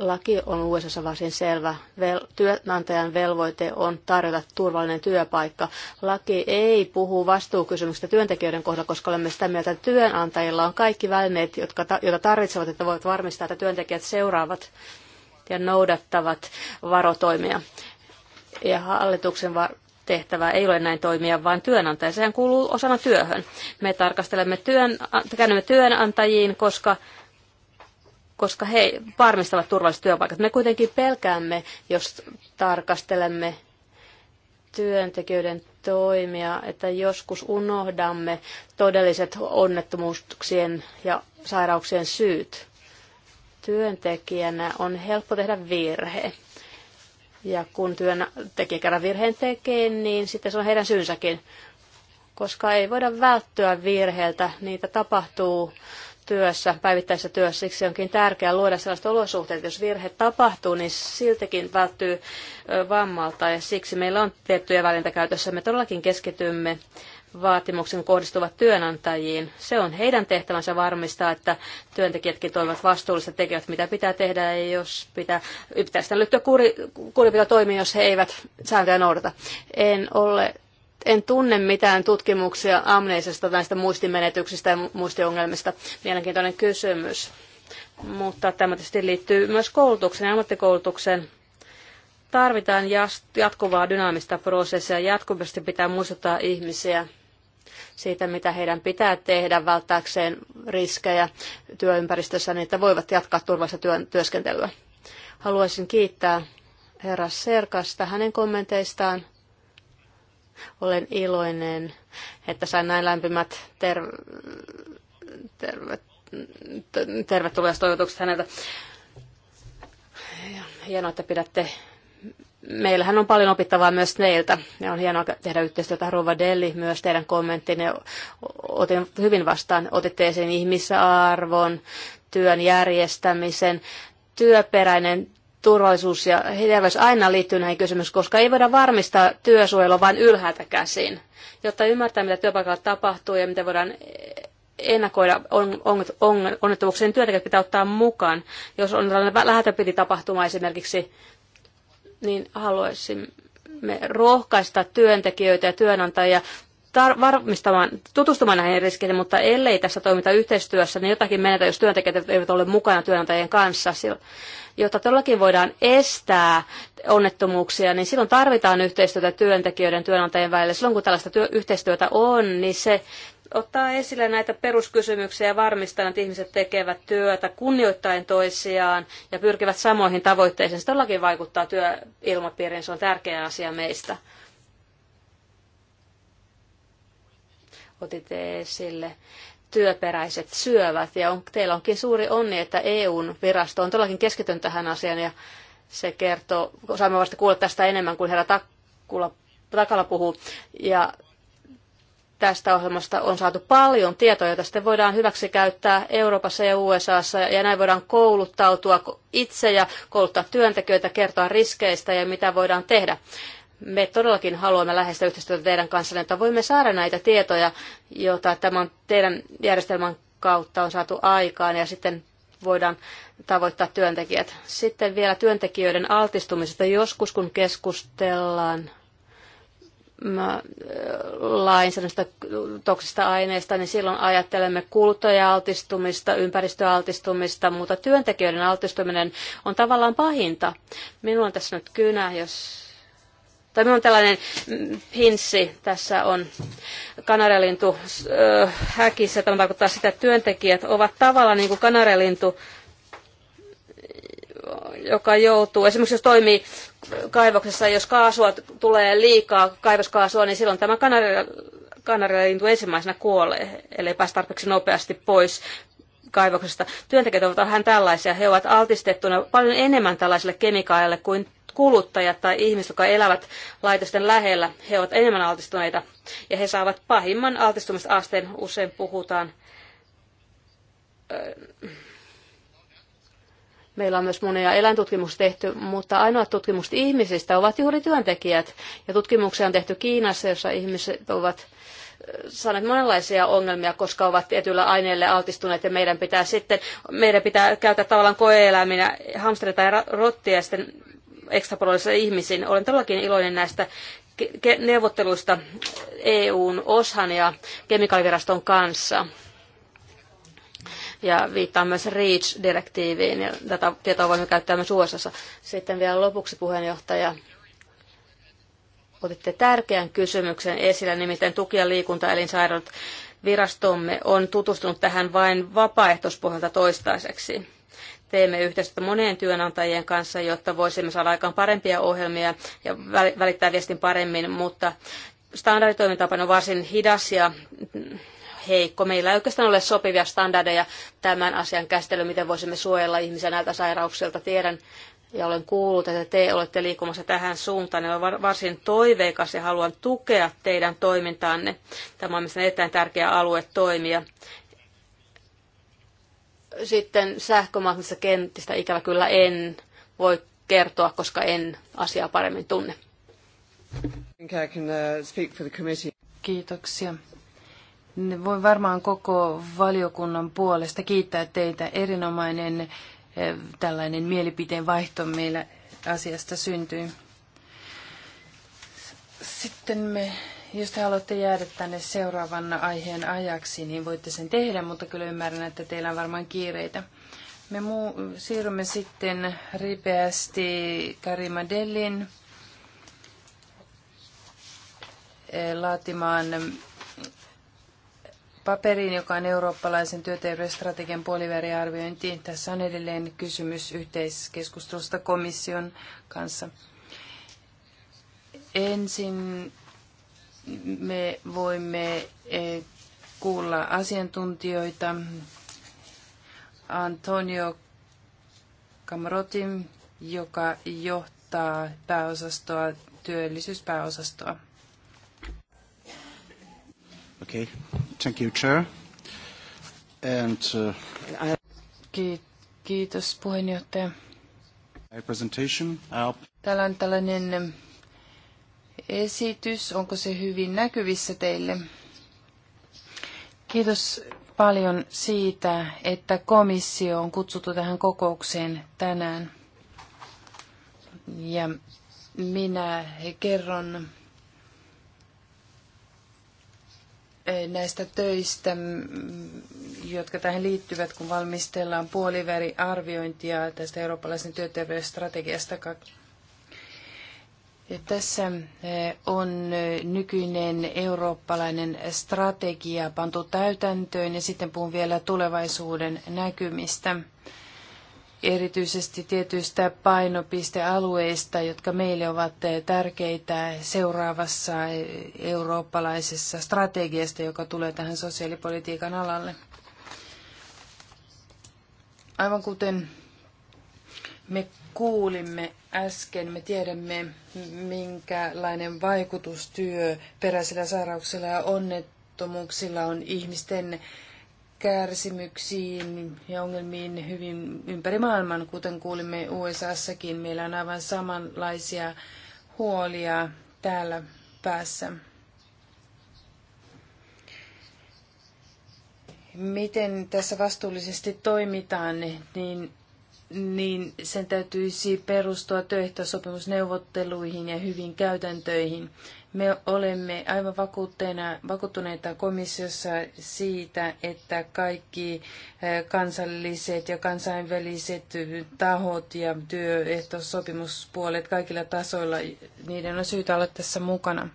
Laki on USA varsin selvä. Vel- työnantajan velvoite on tarjota turvallinen työpaikka. Laki ei puhu vastuukysymyksistä työntekijöiden kohdalla, koska olemme sitä mieltä, että työnantajilla on kaikki välineet, jotka joita tarvitsevat, että voivat varmistaa, että työntekijät seuraavat ja noudattavat varotoimia. Ja hallituksen var- tehtävä ei ole näin toimia, vaan työnantaja. Sehän kuuluu osana työhön. Me tarkastelemme työn, käännymme työnantajiin, koska koska he varmistavat turvalliset työpaikat. Me kuitenkin pelkäämme, jos tarkastelemme työntekijöiden toimia, että joskus unohdamme todelliset onnettomuuksien ja sairauksien syyt. Työntekijänä on helppo tehdä virhe. Ja kun työntekijä kerran virheen tekee, niin sitten se on heidän syynsäkin. Koska ei voida välttyä virheeltä, niitä tapahtuu työssä, päivittäisessä työssä. Siksi onkin tärkeää luoda sellaiset olosuhteet, jos virhe tapahtuu, niin siltikin välttyy vammalta. Ja siksi meillä on tiettyjä välintä käytössä. Me todellakin keskitymme vaatimuksen kohdistuvat työnantajiin. Se on heidän tehtävänsä varmistaa, että työntekijätkin toimivat vastuullisesti, tekevät mitä pitää tehdä ja jos pitää, pitää sitä lyhtyä kuri, toimia, jos he eivät sääntöjä noudata. En ole en tunne mitään tutkimuksia amneisesta näistä muistimenetyksistä ja muistiongelmista. Mielenkiintoinen kysymys. Mutta tämä tietysti liittyy myös koulutukseen ja ammattikoulutukseen. Tarvitaan jatkuvaa dynaamista prosessia. Jatkuvasti pitää muistuttaa ihmisiä siitä, mitä heidän pitää tehdä välttääkseen riskejä työympäristössä, niin että voivat jatkaa turvallista työskentelyä. Haluaisin kiittää herra Serkasta hänen kommenteistaan olen iloinen, että sain näin lämpimät ter- terve- tervetuloa toivotukset häneltä. Hienoa, että pidätte meillähän on paljon opittavaa myös neiltä. Ja on hienoa tehdä yhteistyötä Rova Delli, myös teidän kommenttinne. Otin hyvin vastaan, otitte esiin ihmisarvon, työn järjestämisen, työperäinen turvallisuus ja terveys aina liittyy näihin kysymyksiin, koska ei voida varmistaa työsuojelua vain ylhäältä käsin. Jotta ymmärtää, mitä työpaikalla tapahtuu ja mitä voidaan ennakoida onnettomuuksia, niin työntekijät pitää ottaa mukaan. Jos on tällainen lähetäpiti tapahtuma esimerkiksi, niin haluaisimme rohkaista työntekijöitä ja työnantajia tar- varmistamaan, tutustumaan näihin riskeihin, mutta ellei tässä toimita yhteistyössä, niin jotakin menetä, jos työntekijät eivät ole mukana työnantajien kanssa, jotta todellakin voidaan estää onnettomuuksia, niin silloin tarvitaan yhteistyötä työntekijöiden työnantajien välillä. Silloin kun tällaista työ- yhteistyötä on, niin se ottaa esille näitä peruskysymyksiä ja varmistaa, että ihmiset tekevät työtä kunnioittain toisiaan ja pyrkivät samoihin tavoitteisiin. Se todellakin vaikuttaa työilmapiiriin, se on tärkeä asia meistä. otitte esille työperäiset syövät. Ja on, teillä onkin suuri onni, että EUn virasto on todellakin keskittynyt tähän asiaan ja se kertoo, saamme vasta kuulla tästä enemmän kuin herra Takkula, Takala puhuu. Ja tästä ohjelmasta on saatu paljon tietoa, jota sitten voidaan hyväksi käyttää Euroopassa ja USAssa, ja näin voidaan kouluttautua itse ja kouluttaa työntekijöitä, kertoa riskeistä ja mitä voidaan tehdä me todellakin haluamme lähestyä yhteistyötä teidän kanssanne, että voimme saada näitä tietoja, joita tämän teidän järjestelmän kautta on saatu aikaan ja sitten voidaan tavoittaa työntekijät. Sitten vielä työntekijöiden altistumisesta. Joskus kun keskustellaan lainsäädännöstä toksista aineista, niin silloin ajattelemme kuluttaja-altistumista, ympäristöaltistumista, mutta työntekijöiden altistuminen on tavallaan pahinta. Minulla on tässä nyt kynä, jos tai minulla on tällainen pinssi, tässä on kanarialintu häkissä, tämä tarkoittaa sitä, että työntekijät ovat tavallaan niin kuin kanarialintu, joka joutuu, esimerkiksi jos toimii kaivoksessa, jos kaasua tulee liikaa, kaivoskaasua, niin silloin tämä kanarialintu ensimmäisenä kuolee, ellei pääse tarpeeksi nopeasti pois kaivoksesta. Työntekijät ovat vähän tällaisia, he ovat altistettuna paljon enemmän tällaisille kemikaaleille kuin kuluttajat tai ihmiset, jotka elävät laitosten lähellä, he ovat enemmän altistuneita ja he saavat pahimman altistumisasteen. Usein puhutaan Meillä on myös monia eläintutkimuksia tehty, mutta ainoat tutkimukset ihmisistä ovat juuri työntekijät. Ja tutkimuksia on tehty Kiinassa, jossa ihmiset ovat saaneet monenlaisia ongelmia, koska ovat tietyillä aineille altistuneet ja meidän pitää sitten, meidän pitää käyttää tavallaan koe-eläiminä, hamstereita ja rottia ja sitten ekstrapoloissa ihmisiin. Olen todellakin iloinen näistä neuvotteluista EUn OSHAN ja kemikaaliviraston kanssa. Ja viittaan myös REACH-direktiiviin, ja tätä tietoa voimme käyttää myös USAssa. Sitten vielä lopuksi puheenjohtaja otitte tärkeän kysymyksen esille, nimittäin tuki- ja liikuntaelinsairaudet. Virastomme on tutustunut tähän vain vapaaehtoispohjalta toistaiseksi teemme yhteistyötä monien työnantajien kanssa, jotta voisimme saada aikaan parempia ohjelmia ja välittää viestin paremmin, mutta standarditoimintapaino on varsin hidas ja heikko. Meillä ei oikeastaan ole sopivia standardeja tämän asian käsittelyyn, miten voisimme suojella ihmisiä näiltä sairauksilta. Tiedän ja olen kuullut, että te olette liikkumassa tähän suuntaan. Ja niin olen varsin toiveikas ja haluan tukea teidän toimintaanne. Tämä on mielestäni erittäin tärkeä alue toimia. Sitten sähkömagnetista kentistä ikävä kyllä en voi kertoa, koska en asiaa paremmin tunne. Uh, Kiitoksia. Voin varmaan koko valiokunnan puolesta kiittää teitä. Erinomainen eh, tällainen mielipiteen vaihto meillä asiasta syntyi. Sitten me jos te haluatte jäädä tänne seuraavan aiheen ajaksi, niin voitte sen tehdä, mutta kyllä ymmärrän, että teillä on varmaan kiireitä. Me muu, siirrymme sitten ripeästi Karima Dellin eh, laatimaan paperiin, joka on eurooppalaisen työterveysstrategian puoliväriarviointi. Tässä on edelleen kysymys yhteiskeskustelusta komission kanssa. Ensin me voimme eh, kuulla asiantuntijoita. Antonio Camarotin, joka johtaa pääosastoa, työllisyyspääosastoa. Okay. Thank you, Chair. And, uh, Ki- kiitos puheenjohtaja. Presentation. Täällä on tällainen esitys. Onko se hyvin näkyvissä teille? Kiitos paljon siitä, että komissio on kutsuttu tähän kokoukseen tänään. Ja minä kerron näistä töistä, jotka tähän liittyvät, kun valmistellaan puoliväriarviointia tästä eurooppalaisen työterveysstrategiasta tässä eh, on eh, nykyinen eurooppalainen strategia pantu täytäntöön ja sitten puhun vielä tulevaisuuden näkymistä. Erityisesti tietyistä painopistealueista, jotka meille ovat eh, tärkeitä seuraavassa eurooppalaisessa strategiasta, joka tulee tähän sosiaalipolitiikan alalle. Aivan kuten me kuulimme äsken. Me tiedämme, minkälainen vaikutus työ peräisillä sairauksilla ja onnettomuuksilla on ihmisten kärsimyksiin ja ongelmiin hyvin ympäri maailman, kuten kuulimme USAssakin. Meillä on aivan samanlaisia huolia täällä päässä. Miten tässä vastuullisesti toimitaan, niin niin sen täytyisi perustua työehtosopimusneuvotteluihin ja hyvin käytäntöihin. Me olemme aivan vakuuttuneita komissiossa siitä, että kaikki eh, kansalliset ja kansainväliset tahot ja työehtosopimuspuolet kaikilla tasoilla, niiden on syytä olla tässä mukana.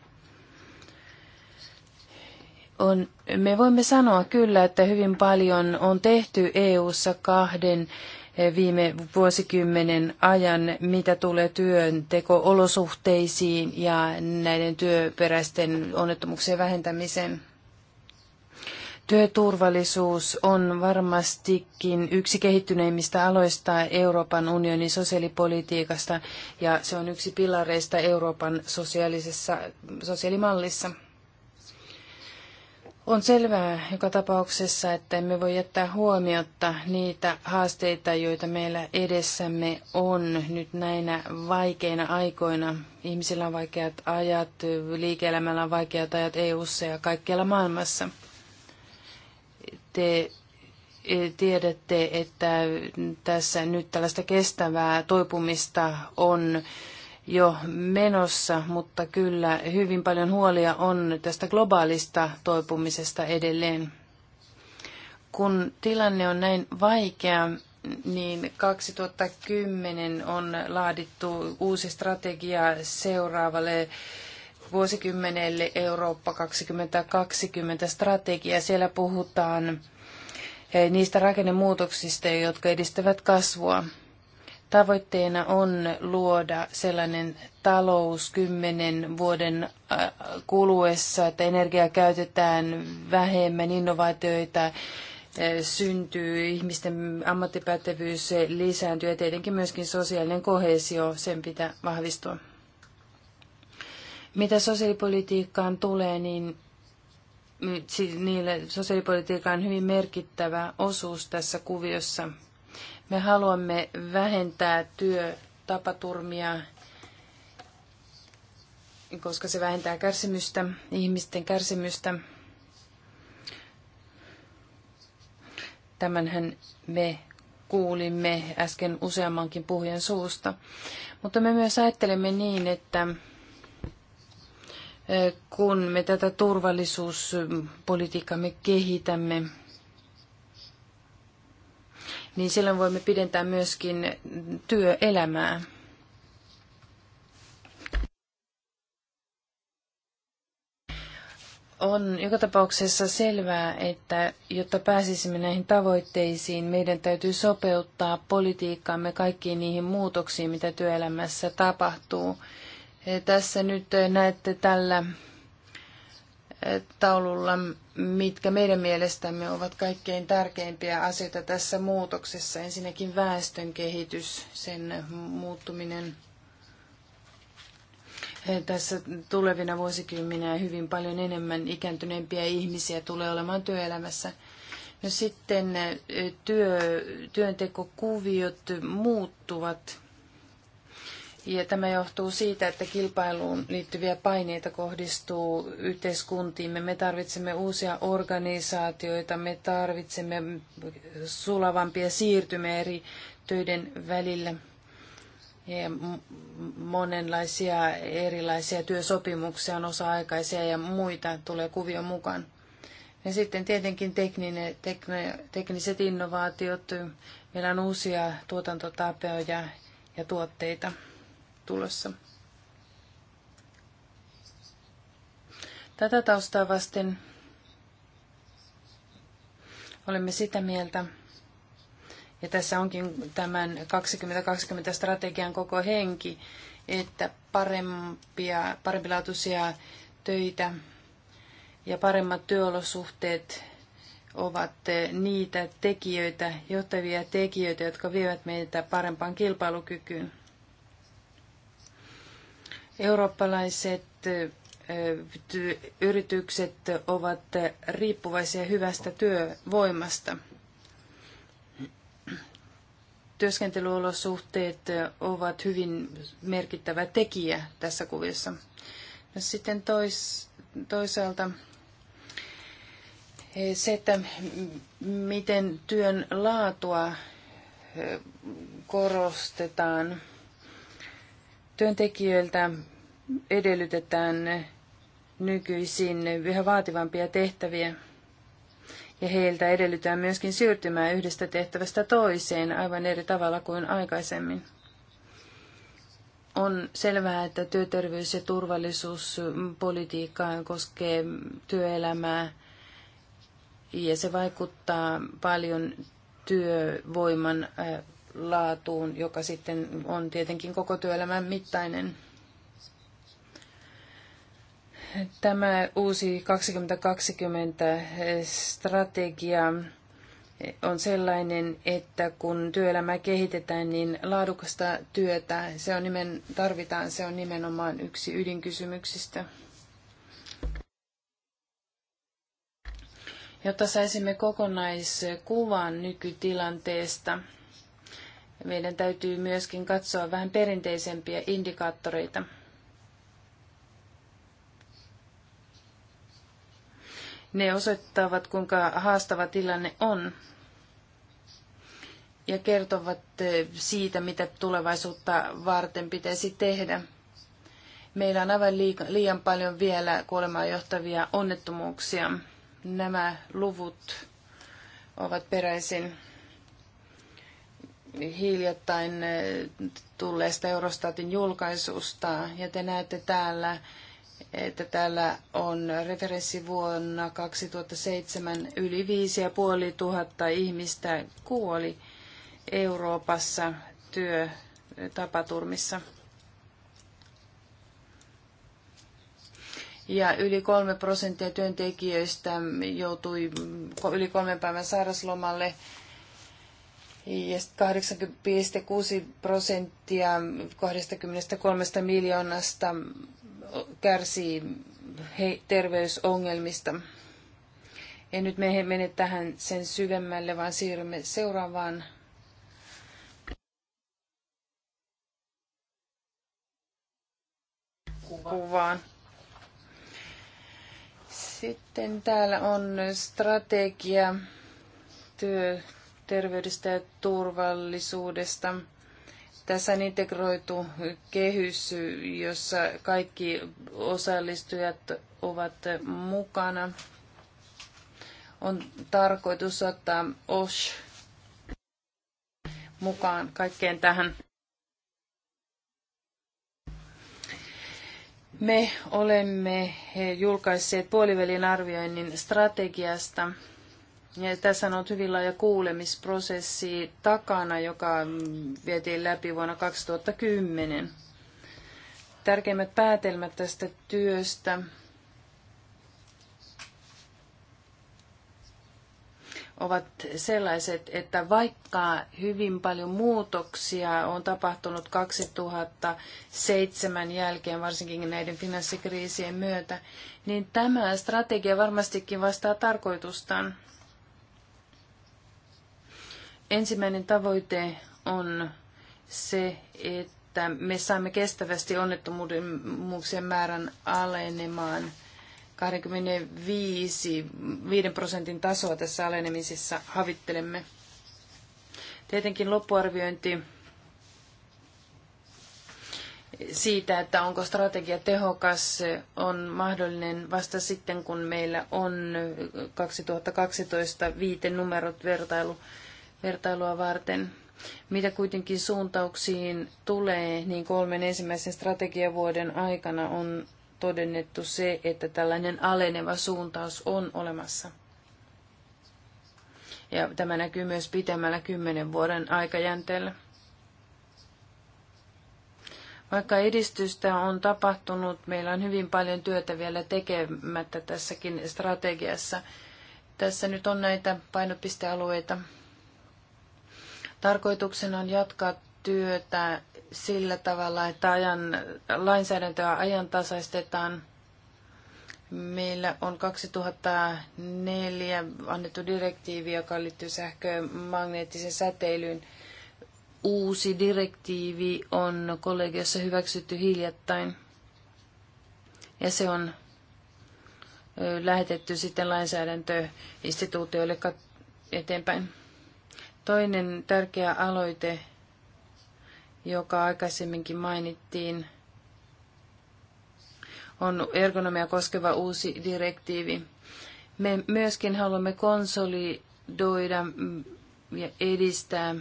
On, me voimme sanoa kyllä, että hyvin paljon on tehty EU-ssa kahden viime vuosikymmenen ajan, mitä tulee työnteko-olosuhteisiin ja näiden työperäisten onnettomuuksien vähentämiseen. Työturvallisuus on varmastikin yksi kehittyneimmistä aloista Euroopan unionin sosiaalipolitiikasta ja se on yksi pilareista Euroopan sosiaalisessa sosiaalimallissa. On selvää joka tapauksessa, että emme voi jättää huomiotta niitä haasteita, joita meillä edessämme on nyt näinä vaikeina aikoina. Ihmisillä on vaikeat ajat, liike-elämällä on vaikeat ajat EU-ssa ja kaikkialla maailmassa. Te e, tiedätte, että tässä nyt tällaista kestävää toipumista on jo menossa, mutta kyllä hyvin paljon huolia on tästä globaalista toipumisesta edelleen. Kun tilanne on näin vaikea, niin 2010 on laadittu uusi strategia seuraavalle vuosikymmenelle Eurooppa 2020 strategia. Siellä puhutaan eh, niistä rakennemuutoksista, jotka edistävät kasvua. Tavoitteena on luoda sellainen talous kymmenen vuoden äh, kuluessa, että energiaa käytetään vähemmän, innovaatioita äh, syntyy, ihmisten ammattipätevyys lisääntyy ja tietenkin myöskin sosiaalinen kohesio, sen pitää vahvistua. Mitä sosiaalipolitiikkaan tulee, niin niille niin, sosiaalipolitiikka on hyvin merkittävä osuus tässä kuviossa – me haluamme vähentää työtapaturmia, koska se vähentää kärsimystä, ihmisten kärsimystä. Tämänhän me kuulimme äsken useammankin puhujan suusta. Mutta me myös ajattelemme niin, että eh, kun me tätä turvallisuuspolitiikkaa me kehitämme, niin silloin voimme pidentää myöskin työelämää. On joka tapauksessa selvää, että jotta pääsisimme näihin tavoitteisiin, meidän täytyy sopeuttaa politiikkaamme kaikkiin niihin muutoksiin, mitä työelämässä tapahtuu. Tässä nyt näette tällä taululla, mitkä meidän mielestämme ovat kaikkein tärkeimpiä asioita tässä muutoksessa. Ensinnäkin väestön kehitys, sen muuttuminen tässä tulevina vuosikymmeninä hyvin paljon enemmän ikääntyneempiä ihmisiä tulee olemaan työelämässä. No sitten työ, työntekokuviot muuttuvat ja tämä johtuu siitä, että kilpailuun liittyviä paineita kohdistuu yhteiskuntiimme. Me tarvitsemme uusia organisaatioita, me tarvitsemme sulavampia siirtymiä eri töiden välillä ja monenlaisia erilaisia työsopimuksia on osa-aikaisia ja muita tulee kuvio mukaan. Ja sitten tietenkin tekninen, tekne, tekniset innovaatiot, meillä on uusia tuotantotapoja ja tuotteita tulossa. Tätä taustaa vasten olemme sitä mieltä, ja tässä onkin tämän 2020-strategian koko henki, että parempia, parempilaatuisia töitä ja paremmat työolosuhteet ovat niitä tekijöitä, johtavia tekijöitä, jotka vievät meitä parempaan kilpailukykyyn. Eurooppalaiset yritykset ovat riippuvaisia hyvästä työvoimasta. Työskentelyolosuhteet ovat hyvin merkittävä tekijä tässä kuviossa. No sitten tois, toisaalta e, se, että miten työn laatua e, korostetaan – Työntekijöiltä edellytetään nykyisin yhä vaativampia tehtäviä ja heiltä edellytetään myöskin siirtymään yhdestä tehtävästä toiseen aivan eri tavalla kuin aikaisemmin. On selvää, että työterveys- ja turvallisuuspolitiikka koskee työelämää ja se vaikuttaa paljon työvoiman äh, laatuun, joka sitten on tietenkin koko työelämän mittainen. Tämä uusi 2020-strategia on sellainen, että kun työelämää kehitetään, niin laadukasta työtä se on nimen, tarvitaan. Se on nimenomaan yksi ydinkysymyksistä. Jotta saisimme kokonaiskuvan nykytilanteesta, meidän täytyy myöskin katsoa vähän perinteisempiä indikaattoreita. Ne osoittavat, kuinka haastava tilanne on ja kertovat eh, siitä, mitä tulevaisuutta varten pitäisi tehdä. Meillä on aivan liian paljon vielä kuolemaan johtavia onnettomuuksia. Nämä luvut ovat peräisin hiljattain eh, tulleesta Eurostatin julkaisusta. Ja te näette täällä, että täällä on referenssivuonna 2007 yli 5500 ihmistä kuoli Euroopassa työtapaturmissa. Ja yli kolme prosenttia työntekijöistä joutui yli kolmen päivän sairaslomalle ja 8,6 prosenttia 23 miljoonasta kärsii terveysongelmista. En nyt me mene tähän sen syvemmälle, vaan siirrymme seuraavaan kuvaan. Sitten täällä on strategia työ terveydestä ja turvallisuudesta. Tässä on integroitu kehys, jossa kaikki osallistujat ovat mukana. On tarkoitus ottaa OSH mukaan kaikkeen tähän. Me olemme julkaisseet puolivälin arvioinnin strategiasta ja tässä on hyvin laaja kuulemisprosessi takana, joka vietiin läpi vuonna 2010. Tärkeimmät päätelmät tästä työstä ovat sellaiset, että vaikka hyvin paljon muutoksia on tapahtunut 2007 jälkeen, varsinkin näiden finanssikriisien myötä, niin tämä strategia varmastikin vastaa tarkoitustaan. Ensimmäinen tavoite on se, että me saamme kestävästi onnettomuuksien määrän alenemaan 25 5 prosentin tasoa tässä alenemisessa havittelemme. Tietenkin loppuarviointi siitä, että onko strategia tehokas, on mahdollinen vasta sitten, kun meillä on 2012 viite numerot vertailu vertailua varten. Mitä kuitenkin suuntauksiin tulee, niin kolmen ensimmäisen strategiavuoden aikana on todennettu se, että tällainen aleneva suuntaus on olemassa. Ja tämä näkyy myös pitemmällä kymmenen vuoden aikajänteellä. Vaikka edistystä on tapahtunut, meillä on hyvin paljon työtä vielä tekemättä tässäkin strategiassa. Tässä nyt on näitä painopistealueita, Tarkoituksena on jatkaa työtä sillä tavalla, että ajan, lainsäädäntöä ajantasaistetaan. Meillä on 2004 annettu direktiivi, joka liittyy sähkömagneettiseen säteilyyn. Uusi direktiivi on kollegiossa hyväksytty hiljattain. Ja se on lähetetty sitten lainsäädäntöinstituutioille eteenpäin. Toinen tärkeä aloite, joka aikaisemminkin mainittiin, on ergonomia koskeva uusi direktiivi. Me myöskin haluamme konsolidoida ja edistää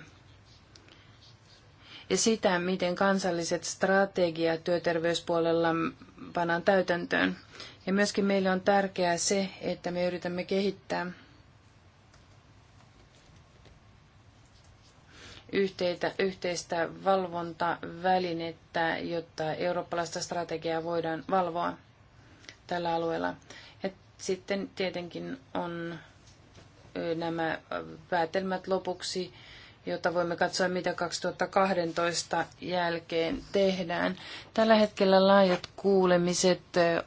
ja sitä, miten kansalliset strategiat työterveyspuolella pannaan täytäntöön. Ja myöskin meille on tärkeää se, että me yritämme kehittää yhteitä, yhteistä valvontavälinettä, jotta eurooppalaista strategiaa voidaan valvoa tällä alueella. Ja sitten tietenkin on nämä päätelmät lopuksi, jota voimme katsoa, mitä 2012 jälkeen tehdään. Tällä hetkellä laajat kuulemiset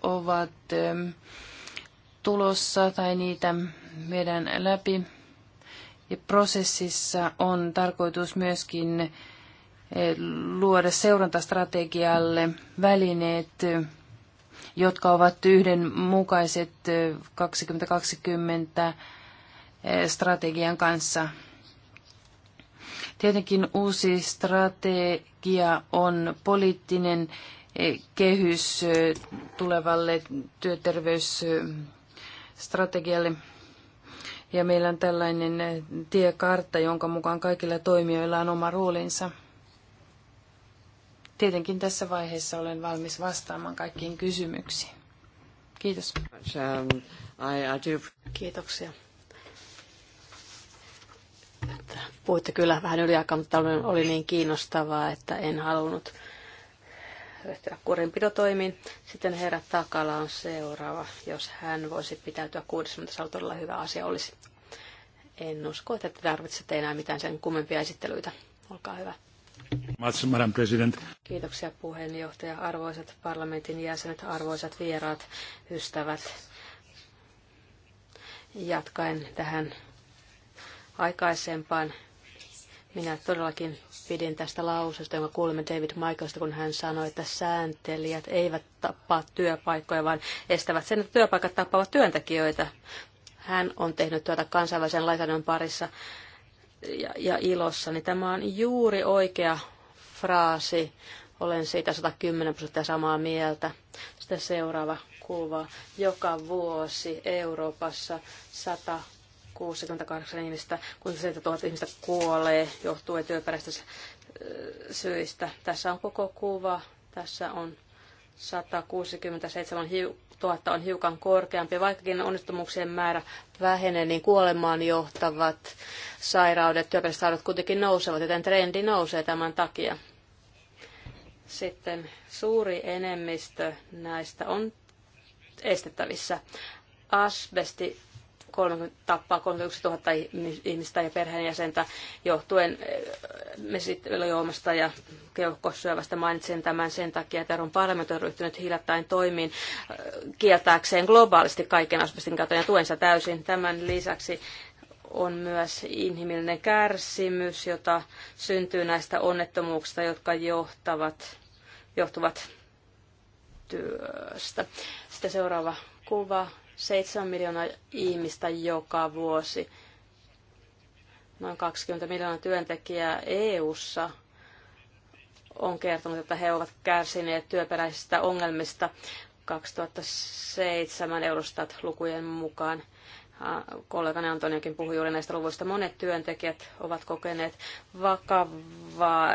ovat tulossa tai niitä meidän läpi ja prosessissa on tarkoitus myöskin eh, luoda seurantastrategialle välineet, jotka ovat yhdenmukaiset 2020 eh, eh, strategian kanssa. Tietenkin uusi strategia on poliittinen kehys tulevalle työterveysstrategialle ja meillä on tällainen eh, tiekartta, jonka mukaan kaikilla toimijoilla on oma roolinsa. Tietenkin tässä vaiheessa olen valmis vastaamaan kaikkiin kysymyksiin. Kiitos. Um, Kiitoksia. Puhuitte kyllä vähän yliaikaa, mutta oli niin kiinnostavaa, että en halunnut ryhtyä kurinpidotoimiin. Sitten herra Takala on seuraava. Jos hän voisi pitäytyä kuudessa, mutta se on todella hyvä asia olisi. En usko, että te tarvitsette enää mitään sen kummempia esittelyitä. Olkaa hyvä. Madam President. Kiitoksia puheenjohtaja, arvoisat parlamentin jäsenet, arvoisat vieraat, ystävät. Jatkaen tähän aikaisempaan, minä todellakin pidin tästä lausesta, jonka kuulimme David Michaelista, kun hän sanoi, että sääntelijät eivät tappaa työpaikkoja, vaan estävät sen, että työpaikat tappavat työntekijöitä. Hän on tehnyt työtä kansainvälisen lainsäädännön parissa ja, ja ilossa, niin tämä on juuri oikea fraasi. Olen siitä 110 prosenttia samaa mieltä. Sitten seuraava kuva. Joka vuosi Euroopassa 100 68 ihmistä, 60 000 ihmistä kuolee johtuen työperäistä syistä. Tässä on koko kuva. Tässä on 167 000 on hiukan korkeampi. Vaikkakin onnistumuksien määrä vähenee, niin kuolemaan johtavat sairaudet, työperäiset sairaudet kuitenkin nousevat, joten trendi nousee tämän takia. Sitten suuri enemmistö näistä on estettävissä. Asbesti 30, tappaa 31 000 ihmistä ja perheenjäsentä johtuen eh, mesittelyoimasta ja keuhkosyövästä. Mainitsen tämän sen takia, että Euroopan parlamentti on ryhtynyt hiljattain toimiin eh, kieltääkseen globaalisti kaiken asbestin käytön ja tuensa täysin. Tämän lisäksi on myös inhimillinen kärsimys, jota syntyy näistä onnettomuuksista, jotka johtavat, johtuvat työstä. Sitten seuraava kuva, 7 miljoonaa ihmistä joka vuosi. Noin 20 miljoonaa työntekijää EU:ssa on kertonut, että he ovat kärsineet työperäisistä ongelmista 2007 Eurostat-lukujen mukaan. Kollegani Antoniakin puhui juuri näistä luvuista. Monet työntekijät ovat kokeneet vakavaa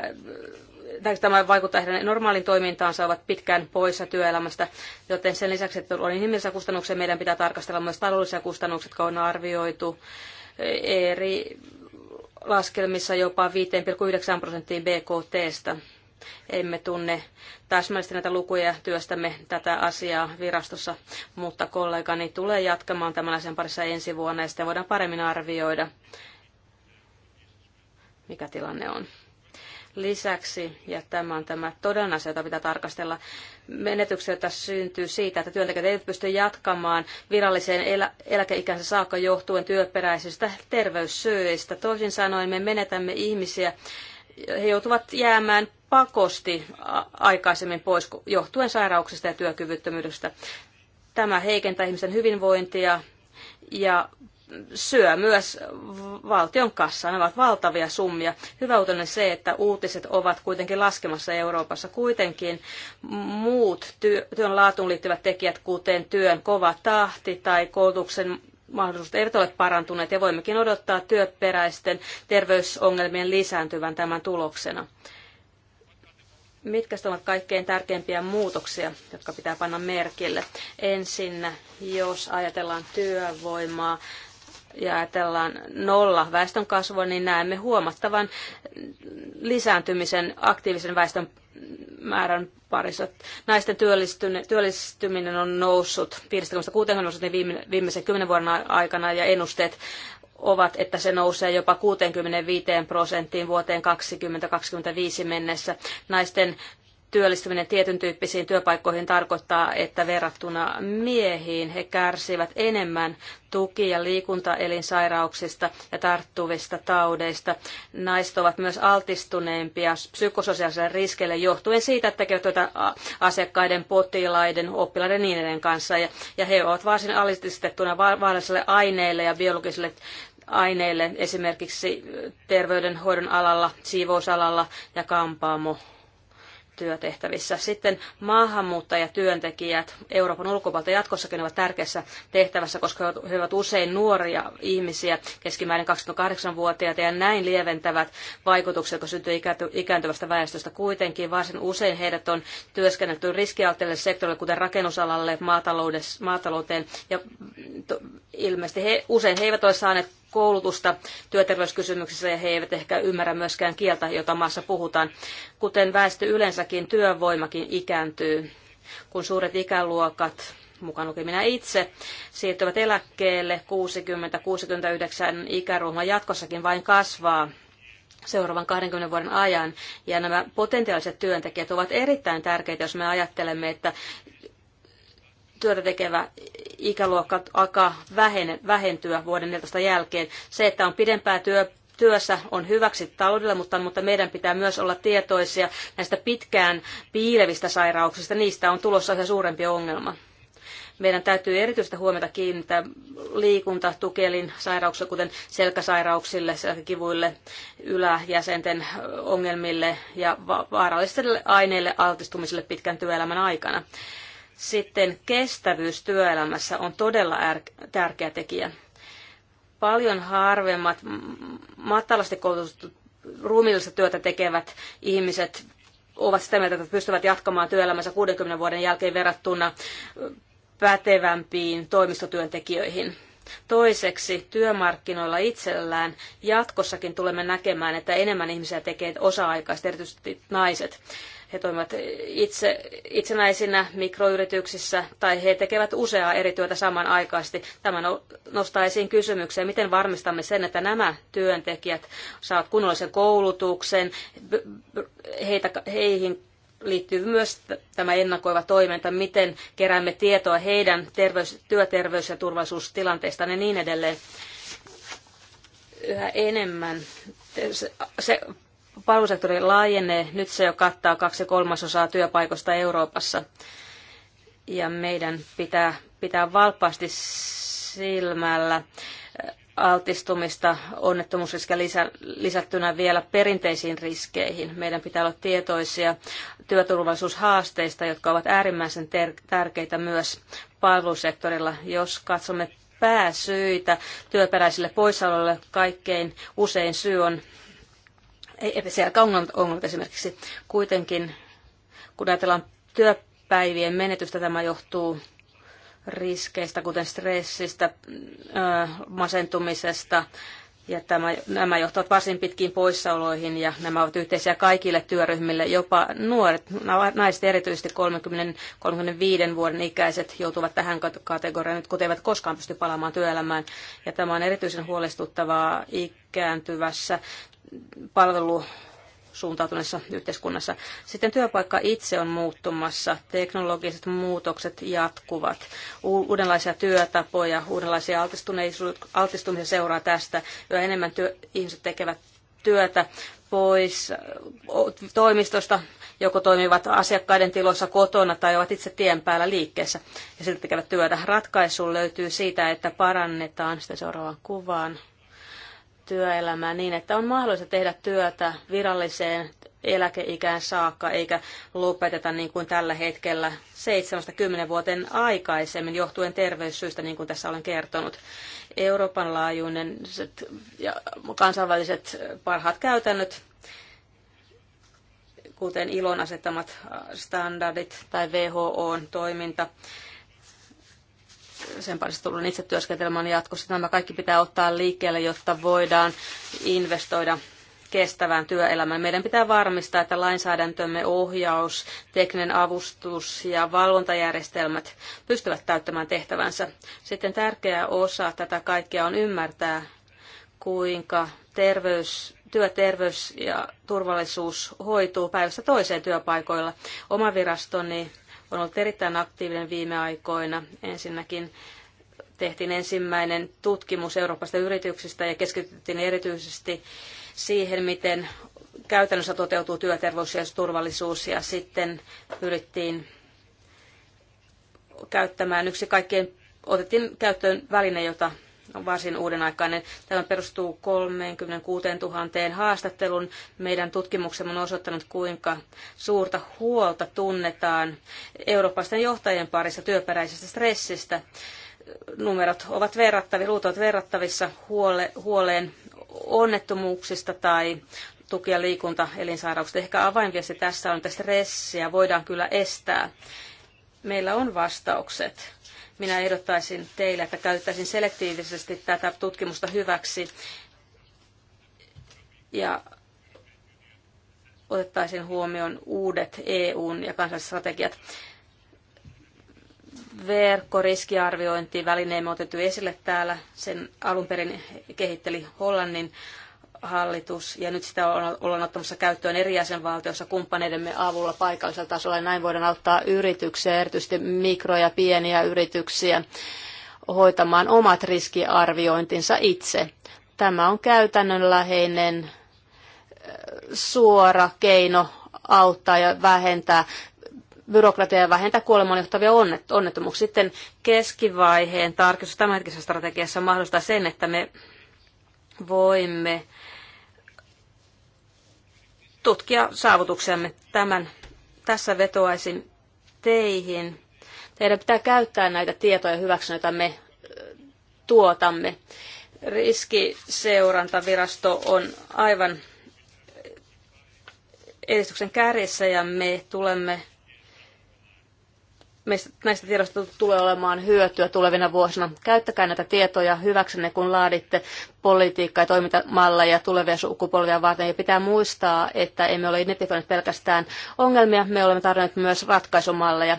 tämä vaikuttaa heidän normaaliin toimintaansa, ovat pitkään poissa työelämästä, joten sen lisäksi, että on inhimillisiä kustannuksia, meidän pitää tarkastella myös taloudellisia kustannuksia, jotka on arvioitu eri laskelmissa jopa 5,9 prosenttiin BKTstä. Emme tunne täsmällisesti näitä lukuja ja työstämme tätä asiaa virastossa, mutta kollegani tulee jatkamaan tämän asian parissa ensi vuonna ja sitten voidaan paremmin arvioida, mikä tilanne on. Lisäksi, ja tämä on tämä todellinen asia, jota pitää tarkastella, menetyksiä, joita syntyy siitä, että työntekijät eivät pysty jatkamaan viralliseen elä- eläkeikänsä saakka johtuen työperäisistä terveyssyöistä. Toisin sanoen me menetämme ihmisiä, he joutuvat jäämään pakosti aikaisemmin pois johtuen sairauksista ja työkyvyttömyydestä. Tämä heikentää ihmisten hyvinvointia ja syö myös valtion kassaa. Ne ovat valtavia summia. Hyvä uutinen se, että uutiset ovat kuitenkin laskemassa Euroopassa. Kuitenkin muut työn laatuun liittyvät tekijät, kuten työn kova tahti tai koulutuksen mahdollisuudet eivät ole parantuneet ja voimmekin odottaa työperäisten terveysongelmien lisääntyvän tämän tuloksena. Mitkä ovat kaikkein tärkeimpiä muutoksia, jotka pitää panna merkille? Ensin, jos ajatellaan työvoimaa, ja ajatellaan nolla väestönkasvua, niin näemme huomattavan lisääntymisen aktiivisen väestön määrän parissa. Naisten työllistyminen on noussut 50-60 niin viimeisen kymmenen vuoden aikana ja ennusteet ovat, että se nousee jopa 65 prosenttiin vuoteen 2025 mennessä. Naisten työllistyminen tietyn tyyppisiin työpaikkoihin tarkoittaa, että verrattuna miehiin he kärsivät enemmän tuki- ja liikuntaelinsairauksista ja tarttuvista taudeista. Naiset ovat myös altistuneempia psykososiaalisille riskeille johtuen siitä, että tekevät työtä asiakkaiden, potilaiden, oppilaiden ja niin edelleen kanssa. Ja, ja he ovat varsin altistettuna vaarallisille aineille ja biologisille aineille, esimerkiksi terveydenhoidon alalla, siivousalalla ja kampaamo työtehtävissä. Sitten maahanmuuttajatyöntekijät Euroopan ulkopuolelta jatkossakin ovat tärkeässä tehtävässä, koska he ovat usein nuoria ihmisiä, keskimäärin 28-vuotiaita, ja näin lieventävät vaikutukset, jotka syntyy ikääntyvästä väestöstä. Kuitenkin varsin usein heidät on työskennelty riskialtteille sektorille, kuten rakennusalalle, maatalouteen, ja ilmeisesti he, usein he eivät ole saaneet koulutusta työterveyskysymyksissä ja he eivät ehkä ymmärrä myöskään kieltä, jota maassa puhutaan. Kuten väestö yleensäkin, työvoimakin ikääntyy, kun suuret ikäluokat mukaan lukien minä itse, siirtyvät eläkkeelle 60-69 ikäryhmä jatkossakin vain kasvaa seuraavan 20 vuoden ajan. Ja nämä potentiaaliset työntekijät ovat erittäin tärkeitä, jos me ajattelemme, että työtä tekevä ikäluokka alkaa vähentyä vuoden 14 jälkeen. Se, että on pidempää työ, työssä on hyväksi taloudelle, mutta, mutta meidän pitää myös olla tietoisia näistä pitkään piilevistä sairauksista. Niistä on tulossa yhä suurempi ongelma. Meidän täytyy erityistä huomiota kiinnittää liikunta tukelin sairauksille, kuten selkäsairauksille, selkäkivuille, yläjäsenten ongelmille ja vaarallisille aineille altistumiselle pitkän työelämän aikana. Sitten kestävyys työelämässä on todella tärkeä tekijä. Paljon harvemmat matalasti koulutetut ruumiillista työtä tekevät ihmiset ovat sitä mieltä, että pystyvät jatkamaan työelämänsä 60 vuoden jälkeen verrattuna pätevämpiin toimistotyöntekijöihin. Toiseksi työmarkkinoilla itsellään jatkossakin tulemme näkemään, että enemmän ihmisiä tekee osa-aikaisesti, erityisesti naiset. He toimivat itse, itsenäisinä mikroyrityksissä tai he tekevät useaa eri työtä samanaikaisesti. Tämä no, nostaa esiin kysymykseen, miten varmistamme sen, että nämä työntekijät saavat kunnollisen koulutuksen, heitä, heihin liittyy myös tämä ennakoiva toiminta, miten keräämme tietoa heidän terveys, työterveys- ja turvallisuustilanteestaan ja niin edelleen. Yhä enemmän se palvelusektori laajenee. Nyt se jo kattaa kaksi kolmasosaa työpaikoista Euroopassa. Ja meidän pitää pitää valpaasti silmällä äh, altistumista onnettomuusriskiä lisä, lisättynä vielä perinteisiin riskeihin. Meidän pitää olla tietoisia työturvallisuushaasteista, jotka ovat äärimmäisen tärkeitä myös palvelusektorilla. Jos katsomme pääsyitä työperäisille poissaoloille, kaikkein usein syy on episiä ongelmat, ongelmat esimerkiksi. Kuitenkin, kun ajatellaan työpäivien menetystä, tämä johtuu riskeistä, kuten stressistä, masentumisesta, ja tämä, nämä johtavat varsin pitkiin poissaoloihin ja nämä ovat yhteisiä kaikille työryhmille, jopa nuoret, naiset erityisesti 30-35 vuoden ikäiset joutuvat tähän kategoriaan nyt, kun eivät koskaan pysty palaamaan työelämään. Ja tämä on erityisen huolestuttavaa ikääntyvässä palvelu suuntautuneessa yhteiskunnassa. Sitten työpaikka itse on muuttumassa, teknologiset muutokset jatkuvat, uudenlaisia työtapoja, uudenlaisia altistumisia seuraa tästä. Yhä enemmän työ, ihmiset tekevät työtä pois toimistosta, joko toimivat asiakkaiden tiloissa kotona tai ovat itse tien päällä liikkeessä ja sitten tekevät työtä. Ratkaisu löytyy siitä, että parannetaan sitä seuraavaan kuvaan työelämää niin, että on mahdollista tehdä työtä viralliseen eläkeikään saakka, eikä lopeteta niin kuin tällä hetkellä 7-10 vuoteen aikaisemmin johtuen terveyssyistä, niin kuin tässä olen kertonut. Euroopan laajuinen ja kansainväliset parhaat käytännöt, kuten ILON asettamat standardit tai WHOn toiminta, sen parissa tulen itse työskentelemään jatkossa. Nämä kaikki pitää ottaa liikkeelle, jotta voidaan investoida kestävään työelämään. Meidän pitää varmistaa, että lainsäädäntömme ohjaus, tekninen avustus ja valvontajärjestelmät pystyvät täyttämään tehtävänsä. Sitten tärkeä osa tätä kaikkea on ymmärtää, kuinka terveys, työterveys ja turvallisuus hoituu päivästä toiseen työpaikoilla. Oma virastoni on ollut erittäin aktiivinen viime aikoina. Ensinnäkin tehtiin ensimmäinen tutkimus Euroopasta yrityksistä ja keskityttiin erityisesti siihen, miten käytännössä toteutuu työterveys ja turvallisuus ja sitten pyrittiin käyttämään yksi kaikkien, otettiin käyttöön väline, jota on varsin uudenaikainen. Tämä perustuu 36 000 haastattelun. Meidän tutkimuksemme on osoittanut, kuinka suurta huolta tunnetaan eurooppalaisten johtajien parissa työperäisestä stressistä. Numerot ovat verrattavissa, luut ovat verrattavissa huole, huoleen onnettomuuksista tai tuki- ja liikuntaelinsairauksista. Ehkä avainviesti tässä on, että stressiä voidaan kyllä estää. Meillä on vastaukset minä ehdottaisin teille, että käyttäisin selektiivisesti tätä tutkimusta hyväksi ja otettaisiin huomioon uudet EUn ja kansalliset strategiat. Verkkoriskiarviointi välineemme otettu esille täällä. Sen alun perin kehitteli Hollannin hallitus, ja nyt sitä ollaan ottamassa käyttöön eri jäsenvaltioissa kumppaneidemme avulla paikallisella tasolla, ja näin voidaan auttaa yrityksiä, erityisesti mikro- ja pieniä yrityksiä, hoitamaan omat riskiarviointinsa itse. Tämä on käytännönläheinen suora keino auttaa ja vähentää byrokratiaa ja vähentää kuolemaan johtavia onnettomuuksia. Sitten keskivaiheen tarkistus tämänhetkisessä strategiassa mahdollistaa sen, että me voimme tutkia saavutuksemme Tämän tässä vetoaisin teihin. Teidän pitää käyttää näitä tietoja hyväksi, joita me tuotamme. Riskiseurantavirasto on aivan edistyksen kärjessä ja me tulemme meistä, näistä tiedoista tulee olemaan hyötyä tulevina vuosina. Käyttäkää näitä tietoja hyväksenne, kun laaditte politiikkaa ja toimintamalleja tulevia sukupolvia varten. Ja pitää muistaa, että emme ole identifioineet pelkästään ongelmia, me olemme tarjonneet myös ratkaisumalleja.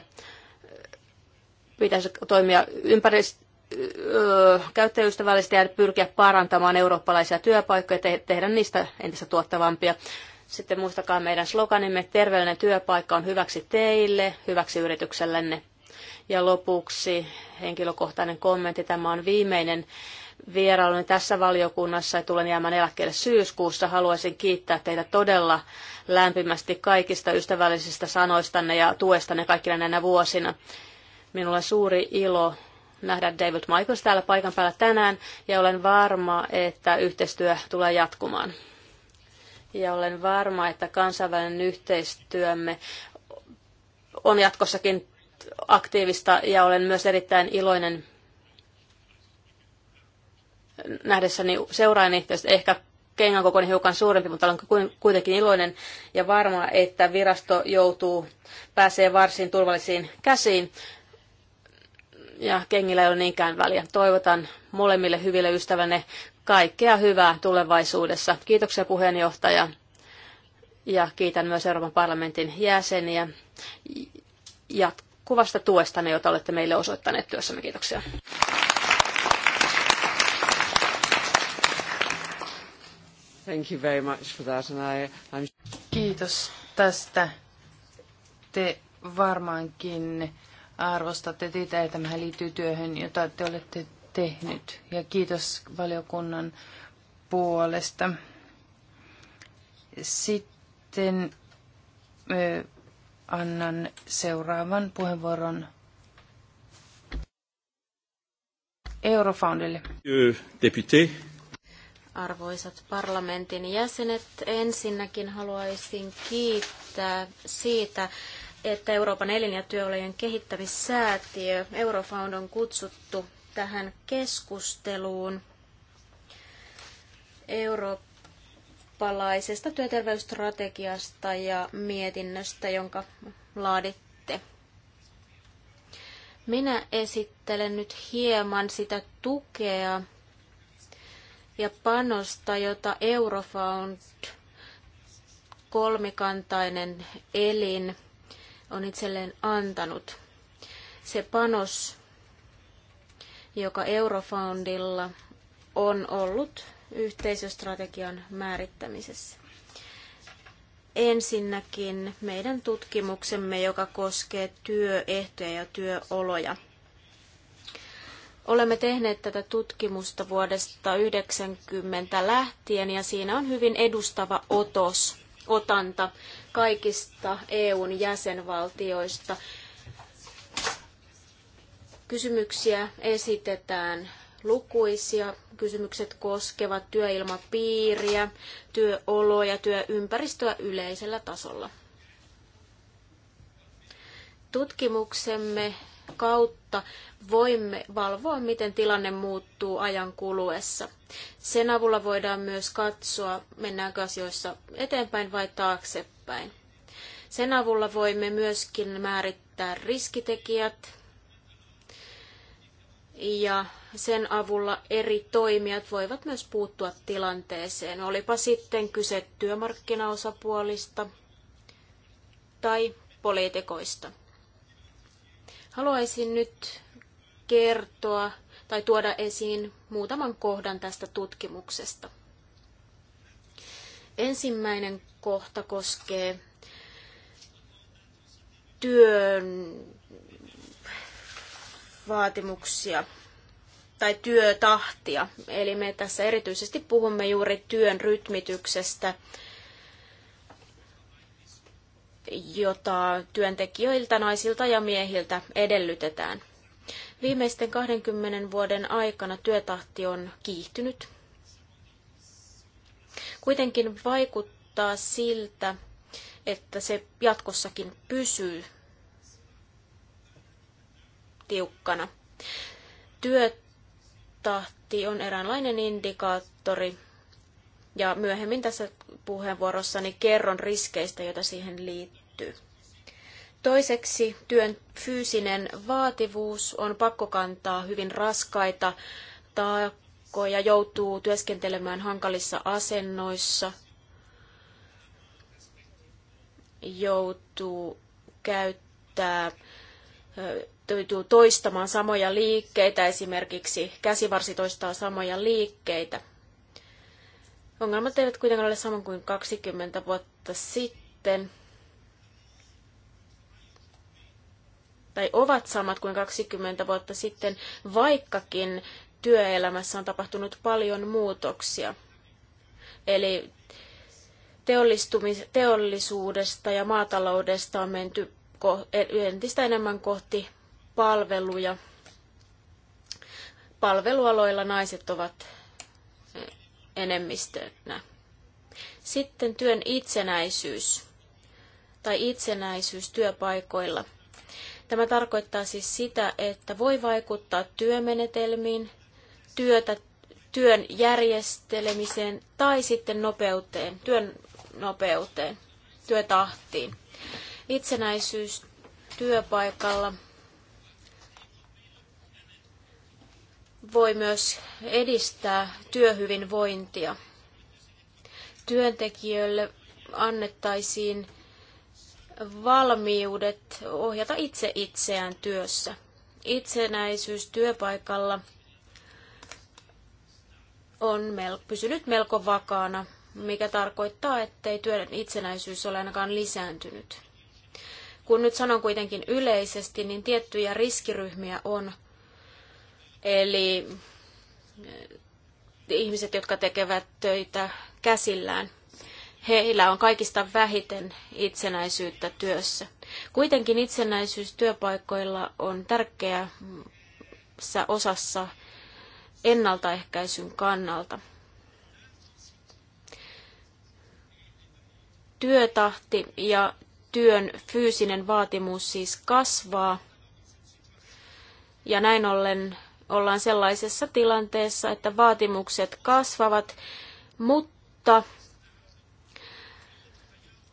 Pitäisi toimia ympäristö käyttäjäystävällisesti ja pyrkiä parantamaan eurooppalaisia työpaikkoja ja te- tehdä niistä entistä tuottavampia. Sitten muistakaa meidän sloganimme, terveellinen työpaikka on hyväksi teille, hyväksi yrityksellenne. Ja lopuksi henkilökohtainen kommentti. Tämä on viimeinen vierailuni tässä valiokunnassa ja tulen jäämään eläkkeelle syyskuussa. Haluaisin kiittää teitä todella lämpimästi kaikista ystävällisistä sanoistanne ja tuestanne kaikkina näinä vuosina. Minulla on suuri ilo nähdä David Michaels täällä paikan päällä tänään ja olen varma, että yhteistyö tulee jatkumaan. Ja olen varma, että kansainvälinen yhteistyömme on jatkossakin aktiivista ja olen myös erittäin iloinen nähdessäni seuraajani, ehkä kengän kokoinen hiukan suurempi, mutta olen kuitenkin iloinen ja varma, että virasto joutuu, pääsee varsin turvallisiin käsiin ja kengillä ei ole niinkään väliä. Toivotan molemmille hyville ystävänne kaikkea hyvää tulevaisuudessa. Kiitoksia puheenjohtaja ja kiitän myös Euroopan parlamentin jäseniä jatkuvasta tuestanne, jota olette meille osoittaneet työssämme. Kiitoksia. Thank you very much for that. And I, I'm... Kiitos tästä. Te varmaankin arvostatte tätä että tämä liittyy työhön, jota te olette tehnyt. Ja kiitos valiokunnan puolesta. Sitten ö, annan seuraavan puheenvuoron Eurofoundille. Deputy. Arvoisat parlamentin jäsenet, ensinnäkin haluaisin kiittää siitä, että Euroopan elin- ja työolojen kehittämissäätiö Eurofound on kutsuttu tähän keskusteluun eurooppalaisesta työterveysstrategiasta ja mietinnöstä, jonka laaditte. Minä esittelen nyt hieman sitä tukea ja panosta, jota Eurofound kolmikantainen elin on itselleen antanut. Se panos joka Eurofoundilla on ollut yhteisöstrategian määrittämisessä. Ensinnäkin meidän tutkimuksemme, joka koskee työehtoja ja työoloja. Olemme tehneet tätä tutkimusta vuodesta 1990 lähtien ja siinä on hyvin edustava otos, otanta kaikista EUn jäsenvaltioista Kysymyksiä esitetään lukuisia. Kysymykset koskevat työilmapiiriä, työoloja, työympäristöä yleisellä tasolla. Tutkimuksemme kautta voimme valvoa, miten tilanne muuttuu ajan kuluessa. Sen avulla voidaan myös katsoa, mennäänkö asioissa eteenpäin vai taaksepäin. Sen avulla voimme myöskin määrittää riskitekijät, ja sen avulla eri toimijat voivat myös puuttua tilanteeseen. Olipa sitten kyse työmarkkinaosapuolista tai poliitikoista. Haluaisin nyt kertoa tai tuoda esiin muutaman kohdan tästä tutkimuksesta. Ensimmäinen kohta koskee työn vaatimuksia tai työtahtia. Eli me tässä erityisesti puhumme juuri työn rytmityksestä, jota työntekijöiltä, naisilta ja miehiltä edellytetään. Viimeisten 20 vuoden aikana työtahti on kiihtynyt. Kuitenkin vaikuttaa siltä, että se jatkossakin pysyy tiukkana. Työtahti on eräänlainen indikaattori, ja myöhemmin tässä puheenvuorossani kerron riskeistä, joita siihen liittyy. Toiseksi työn fyysinen vaativuus on pakko kantaa hyvin raskaita taakkoja, joutuu työskentelemään hankalissa asennoissa, joutuu käyttää joutuu toistamaan samoja liikkeitä, esimerkiksi käsivarsi toistaa samoja liikkeitä. Ongelmat eivät kuitenkaan ole saman kuin 20 vuotta sitten, tai ovat samat kuin 20 vuotta sitten, vaikkakin työelämässä on tapahtunut paljon muutoksia. Eli teollisuudesta ja maataloudesta on menty entistä enemmän kohti palveluja. Palvelualoilla naiset ovat enemmistönä. Sitten työn itsenäisyys tai itsenäisyys työpaikoilla. Tämä tarkoittaa siis sitä, että voi vaikuttaa työmenetelmiin, työtä, työn järjestelemiseen tai sitten nopeuteen, työn nopeuteen, työtahtiin. Itsenäisyys työpaikalla voi myös edistää työhyvinvointia. Työntekijöille annettaisiin valmiudet ohjata itse itseään työssä. Itsenäisyys työpaikalla on mel- pysynyt melko vakaana, mikä tarkoittaa, ettei työn itsenäisyys ole ainakaan lisääntynyt. Kun nyt sanon kuitenkin yleisesti, niin tiettyjä riskiryhmiä on, Eli eh, ihmiset, jotka tekevät töitä käsillään, heillä on kaikista vähiten itsenäisyyttä työssä. Kuitenkin itsenäisyys työpaikoilla on tärkeässä osassa ennaltaehkäisyn kannalta. Työtahti ja työn fyysinen vaatimus siis kasvaa, ja näin ollen ollaan sellaisessa tilanteessa, että vaatimukset kasvavat, mutta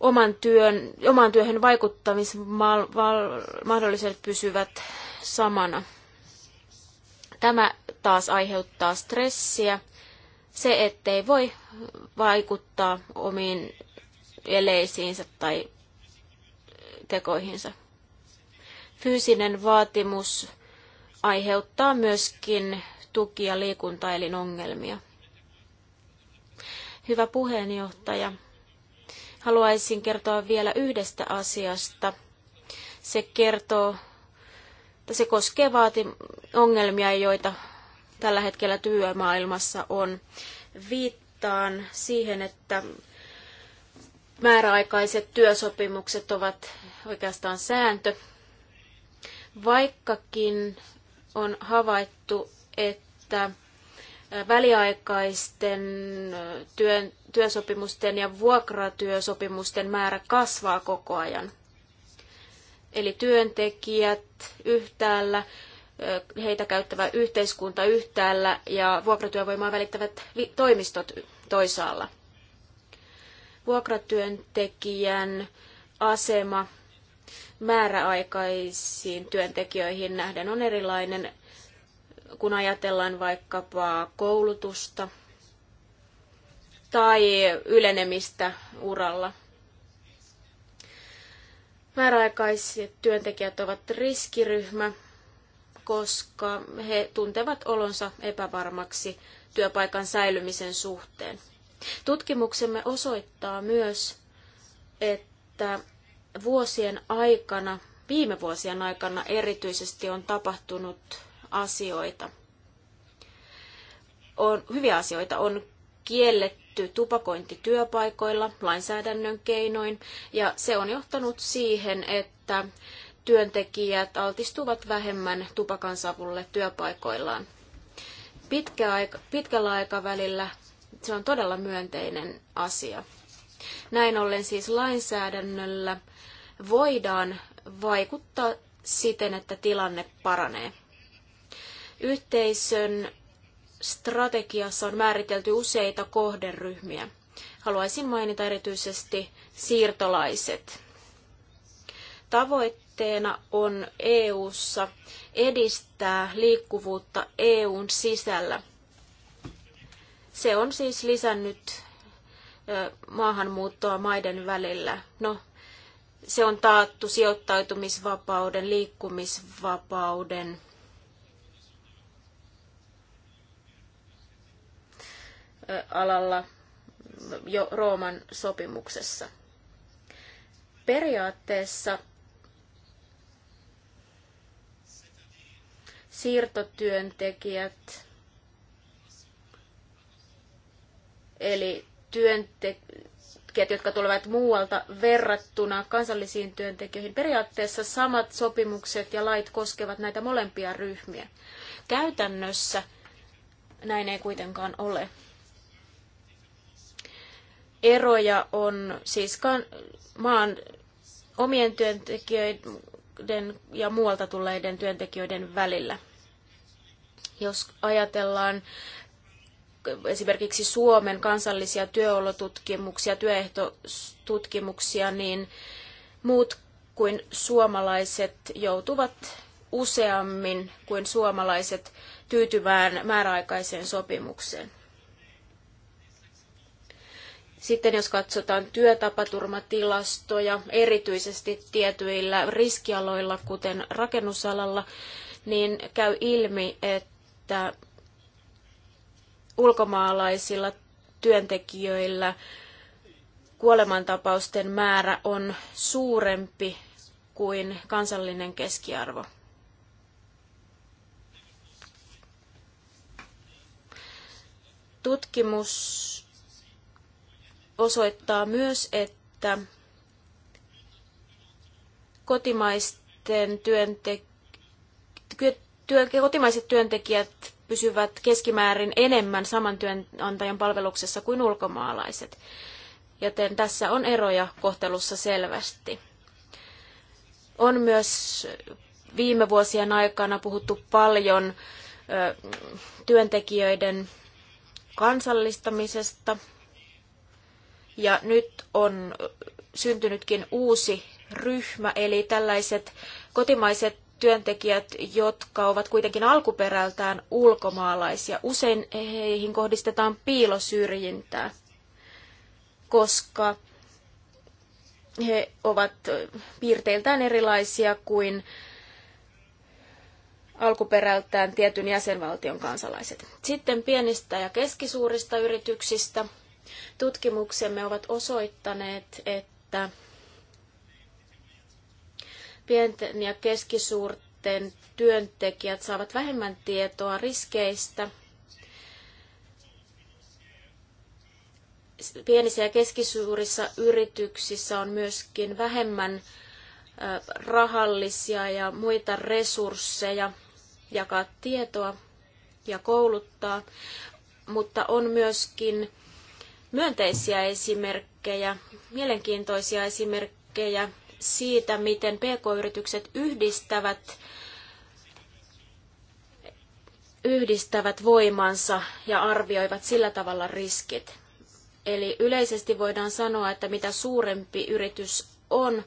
oman työn, oman työhön vaikuttamismahdollisuudet pysyvät samana. Tämä taas aiheuttaa stressiä. Se, ettei voi vaikuttaa omiin eleisiinsä tai tekoihinsa. Fyysinen vaatimus aiheuttaa myöskin tuki- ja liikuntaelinongelmia. Hyvä puheenjohtaja, haluaisin kertoa vielä yhdestä asiasta. Se kertoo, että se koskee vaati- ongelmia, joita tällä hetkellä työmaailmassa on. Viittaan siihen, että määräaikaiset työsopimukset ovat oikeastaan sääntö, vaikkakin on havaittu, että väliaikaisten työn, työsopimusten ja vuokratyösopimusten määrä kasvaa koko ajan. Eli työntekijät yhtäällä, heitä käyttävä yhteiskunta yhtäällä ja vuokratyövoimaa välittävät toimistot toisaalla. Vuokratyöntekijän asema määräaikaisiin työntekijöihin nähden on erilainen, kun ajatellaan vaikkapa koulutusta tai ylenemistä uralla. Määräaikaiset työntekijät ovat riskiryhmä, koska he tuntevat olonsa epävarmaksi työpaikan säilymisen suhteen. Tutkimuksemme osoittaa myös, että vuosien aikana, viime vuosien aikana erityisesti on tapahtunut asioita. On, hyviä asioita on kielletty tupakointi työpaikoilla lainsäädännön keinoin, ja se on johtanut siihen, että työntekijät altistuvat vähemmän tupakansavulle työpaikoillaan. Pitkä aika, pitkällä aikavälillä se on todella myönteinen asia. Näin ollen siis lainsäädännöllä voidaan vaikuttaa siten, että tilanne paranee. Yhteisön strategiassa on määritelty useita kohderyhmiä. Haluaisin mainita erityisesti siirtolaiset. Tavoitteena on EU:ssa edistää liikkuvuutta EUn sisällä. Se on siis lisännyt maahanmuuttoa maiden välillä. No, se on taattu sijoittautumisvapauden, liikkumisvapauden. alalla jo Rooman sopimuksessa. Periaatteessa siirtotyöntekijät, eli työnte- työntekijät, jotka tulevat muualta verrattuna kansallisiin työntekijöihin. Periaatteessa samat sopimukset ja lait koskevat näitä molempia ryhmiä. Käytännössä näin ei kuitenkaan ole. Eroja on siis maan omien työntekijöiden ja muualta tulleiden työntekijöiden välillä. Jos ajatellaan esimerkiksi Suomen kansallisia työolotutkimuksia, työehtotutkimuksia, niin muut kuin suomalaiset joutuvat useammin kuin suomalaiset tyytymään määräaikaiseen sopimukseen. Sitten jos katsotaan työtapaturmatilastoja, erityisesti tietyillä riskialoilla, kuten rakennusalalla, niin käy ilmi, että ulkomaalaisilla työntekijöillä kuolemantapausten määrä on suurempi kuin kansallinen keskiarvo. Tutkimus osoittaa myös, että kotimaisten työntek- työ- kotimaiset työntekijät pysyvät keskimäärin enemmän saman työnantajan palveluksessa kuin ulkomaalaiset. Joten tässä on eroja kohtelussa selvästi. On myös viime vuosien aikana puhuttu paljon työntekijöiden kansallistamisesta. Ja nyt on syntynytkin uusi ryhmä, eli tällaiset kotimaiset työntekijät, jotka ovat kuitenkin alkuperältään ulkomaalaisia. Usein heihin kohdistetaan piilosyrjintää, koska he ovat piirteiltään erilaisia kuin alkuperältään tietyn jäsenvaltion kansalaiset. Sitten pienistä ja keskisuurista yrityksistä. Tutkimuksemme ovat osoittaneet, että pienten ja keskisuurten työntekijät saavat vähemmän tietoa riskeistä. Pienissä ja keskisuurissa yrityksissä on myöskin vähemmän rahallisia ja muita resursseja jakaa tietoa ja kouluttaa, mutta on myöskin myönteisiä esimerkkejä, mielenkiintoisia esimerkkejä siitä, miten pk-yritykset yhdistävät, yhdistävät voimansa ja arvioivat sillä tavalla riskit. Eli yleisesti voidaan sanoa, että mitä suurempi yritys on,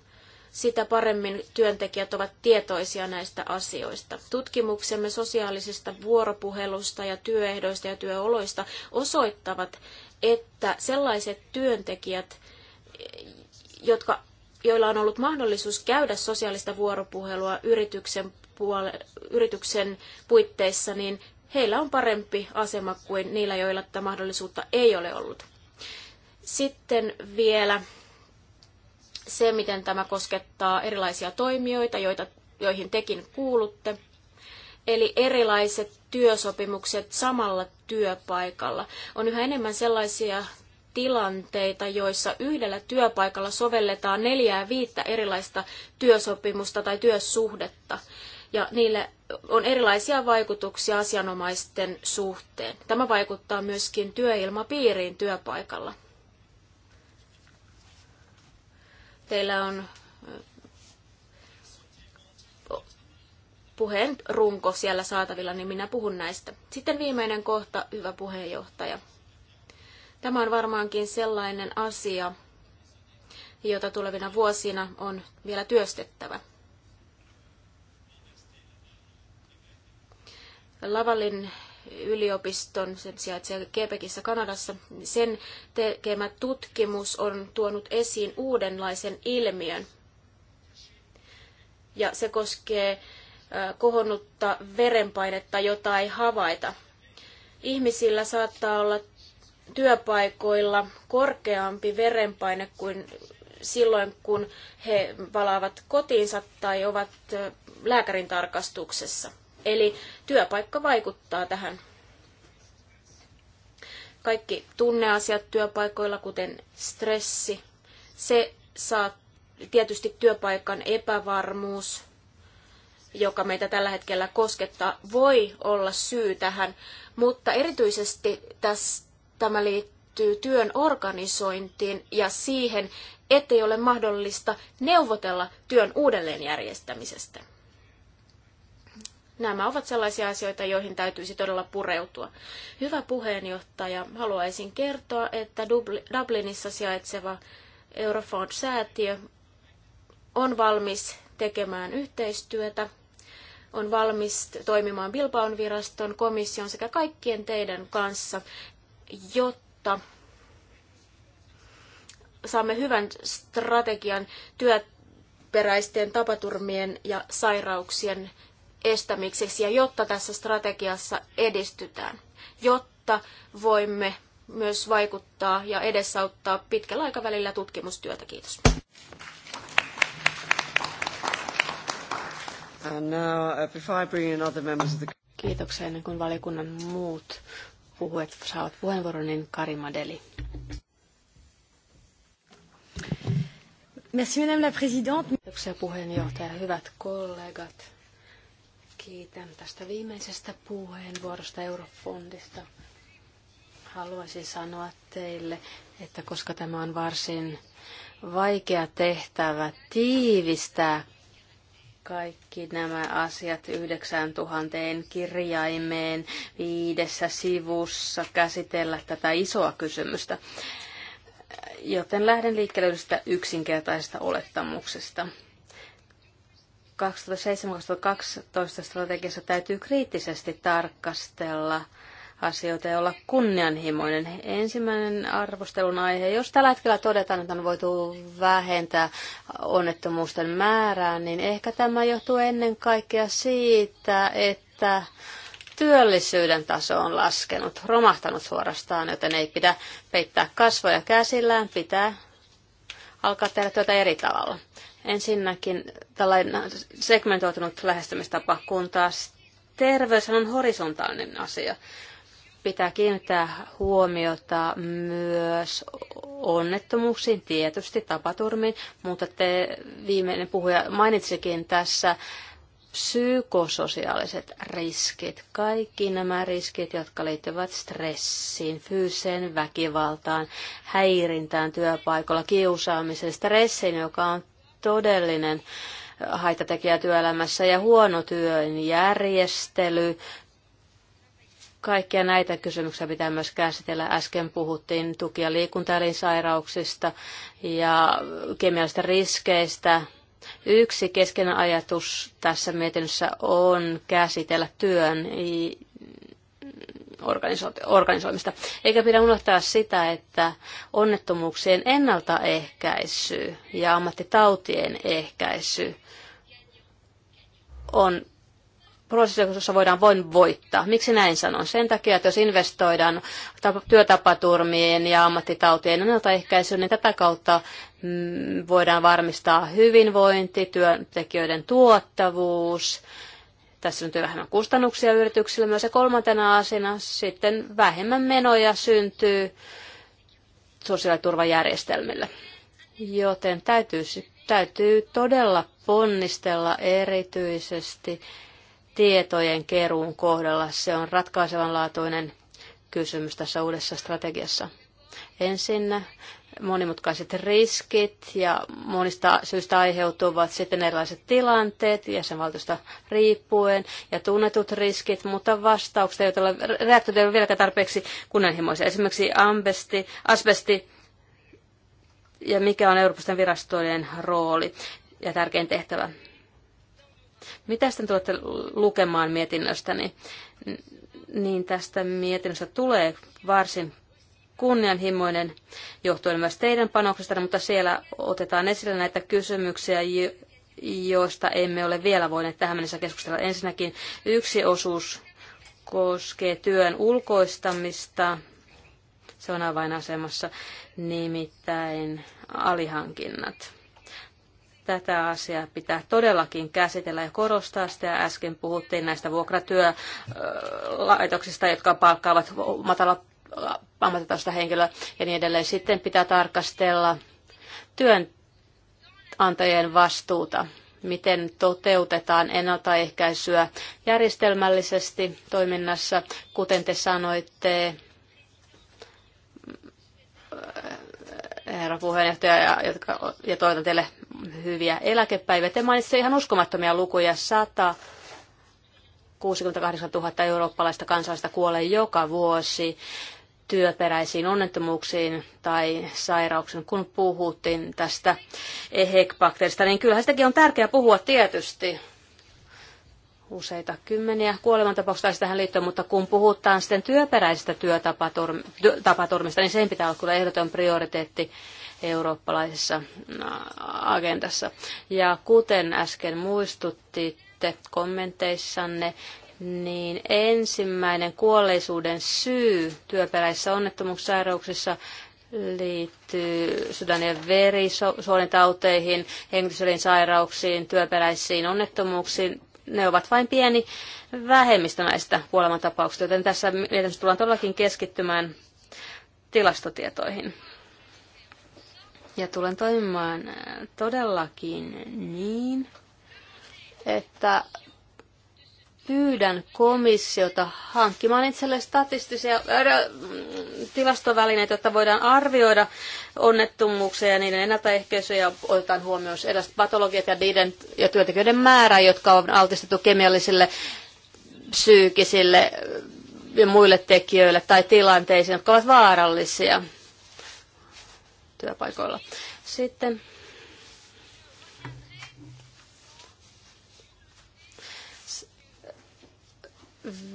sitä paremmin työntekijät ovat tietoisia näistä asioista. Tutkimuksemme sosiaalisesta vuoropuhelusta ja työehdoista ja työoloista osoittavat, että sellaiset työntekijät, jotka joilla on ollut mahdollisuus käydä sosiaalista vuoropuhelua yrityksen, puole- yrityksen puitteissa, niin heillä on parempi asema kuin niillä, joilla tätä mahdollisuutta ei ole ollut. Sitten vielä se, miten tämä koskettaa erilaisia toimijoita, joita, joihin tekin kuulutte. Eli erilaiset työsopimukset samalla työpaikalla. On yhä enemmän sellaisia tilanteita, joissa yhdellä työpaikalla sovelletaan neljää viittä erilaista työsopimusta tai työsuhdetta. Ja niille on erilaisia vaikutuksia asianomaisten suhteen. Tämä vaikuttaa myöskin työilmapiiriin työpaikalla. Teillä on puheen runko siellä saatavilla, niin minä puhun näistä. Sitten viimeinen kohta, hyvä puheenjohtaja. Tämä on varmaankin sellainen asia, jota tulevina vuosina on vielä työstettävä. Lavalin yliopiston, sen sijaitsee Quebecissä Kanadassa, sen tekemä tutkimus on tuonut esiin uudenlaisen ilmiön. Ja se koskee kohonnutta verenpainetta, jota ei havaita. Ihmisillä saattaa olla työpaikoilla korkeampi verenpaine kuin silloin, kun he palaavat kotiinsa tai ovat lääkärin tarkastuksessa. Eli työpaikka vaikuttaa tähän. Kaikki tunneasiat työpaikoilla, kuten stressi, se saa tietysti työpaikan epävarmuus, joka meitä tällä hetkellä koskettaa, voi olla syy tähän, mutta erityisesti tässä tämä liittyy työn organisointiin ja siihen, ettei ole mahdollista neuvotella työn uudelleenjärjestämisestä. Nämä ovat sellaisia asioita, joihin täytyisi todella pureutua. Hyvä puheenjohtaja, haluaisin kertoa, että Dublinissa sijaitseva Eurofond-säätiö on valmis tekemään yhteistyötä, on valmis toimimaan Bilbaon viraston, komission sekä kaikkien teidän kanssa, jotta saamme hyvän strategian työperäisten tapaturmien ja sairauksien estämiseksi ja jotta tässä strategiassa edistytään, jotta voimme myös vaikuttaa ja edesauttaa pitkällä aikavälillä tutkimustyötä. Kiitos. Now, uh, before I bring in other members of the... Kiitoksia ennen kuin valiokunnan muut puhujat saavat puheenvuoron, niin Karima Deli. Merci, Madame la Présidente. Kiitoksia puheenjohtaja. Hyvät kollegat, kiitän tästä viimeisestä puheenvuorosta Eurofondista. Haluaisin sanoa teille, että koska tämä on varsin vaikea tehtävä tiivistää kaikki nämä asiat yhdeksän tuhanteen kirjaimeen viidessä sivussa käsitellä tätä isoa kysymystä. Joten lähden liikkeelle yhdestä yksinkertaisesta olettamuksesta. 2007-2012 strategiassa täytyy kriittisesti tarkastella – asioita ja olla kunnianhimoinen. Ensimmäinen arvostelun aihe, jos tällä hetkellä todetaan, että on voitu vähentää onnettomuusten määrää, niin ehkä tämä johtuu ennen kaikkea siitä, että työllisyyden taso on laskenut, romahtanut suorastaan, joten ei pidä peittää kasvoja käsillään, pitää alkaa tehdä työtä eri tavalla. Ensinnäkin tällainen segmentoitunut lähestymistapa, kun taas terveys on horisontaalinen asia pitää kiinnittää huomiota myös onnettomuuksiin, tietysti tapaturmiin, mutta te viimeinen puhuja mainitsikin tässä psykososiaaliset riskit, kaikki nämä riskit, jotka liittyvät stressiin, fyysiseen väkivaltaan, häirintään työpaikalla, kiusaamiseen, stressiin, joka on todellinen haittatekijä työelämässä ja huono työn järjestely, Kaikkia näitä kysymyksiä pitää myös käsitellä. Äsken puhuttiin tuki- ja liikuntaelinsairauksista ja kemiallisista riskeistä. Yksi keskeinen ajatus tässä mietinnössä on käsitellä työn organisoimista. Eikä pidä unohtaa sitä, että onnettomuuksien ennaltaehkäisy ja ammattitautien ehkäisy on prosessissa, jossa voidaan voin voittaa. Miksi näin sanon? Sen takia, että jos investoidaan työtapaturmiin ja ammattitautien ennaltaehkäisyyn, niin tätä kautta mm, voidaan varmistaa hyvinvointi, työntekijöiden tuottavuus, tässä syntyy vähemmän kustannuksia yrityksille myös ja kolmantena asiana sitten vähemmän menoja syntyy sosiaaliturvajärjestelmille. Joten täytyy, täytyy todella ponnistella erityisesti tietojen keruun kohdalla. Se on ratkaisevanlaatuinen kysymys tässä uudessa strategiassa. Ensin monimutkaiset riskit ja monista syistä aiheutuvat sitten erilaiset tilanteet jäsenvaltiosta riippuen ja tunnetut riskit, mutta vastaukset eivät ole, reaktiot eivät ole vieläkään tarpeeksi kunnianhimoisia. Esimerkiksi ambesti, asbesti ja mikä on Euroopan virastojen rooli ja tärkein tehtävä. Mitä sitten tulette lukemaan mietinnöstäni? Niin tästä mietinnöstä tulee varsin kunnianhimoinen johtuen myös teidän panoksesta, mutta siellä otetaan esille näitä kysymyksiä, joista emme ole vielä voineet tähän mennessä keskustella. Ensinnäkin yksi osuus koskee työn ulkoistamista. Se on avainasemassa, nimittäin alihankinnat. Tätä asiaa pitää todellakin käsitellä ja korostaa sitä. Äsken puhuttiin näistä vuokratyölaitoksista, jotka palkkaavat matala ammattitaista henkilöä ja niin edelleen. Sitten pitää tarkastella työnantajien vastuuta miten toteutetaan ennaltaehkäisyä järjestelmällisesti toiminnassa, kuten te sanoitte, herra puheenjohtaja, ja, jotka, ja toivotan teille hyviä eläkepäiviä. Te mainitsitte ihan uskomattomia lukuja. 168 000 eurooppalaista kansalaista kuolee joka vuosi työperäisiin onnettomuuksiin tai sairauksiin, kun puhuttiin tästä EHEC-bakteerista, niin kyllähän sitäkin on tärkeää puhua tietysti useita kymmeniä kuolemantapauksia tähän liittyen, mutta kun puhutaan sitten työperäisistä työtapaturmista, niin sen pitää olla kyllä ehdoton prioriteetti eurooppalaisessa mm, agendassa. Ja kuten äsken muistuttitte kommenteissanne, niin ensimmäinen kuolleisuuden syy työperäisissä onnettomuussairauksissa liittyy sydän- verisuonitauteihin, hengityselin sairauksiin, työperäisiin onnettomuuksiin. Ne ovat vain pieni vähemmistö näistä kuolemantapauksista, joten tässä mietinnössä tullaan todellakin keskittymään tilastotietoihin. Ja tulen toimimaan äh, todellakin niin, että pyydän komissiota hankkimaan itselle statistisia äh, tilastovälineitä, jotta voidaan arvioida onnettomuuksia ja niiden ennaltaehkäisyä ja otetaan huomioon edes patologiat ja niiden ja työntekijöiden määrä, jotka on altistettu kemiallisille, psyykisille ja muille tekijöille tai tilanteisiin, jotka ovat vaarallisia työpaikoilla. Sitten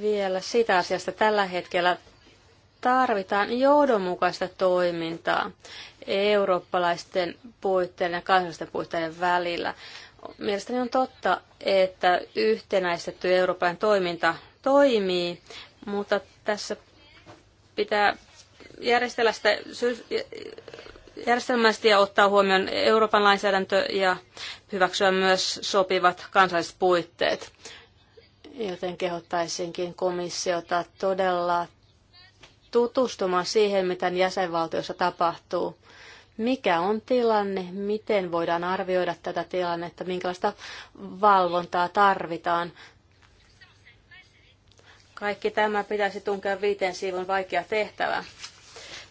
vielä sitä asiasta tällä hetkellä tarvitaan johdonmukaista toimintaa eurooppalaisten puitteiden ja kansallisten puitteiden välillä. Mielestäni on totta, että yhtenäistetty eurooppalainen toiminta toimii, mutta tässä pitää järjestellä sitä järjestelmällisesti ja ottaa huomioon Euroopan lainsäädäntö ja hyväksyä myös sopivat kansalliset puitteet. Joten kehottaisinkin komissiota todella tutustumaan siihen, mitä jäsenvaltiossa tapahtuu. Mikä on tilanne, miten voidaan arvioida tätä tilannetta, minkälaista valvontaa tarvitaan. Kaikki tämä pitäisi tunkea viiteen siivun vaikea tehtävä.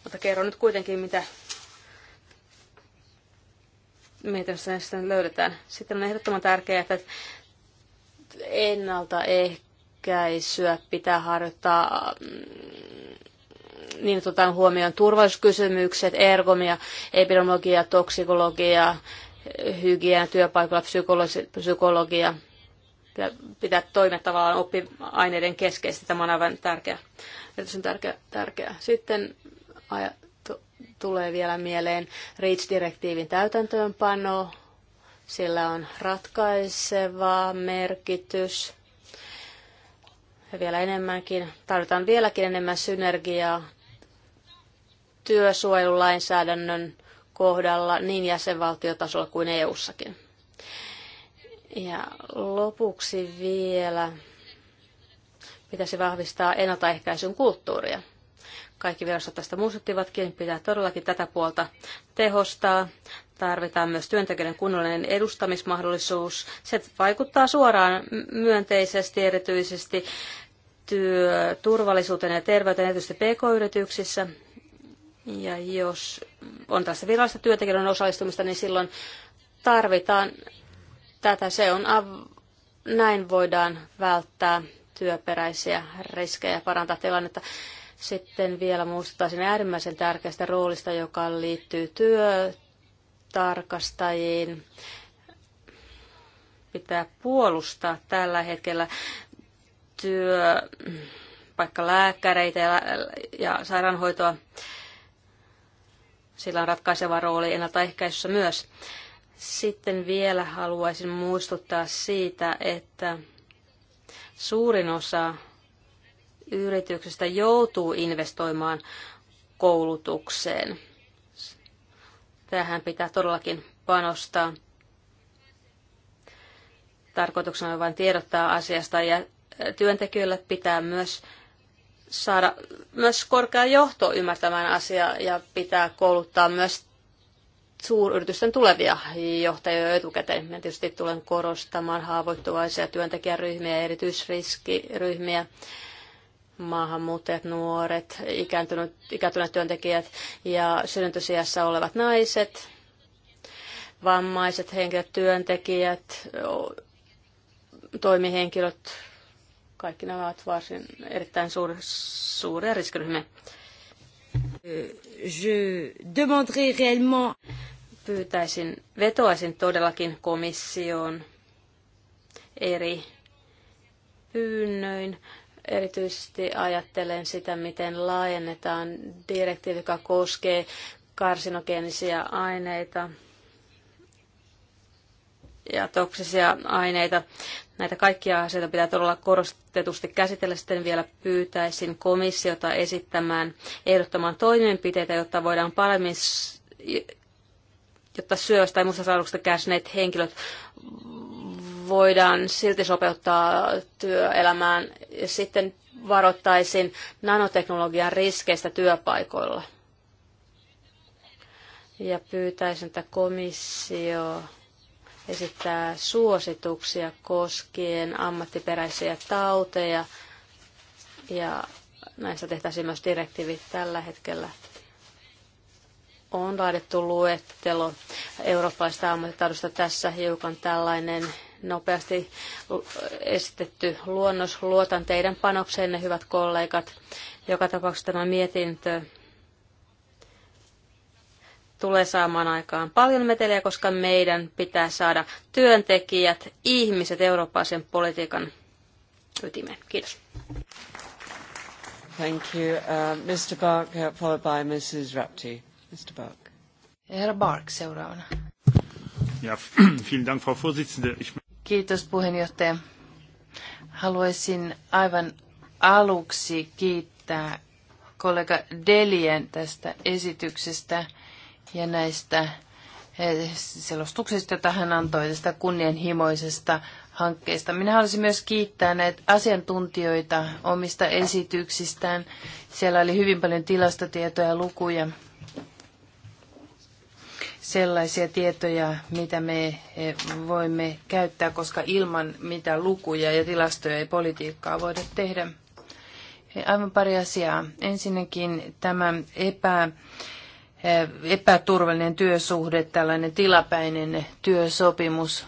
Mutta kerron nyt kuitenkin, mitä mietinnössä sitten löydetään. Sitten on ehdottoman tärkeää, että ennaltaehkäisyä pitää harjoittaa mm, niin otetaan huomioon turvallisuuskysymykset, ergomia, epidemiologia, toksikologia, hygienia, työpaikalla psykologi, psykologia. Ja pitää toimia tavallaan oppiaineiden keskeisesti. Tämä on aivan tärkeä. on tärkeä, tärkeä. Sitten tulee vielä mieleen REACH-direktiivin täytäntöönpano. Sillä on ratkaiseva merkitys ja vielä enemmänkin. Tarvitaan vieläkin enemmän synergiaa työsuojelulainsäädännön kohdalla niin jäsenvaltiotasolla kuin eu sakin Ja lopuksi vielä pitäisi vahvistaa ennaltaehkäisyn kulttuuria. Kaikki virastot tästä muistuttivatkin, pitää todellakin tätä puolta tehostaa. Tarvitaan myös työntekijöiden kunnollinen edustamismahdollisuus. Se vaikuttaa suoraan myönteisesti erityisesti työturvallisuuteen ja terveyteen, erityisesti pk-yrityksissä. Ja jos on tässä virallista työntekijöiden osallistumista, niin silloin tarvitaan tätä. Se on av- näin voidaan välttää työperäisiä riskejä ja parantaa tilannetta. Sitten vielä muistuttaisin äärimmäisen tärkeästä roolista, joka liittyy työtarkastajiin. Pitää puolustaa tällä hetkellä työ, vaikka lääkäreitä ja, ja sairaanhoitoa. Sillä on ratkaiseva rooli ennaltaehkäisyssä myös. Sitten vielä haluaisin muistuttaa siitä, että suurin osa yrityksestä joutuu investoimaan koulutukseen. Tähän pitää todellakin panostaa. Tarkoituksena on vain tiedottaa asiasta ja työntekijöille pitää myös saada myös korkea johto ymmärtämään asiaa ja pitää kouluttaa myös suuryritysten tulevia johtajia jo etukäteen. Minä tietysti tulen korostamaan haavoittuvaisia työntekijäryhmiä ja erityisriskiryhmiä maahanmuuttajat, nuoret, ikääntyneet, ikääntyneet työntekijät ja synnytysiässä olevat naiset, vammaiset henkilöt, työntekijät, toimihenkilöt, kaikki nämä ovat varsin erittäin suur, suuria riskiryhmiä. Je demanderai réellement... Pyytäisin, vetoaisin todellakin komission eri pyynnöin Erityisesti ajattelen sitä, miten laajennetaan direktiivi, joka koskee karsinogeenisia aineita ja toksisia aineita. Näitä kaikkia asioita pitää todella korostetusti käsitellä. Sitten vielä pyytäisin komissiota esittämään, ehdottamaan toimenpiteitä, jotta voidaan paremmin jotta syöstä tai musta sairauksesta kärsineet henkilöt voidaan silti sopeuttaa työelämään. Ja sitten varoittaisin nanoteknologian riskeistä työpaikoilla. Ja pyytäisin, että komissio esittää suosituksia koskien ammattiperäisiä tauteja. Ja näistä tehtäisiin myös direktiivit tällä hetkellä on laadittu luettelo eurooppalaisista ammattitaidosta. Tässä hiukan tällainen nopeasti esitetty luonnos. Luotan teidän panokseenne, hyvät kollegat. Joka tapauksessa tämä mietintö tulee saamaan aikaan paljon meteliä, koska meidän pitää saada työntekijät, ihmiset eurooppalaisen politiikan ytimeen. Kiitos. Thank you. Uh, Mr. Bark, uh, followed by Mrs. Rapti. Mr. Bark. Herr Bark seuraavana. Ja, vielen Dank, Frau Vorsitzende. Ich Kiitos puheenjohtaja. Haluaisin aivan aluksi kiittää kollega Delien tästä esityksestä ja näistä eh, selostuksista, joita hän antoi tästä kunnianhimoisesta hankkeesta. Minä haluaisin myös kiittää näitä asiantuntijoita omista esityksistään. Siellä oli hyvin paljon tilastotietoja ja lukuja sellaisia tietoja, mitä me eh, voimme käyttää, koska ilman mitä lukuja ja tilastoja ei politiikkaa voida tehdä. Eh, aivan pari asiaa. Ensinnäkin tämä epä, eh, epäturvallinen työsuhde, tällainen tilapäinen työsopimus,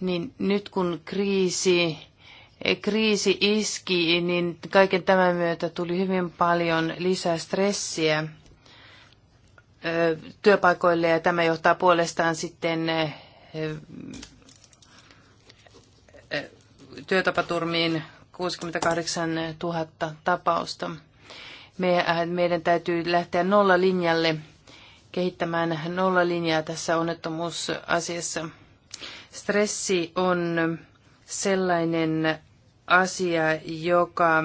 niin nyt kun kriisi, kriisi iski, niin kaiken tämän myötä tuli hyvin paljon lisää stressiä työpaikoille ja tämä johtaa puolestaan sitten työtapaturmiin 68 000 tapausta. Me, äh, meidän täytyy lähteä nollalinjalle, kehittämään nollalinjaa tässä onnettomuusasiassa. Stressi on sellainen asia, joka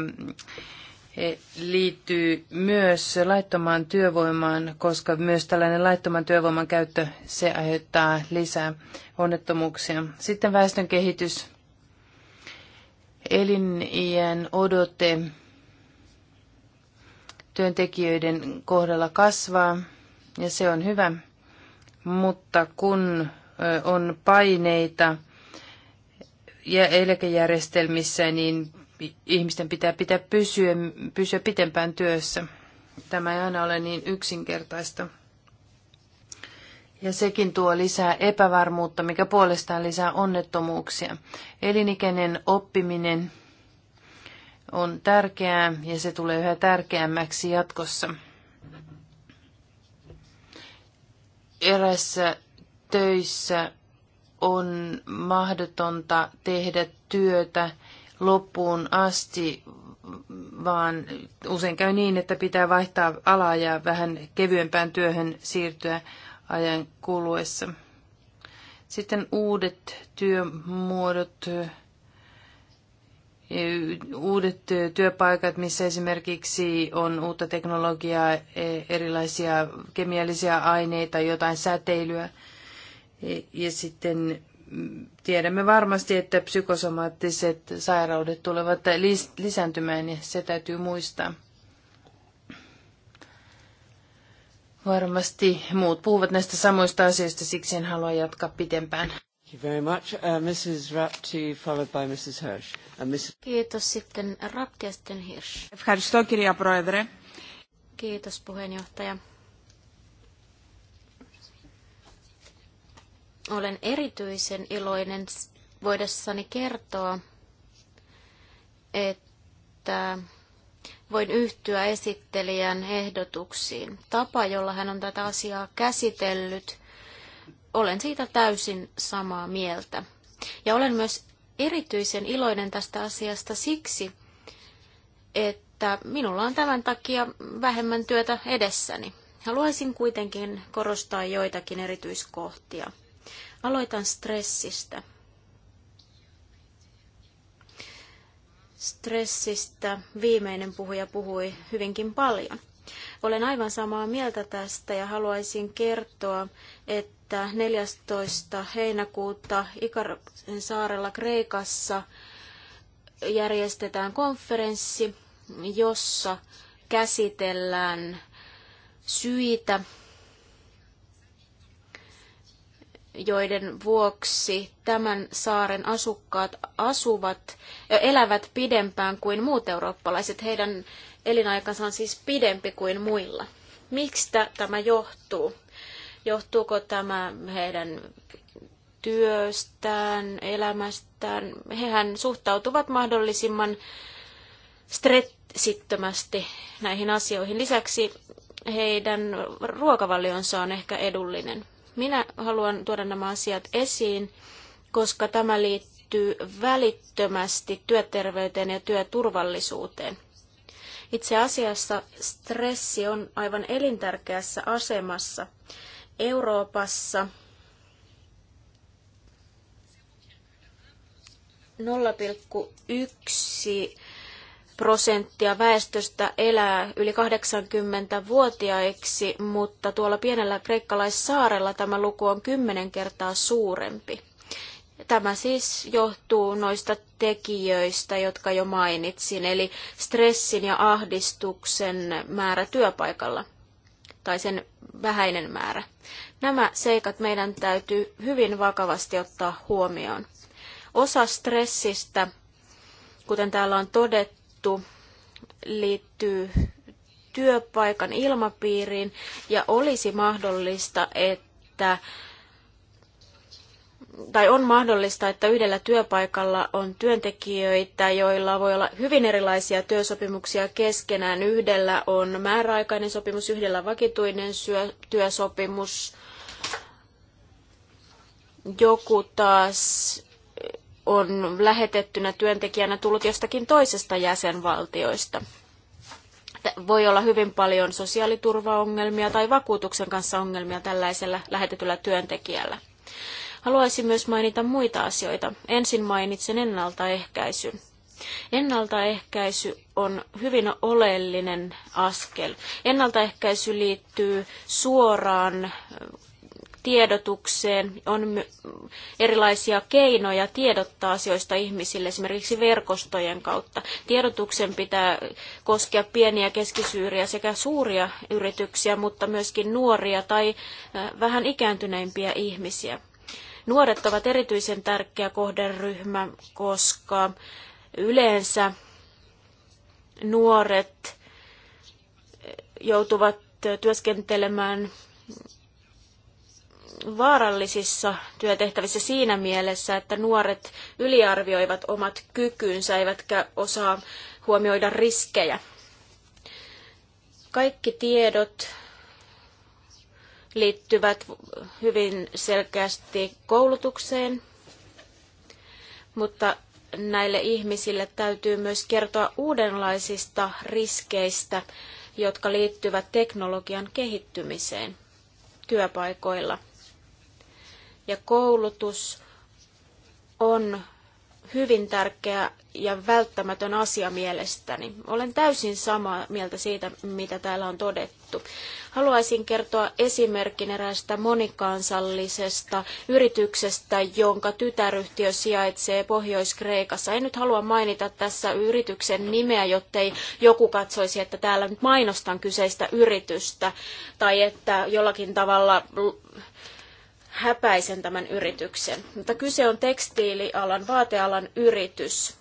E, liittyy myös laittomaan työvoimaan, koska myös tällainen laittoman työvoiman käyttö, se aiheuttaa lisää onnettomuuksia. Sitten väestön kehitys, elinien odote työntekijöiden kohdalla kasvaa ja se on hyvä, mutta kun on paineita ja eläkejärjestelmissä, niin ihmisten pitää pitää pysyä, pysyä pitempään työssä. Tämä ei aina ole niin yksinkertaista. Ja sekin tuo lisää epävarmuutta, mikä puolestaan lisää onnettomuuksia. Elinikäinen oppiminen on tärkeää ja se tulee yhä tärkeämmäksi jatkossa. Erässä töissä on mahdotonta tehdä työtä loppuun asti, vaan usein käy niin, että pitää vaihtaa alaa ja vähän kevyempään työhön siirtyä ajan kuluessa. Sitten uudet työmuodot, uudet työpaikat, missä esimerkiksi on uutta teknologiaa, erilaisia kemiallisia aineita, jotain säteilyä ja sitten tiedämme varmasti, että psykosomaattiset sairaudet tulevat lisääntymään ja se täytyy muistaa. Varmasti muut puhuvat näistä samoista asioista, siksi en halua jatkaa pitempään. Kiitos sitten Rapti ja sitten Hirsch. Kiitos puheenjohtaja. Olen erityisen iloinen voidessani kertoa, että voin yhtyä esittelijän ehdotuksiin. Tapa, jolla hän on tätä asiaa käsitellyt, olen siitä täysin samaa mieltä. Ja olen myös erityisen iloinen tästä asiasta siksi, että minulla on tämän takia vähemmän työtä edessäni. Haluaisin kuitenkin korostaa joitakin erityiskohtia. Aloitan stressistä. Stressistä viimeinen puhuja puhui hyvinkin paljon. Olen aivan samaa mieltä tästä ja haluaisin kertoa, että 14. heinäkuuta ikarin saarella Kreikassa järjestetään konferenssi, jossa käsitellään syitä joiden vuoksi tämän saaren asukkaat asuvat ja elävät pidempään kuin muut eurooppalaiset. Heidän elinaikansa on siis pidempi kuin muilla. Mistä tämä johtuu? Johtuuko tämä heidän työstään, elämästään? Hehän suhtautuvat mahdollisimman stressittömästi näihin asioihin. Lisäksi heidän ruokavalionsa on ehkä edullinen. Minä haluan tuoda nämä asiat esiin, koska tämä liittyy välittömästi työterveyteen ja työturvallisuuteen. Itse asiassa stressi on aivan elintärkeässä asemassa Euroopassa. 0,1 prosenttia väestöstä elää yli 80-vuotiaiksi, mutta tuolla pienellä kreikkalaissaarella tämä luku on kymmenen kertaa suurempi. Tämä siis johtuu noista tekijöistä, jotka jo mainitsin, eli stressin ja ahdistuksen määrä työpaikalla tai sen vähäinen määrä. Nämä seikat meidän täytyy hyvin vakavasti ottaa huomioon. Osa stressistä, kuten täällä on todettu, juttu liittyy työpaikan ilmapiiriin ja olisi mahdollista, että tai on mahdollista, että yhdellä työpaikalla on työntekijöitä, joilla voi olla hyvin erilaisia työsopimuksia keskenään. Yhdellä on määräaikainen sopimus, yhdellä vakituinen työsopimus. Joku taas on lähetettynä työntekijänä tullut jostakin toisesta jäsenvaltioista. Voi olla hyvin paljon sosiaaliturvaongelmia tai vakuutuksen kanssa ongelmia tällaisella lähetetyllä työntekijällä. Haluaisin myös mainita muita asioita. Ensin mainitsen ennaltaehkäisyn. Ennaltaehkäisy on hyvin oleellinen askel. Ennaltaehkäisy liittyy suoraan tiedotukseen. On erilaisia keinoja tiedottaa asioista ihmisille, esimerkiksi verkostojen kautta. Tiedotuksen pitää koskea pieniä, keskisyyriä sekä suuria yrityksiä, mutta myöskin nuoria tai vähän ikääntyneimpiä ihmisiä. Nuoret ovat erityisen tärkeä kohderyhmä, koska yleensä nuoret joutuvat työskentelemään vaarallisissa työtehtävissä siinä mielessä, että nuoret yliarvioivat omat kykynsä eivätkä osaa huomioida riskejä. Kaikki tiedot liittyvät hyvin selkeästi koulutukseen, mutta näille ihmisille täytyy myös kertoa uudenlaisista riskeistä, jotka liittyvät teknologian kehittymiseen työpaikoilla ja koulutus on hyvin tärkeä ja välttämätön asia mielestäni. Olen täysin samaa mieltä siitä, mitä täällä on todettu. Haluaisin kertoa esimerkin eräästä monikansallisesta yrityksestä, jonka tytäryhtiö sijaitsee Pohjois-Kreikassa. En nyt halua mainita tässä yrityksen nimeä, jottei joku katsoisi, että täällä nyt mainostan kyseistä yritystä tai että jollakin tavalla häpäisen tämän yrityksen. Mutta kyse on tekstiilialan, vaatealan yritys.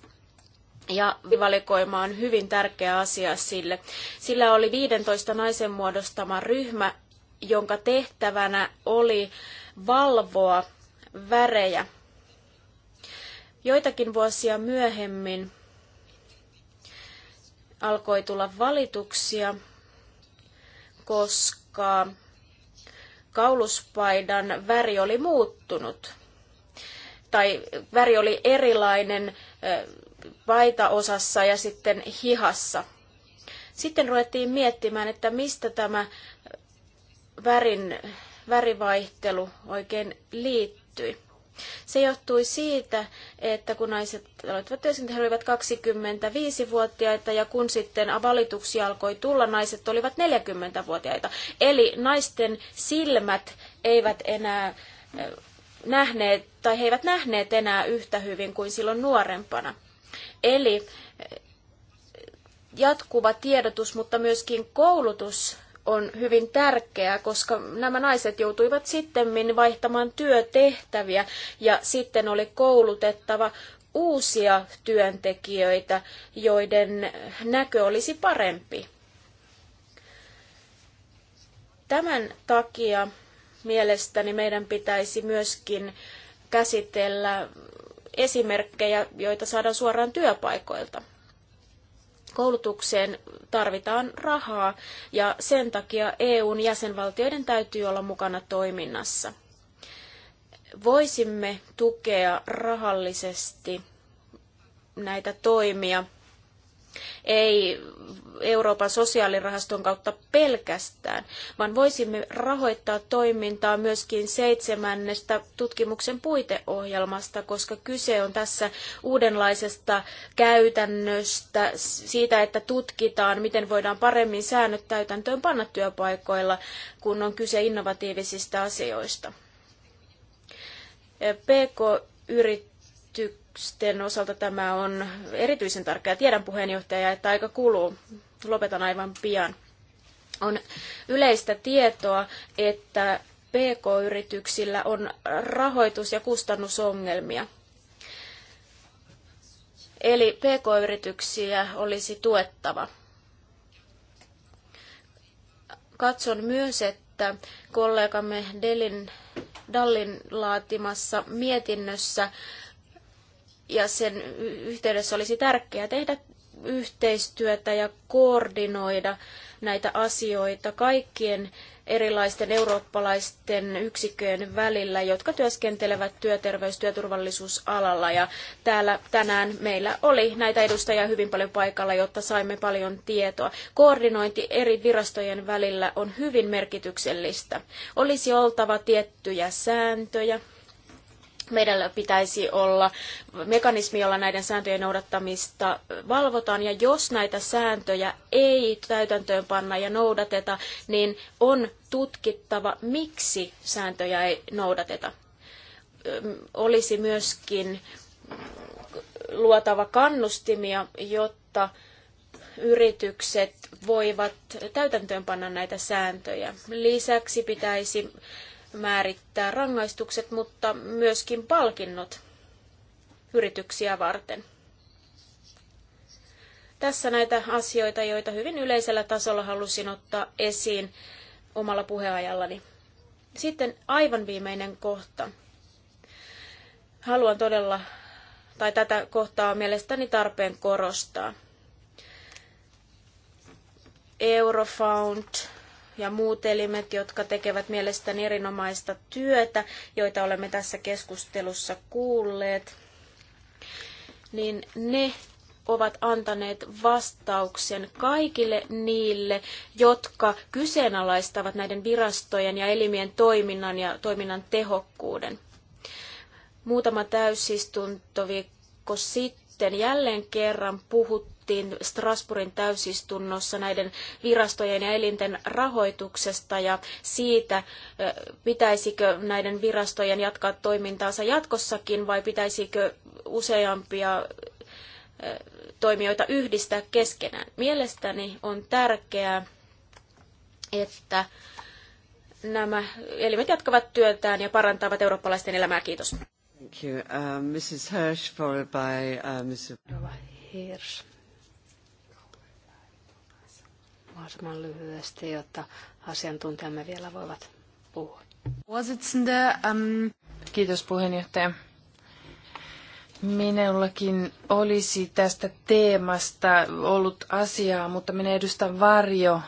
Ja valikoima on hyvin tärkeä asia sille. Sillä oli 15 naisen muodostama ryhmä, jonka tehtävänä oli valvoa värejä. Joitakin vuosia myöhemmin alkoi tulla valituksia, koska kauluspaidan väri oli muuttunut tai väri oli erilainen paitaosassa ja sitten hihassa. Sitten ruvettiin miettimään, että mistä tämä värin, värivaihtelu oikein liittyi. Se johtui siitä, että kun naiset aloittivat työskentelyä, niin he olivat 25-vuotiaita ja kun sitten valituksi alkoi tulla, naiset olivat 40-vuotiaita. Eli naisten silmät eivät enää nähneet, tai he eivät nähneet enää yhtä hyvin kuin silloin nuorempana. Eli jatkuva tiedotus, mutta myöskin koulutus on hyvin tärkeää, koska nämä naiset joutuivat sitten vaihtamaan työtehtäviä ja sitten oli koulutettava uusia työntekijöitä, joiden näkö olisi parempi. Tämän takia mielestäni meidän pitäisi myöskin käsitellä esimerkkejä, joita saadaan suoraan työpaikoilta. Koulutukseen tarvitaan rahaa ja sen takia EUn jäsenvaltioiden täytyy olla mukana toiminnassa. Voisimme tukea rahallisesti näitä toimia ei Euroopan sosiaalirahaston kautta pelkästään, vaan voisimme rahoittaa toimintaa myöskin seitsemännestä tutkimuksen puiteohjelmasta, koska kyse on tässä uudenlaisesta käytännöstä, siitä, että tutkitaan, miten voidaan paremmin säännöt täytäntöön panna työpaikoilla, kun on kyse innovatiivisista asioista. PK-yritykset yritysten osalta tämä on erityisen tärkeää. Tiedän puheenjohtaja, että aika kuluu. Lopetan aivan pian. On yleistä tietoa, että PK-yrityksillä on rahoitus- ja kustannusongelmia. Eli PK-yrityksiä olisi tuettava. Katson myös, että kollegamme Delin, Dallin laatimassa mietinnössä ja sen yhteydessä olisi tärkeää tehdä yhteistyötä ja koordinoida näitä asioita kaikkien erilaisten eurooppalaisten yksiköjen välillä, jotka työskentelevät työterveys- ja työturvallisuusalalla. Ja täällä tänään meillä oli näitä edustajia hyvin paljon paikalla, jotta saimme paljon tietoa. Koordinointi eri virastojen välillä on hyvin merkityksellistä. Olisi oltava tiettyjä sääntöjä, meidän pitäisi olla mekanismi, jolla näiden sääntöjen noudattamista valvotaan, ja jos näitä sääntöjä ei täytäntöön panna ja noudateta, niin on tutkittava, miksi sääntöjä ei noudateta. Olisi myöskin luotava kannustimia, jotta yritykset voivat täytäntöönpanna näitä sääntöjä. Lisäksi pitäisi määrittää rangaistukset, mutta myöskin palkinnot yrityksiä varten. Tässä näitä asioita, joita hyvin yleisellä tasolla halusin ottaa esiin omalla puheajallani. Sitten aivan viimeinen kohta. Haluan todella, tai tätä kohtaa mielestäni tarpeen korostaa. Eurofound, ja muut elimet, jotka tekevät mielestäni erinomaista työtä, joita olemme tässä keskustelussa kuulleet, niin ne ovat antaneet vastauksen kaikille niille, jotka kyseenalaistavat näiden virastojen ja elimien toiminnan ja toiminnan tehokkuuden. Muutama täysistuntoviikko sitten jälleen kerran puhuttiin päätettiin Strasbourgin täysistunnossa näiden virastojen ja elinten rahoituksesta ja siitä, pitäisikö näiden virastojen jatkaa toimintaansa jatkossakin vai pitäisikö useampia toimijoita yhdistää keskenään. Mielestäni on tärkeää, että nämä elimet jatkavat työtään ja parantavat eurooppalaisten elämää. Kiitos. Thank you. Uh, Mrs. Hirsch, followed by uh, Mr. Hirsch mahdollisimman lyhyesti, jotta asiantuntijamme vielä voivat puhua. Ehm, Kiitos puheenjohtaja. Minullakin olisi tästä teemasta ollut asiaa, mutta minä edustan Varjo,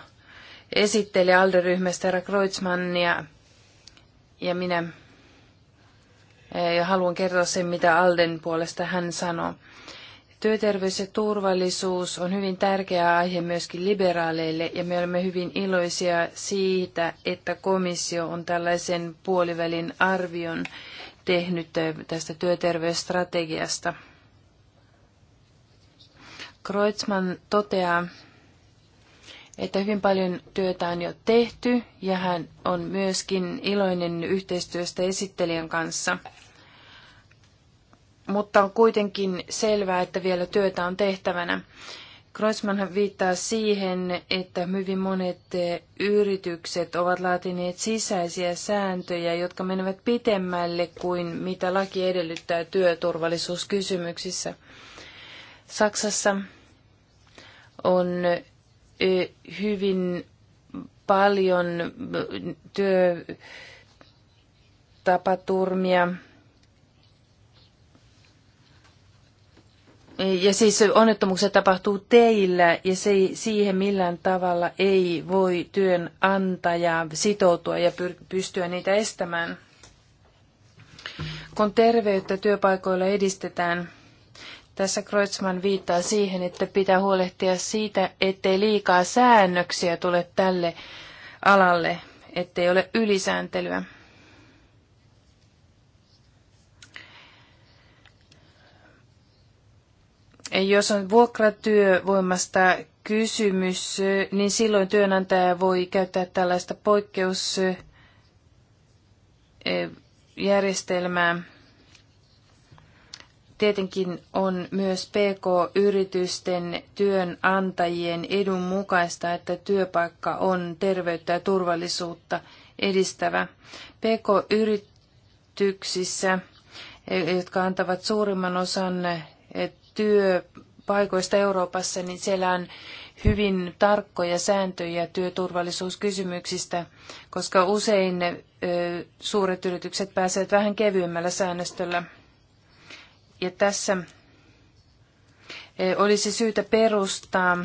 esitteli Alderyhmästä herra Kreutzmannia ja minä eh, ja haluan kertoa sen, mitä Alden puolesta hän sanoi. Työterveys ja turvallisuus on hyvin tärkeä aihe myöskin liberaaleille ja me olemme hyvin iloisia siitä, että komissio on tällaisen puolivälin arvion tehnyt äh, tästä työterveysstrategiasta. Kreutzmann toteaa, että hyvin paljon työtä on jo tehty ja hän on myöskin iloinen yhteistyöstä esittelijän kanssa mutta on kuitenkin selvää, että vielä työtä on tehtävänä. Kreuzmann viittaa siihen, että hyvin monet yritykset ovat laatineet sisäisiä sääntöjä, jotka menevät pitemmälle kuin mitä laki edellyttää työturvallisuuskysymyksissä. Saksassa on hyvin paljon työtapaturmia, Ja siis onnettomuukset tapahtuu teillä ja se, siihen millään tavalla ei voi työnantaja sitoutua ja pystyä niitä estämään. Kun terveyttä työpaikoilla edistetään, tässä Kreutzmann viittaa siihen, että pitää huolehtia siitä, ettei liikaa säännöksiä tule tälle alalle, ettei ole ylisääntelyä. Jos on vuokratyövoimasta kysymys, niin silloin työnantaja voi käyttää tällaista poikkeusjärjestelmää. Tietenkin on myös PK-yritysten työnantajien edun mukaista, että työpaikka on terveyttä ja turvallisuutta edistävä. PK-yrityksissä, jotka antavat suurimman osan työpaikoista Euroopassa, niin siellä on hyvin tarkkoja sääntöjä työturvallisuuskysymyksistä, koska usein suuret yritykset pääsevät vähän kevyemmällä säännöstöllä. Ja tässä olisi syytä perustaa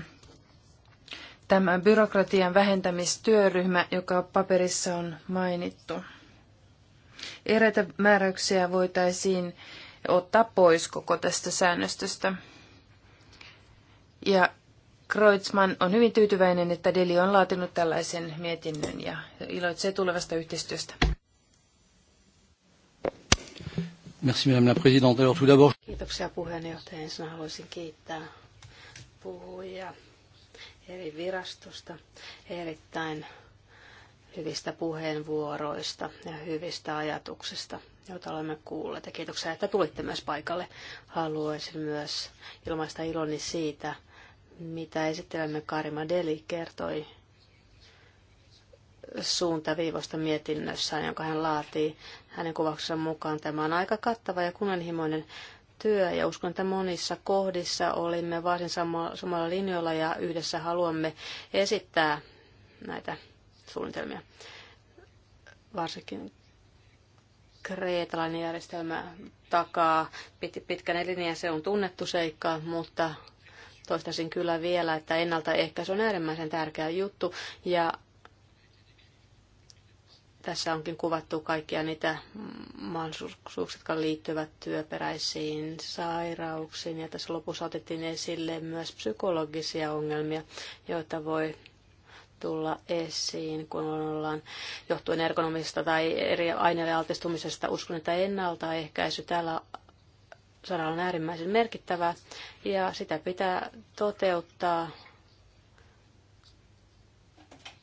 tämä byrokratian vähentämistyöryhmä, joka paperissa on mainittu. Eräitä määräyksiä voitaisiin ottaa pois koko tästä säännöstöstä. Ja Kreutzmann on hyvin tyytyväinen, että Deli on laatinut tällaisen mietinnön ja iloitsee tulevasta yhteistyöstä. Merci Madame la Présidente. Alors tout d'abord... Kiitoksia puheenjohtaja. Ensin haluaisin kiittää puhujia eri virastosta erittäin hyvistä puheenvuoroista ja hyvistä ajatuksista, joita olemme kuulleet. Ja kiitoksia, että tulitte myös paikalle. Haluaisin myös ilmaista iloni siitä, mitä esittelemme Karima Deli kertoi suuntaviivosta mietinnössään, jonka hän laatii. Hänen kuvauksensa mukaan tämä on aika kattava ja kunnianhimoinen työ ja uskon, että monissa kohdissa olimme varsin samalla linjoilla ja yhdessä haluamme esittää näitä suunnitelmia. Varsinkin kreetalainen järjestelmä takaa pitkän eliniän, se on tunnettu seikka, mutta toistaisin kyllä vielä, että ennaltaehkäisy on äärimmäisen tärkeä juttu ja tässä onkin kuvattu kaikkia niitä mahdollisuuksia, jotka liittyvät työperäisiin sairauksiin. Ja tässä lopussa otettiin esille myös psykologisia ongelmia, joita voi tulla esiin, kun ollaan johtuen ergonomisesta tai eri aineille altistumisesta. Uskon, että ennaltaehkäisy tällä saralla on äärimmäisen merkittävää ja sitä pitää toteuttaa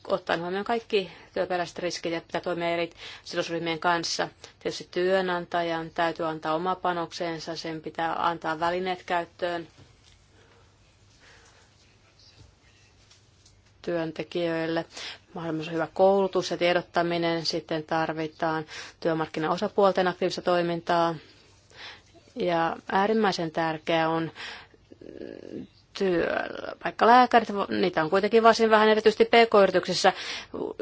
ottaen huomioon kaikki työperäiset riskit ja pitää toimia eri sidosryhmien kanssa. Tietysti työnantajan täytyy antaa oma panokseensa, sen pitää antaa välineet käyttöön työntekijöille. Mahdollisimman hyvä koulutus ja tiedottaminen. Sitten tarvitaan työmarkkinaosapuolten aktiivista toimintaa. Ja äärimmäisen tärkeää on Vaikka lääkärit, niitä on kuitenkin varsin vähän erityisesti pk-yrityksissä,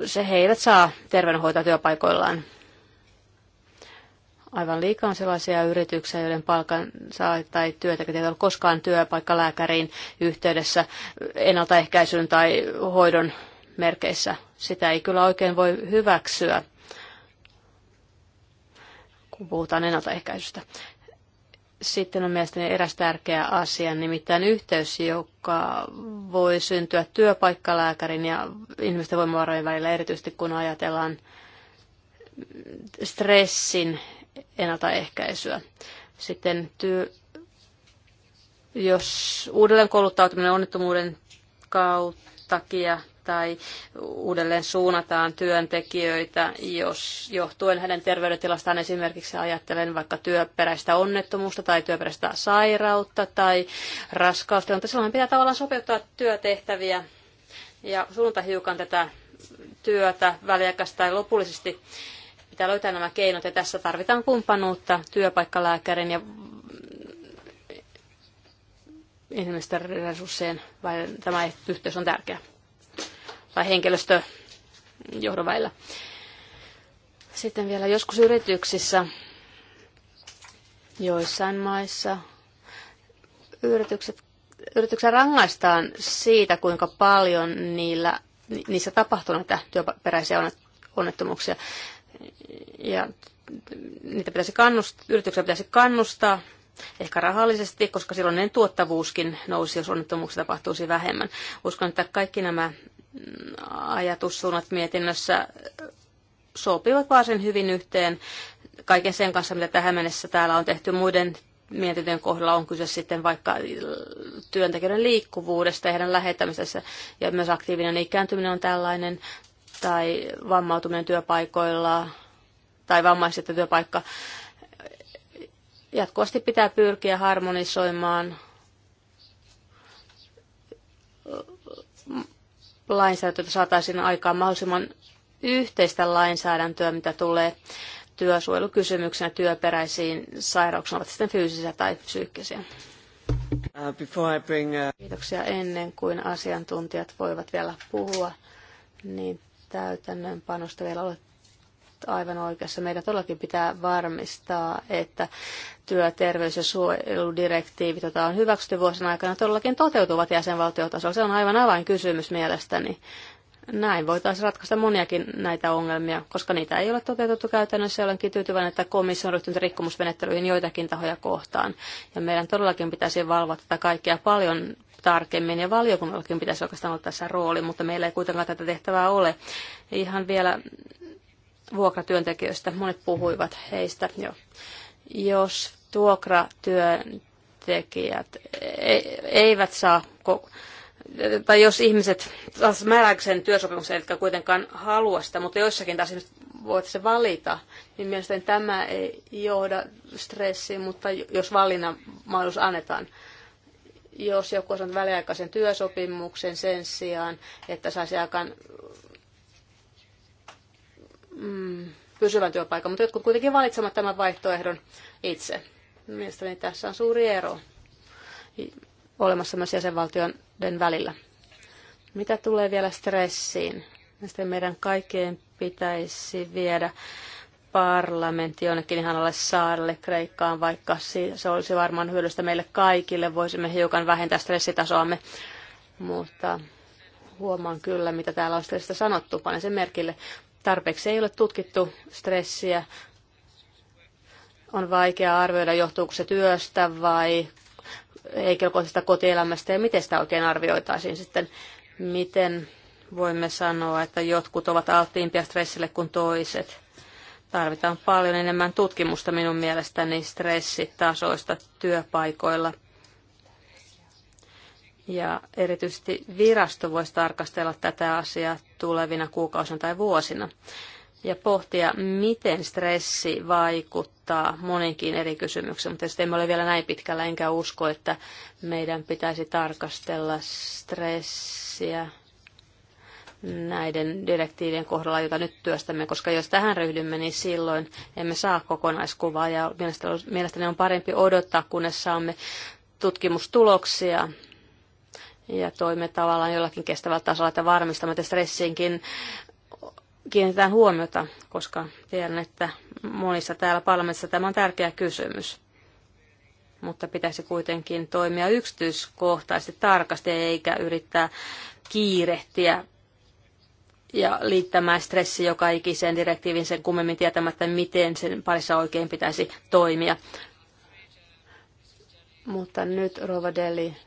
se he eivät saa terveydenhoitoa työpaikoillaan aivan liikaa on sellaisia yrityksiä, joiden palkan saa tai työtä, ei ole koskaan työpaikkalääkäriin yhteydessä ennaltaehkäisyn tai hoidon merkeissä. Sitä ei kyllä oikein voi hyväksyä, kun puhutaan ennaltaehkäisystä. Sitten on mielestäni eräs tärkeä asia, nimittäin yhteys, joka voi syntyä työpaikkalääkärin ja ihmisten voimavarojen välillä, erityisesti kun ajatellaan stressin ennaltaehkäisyä. Sitten työ, jos uudelleen kouluttautuminen onnettomuuden takia tai uudelleen suunnataan työntekijöitä, jos johtuen hänen terveydentilastaan esimerkiksi ajattelen vaikka työperäistä onnettomuutta tai työperäistä sairautta tai raskausta, mutta silloin pitää tavallaan sopeuttaa työtehtäviä ja suunta hiukan tätä työtä väliaikaisesti tai lopullisesti Pitää löytää nämä keinot ja tässä tarvitaan kumppanuutta työpaikkalääkärin ja ihmisten resurssien, vai tämä yhteys on tärkeä, vai henkilöstöjohdon välillä. Sitten vielä joskus yrityksissä, joissain maissa, yritykset, yrityksen rangaistaan siitä, kuinka paljon niillä, niissä tapahtuu näitä työperäisiä onnettomuuksia ja niitä pitäisi kannustaa, yrityksiä pitäisi kannustaa ehkä rahallisesti, koska silloin ne tuottavuuskin nousi, jos onnettomuuksia tapahtuisi vähemmän. Uskon, että kaikki nämä ajatussuunnat mietinnössä sopivat varsin hyvin yhteen kaiken sen kanssa, mitä tähän mennessä täällä on tehty muiden mietintöjen kohdalla on kyse sitten vaikka työntekijöiden liikkuvuudesta ja heidän lähettämisessä. Ja myös aktiivinen ikääntyminen on tällainen tai vammautuminen työpaikoilla tai vammaiset työpaikka. Jatkuvasti pitää pyrkiä harmonisoimaan lainsäädäntöä, että saataisiin aikaan mahdollisimman yhteistä lainsäädäntöä, mitä tulee työsuojelukysymyksenä työperäisiin sairauksiin, ovat sitten fyysisiä tai psyykkisiä. Uh, uh, Kiitoksia ennen kuin asiantuntijat voivat vielä puhua, niin täytännönpanosta vielä olet aivan oikeassa. Meidän todellakin pitää varmistaa, että työterveys- ja suojeludirektiivit, joita on hyväksytty vuosien aikana, todellakin toteutuvat jäsenvaltiotasolla. Se on aivan avainkysymys mielestäni. Näin voitaisiin ratkaista moniakin näitä ongelmia, koska niitä ei ole toteutettu käytännössä. Olenkin tyytyväinen, että komissio on ryhtynyt rikkomusmenettelyihin joitakin tahoja kohtaan. Ja meidän todellakin pitäisi valvoa tätä kaikkea paljon tarkemmin ja valiokunnallakin pitäisi oikeastaan olla tässä rooli, mutta meillä ei kuitenkaan tätä tehtävää ole. Ihan vielä vuokratyöntekijöistä, monet puhuivat heistä jo. Jos vuokratyöntekijät e- eivät saa tai jos ihmiset määräaikaisen työsopimuksen jotka kuitenkaan halua sitä, mutta joissakin taas ihmiset voit se valita, niin mielestäni tämä ei johda stressiin, mutta jos valinnan mahdollisuus annetaan, jos joku on väliaikaisen työsopimuksen sen sijaan, että saisi aikaan mm, pysyvän työpaikan, mutta jotkut kuitenkin valitsevat tämän vaihtoehdon itse. Mielestäni tässä on suuri ero olemassa myös jäsenvaltioiden välillä. Mitä tulee vielä stressiin? Sitten meidän kaikkien pitäisi viedä parlamentti jonnekin ihan niin alle saarelle Kreikkaan, vaikka se olisi varmaan hyödyllistä meille kaikille. Voisimme hiukan vähentää stressitasoamme, mutta huomaan kyllä, mitä täällä on stressistä sanottu. Panen sen merkille. Tarpeeksi ei ole tutkittu stressiä. On vaikea arvioida, johtuuko se työstä vai henkilökohtaisesta kotielämästä ja miten sitä oikein arvioitaisiin sitten. Miten voimme sanoa, että jotkut ovat alttiimpia stressille kuin toiset. Tarvitaan paljon enemmän tutkimusta minun mielestäni stressitasoista työpaikoilla. Ja erityisesti virasto voisi tarkastella tätä asiaa tulevina kuukausina tai vuosina ja pohtia, miten stressi vaikuttaa moninkin eri kysymyksiin. Mutta sitten emme ole vielä näin pitkällä, enkä usko, että meidän pitäisi tarkastella stressiä näiden direktiivien kohdalla, joita nyt työstämme, koska jos tähän ryhdymme, niin silloin emme saa kokonaiskuvaa ja mielestäni on parempi odottaa, kunnes saamme tutkimustuloksia ja toimme tavallaan jollakin kestävällä tasolla, että varmistamme, että stressiinkin kiinnitetään huomiota, koska tiedän, että monissa täällä parlamentissa tämä on tärkeä kysymys. Mutta pitäisi kuitenkin toimia yksityiskohtaisesti tarkasti eikä yrittää kiirehtiä ja liittämään stressi joka ikiseen direktiivin sen kummemmin tietämättä, miten sen parissa oikein pitäisi toimia. Mutta nyt Rovadelli,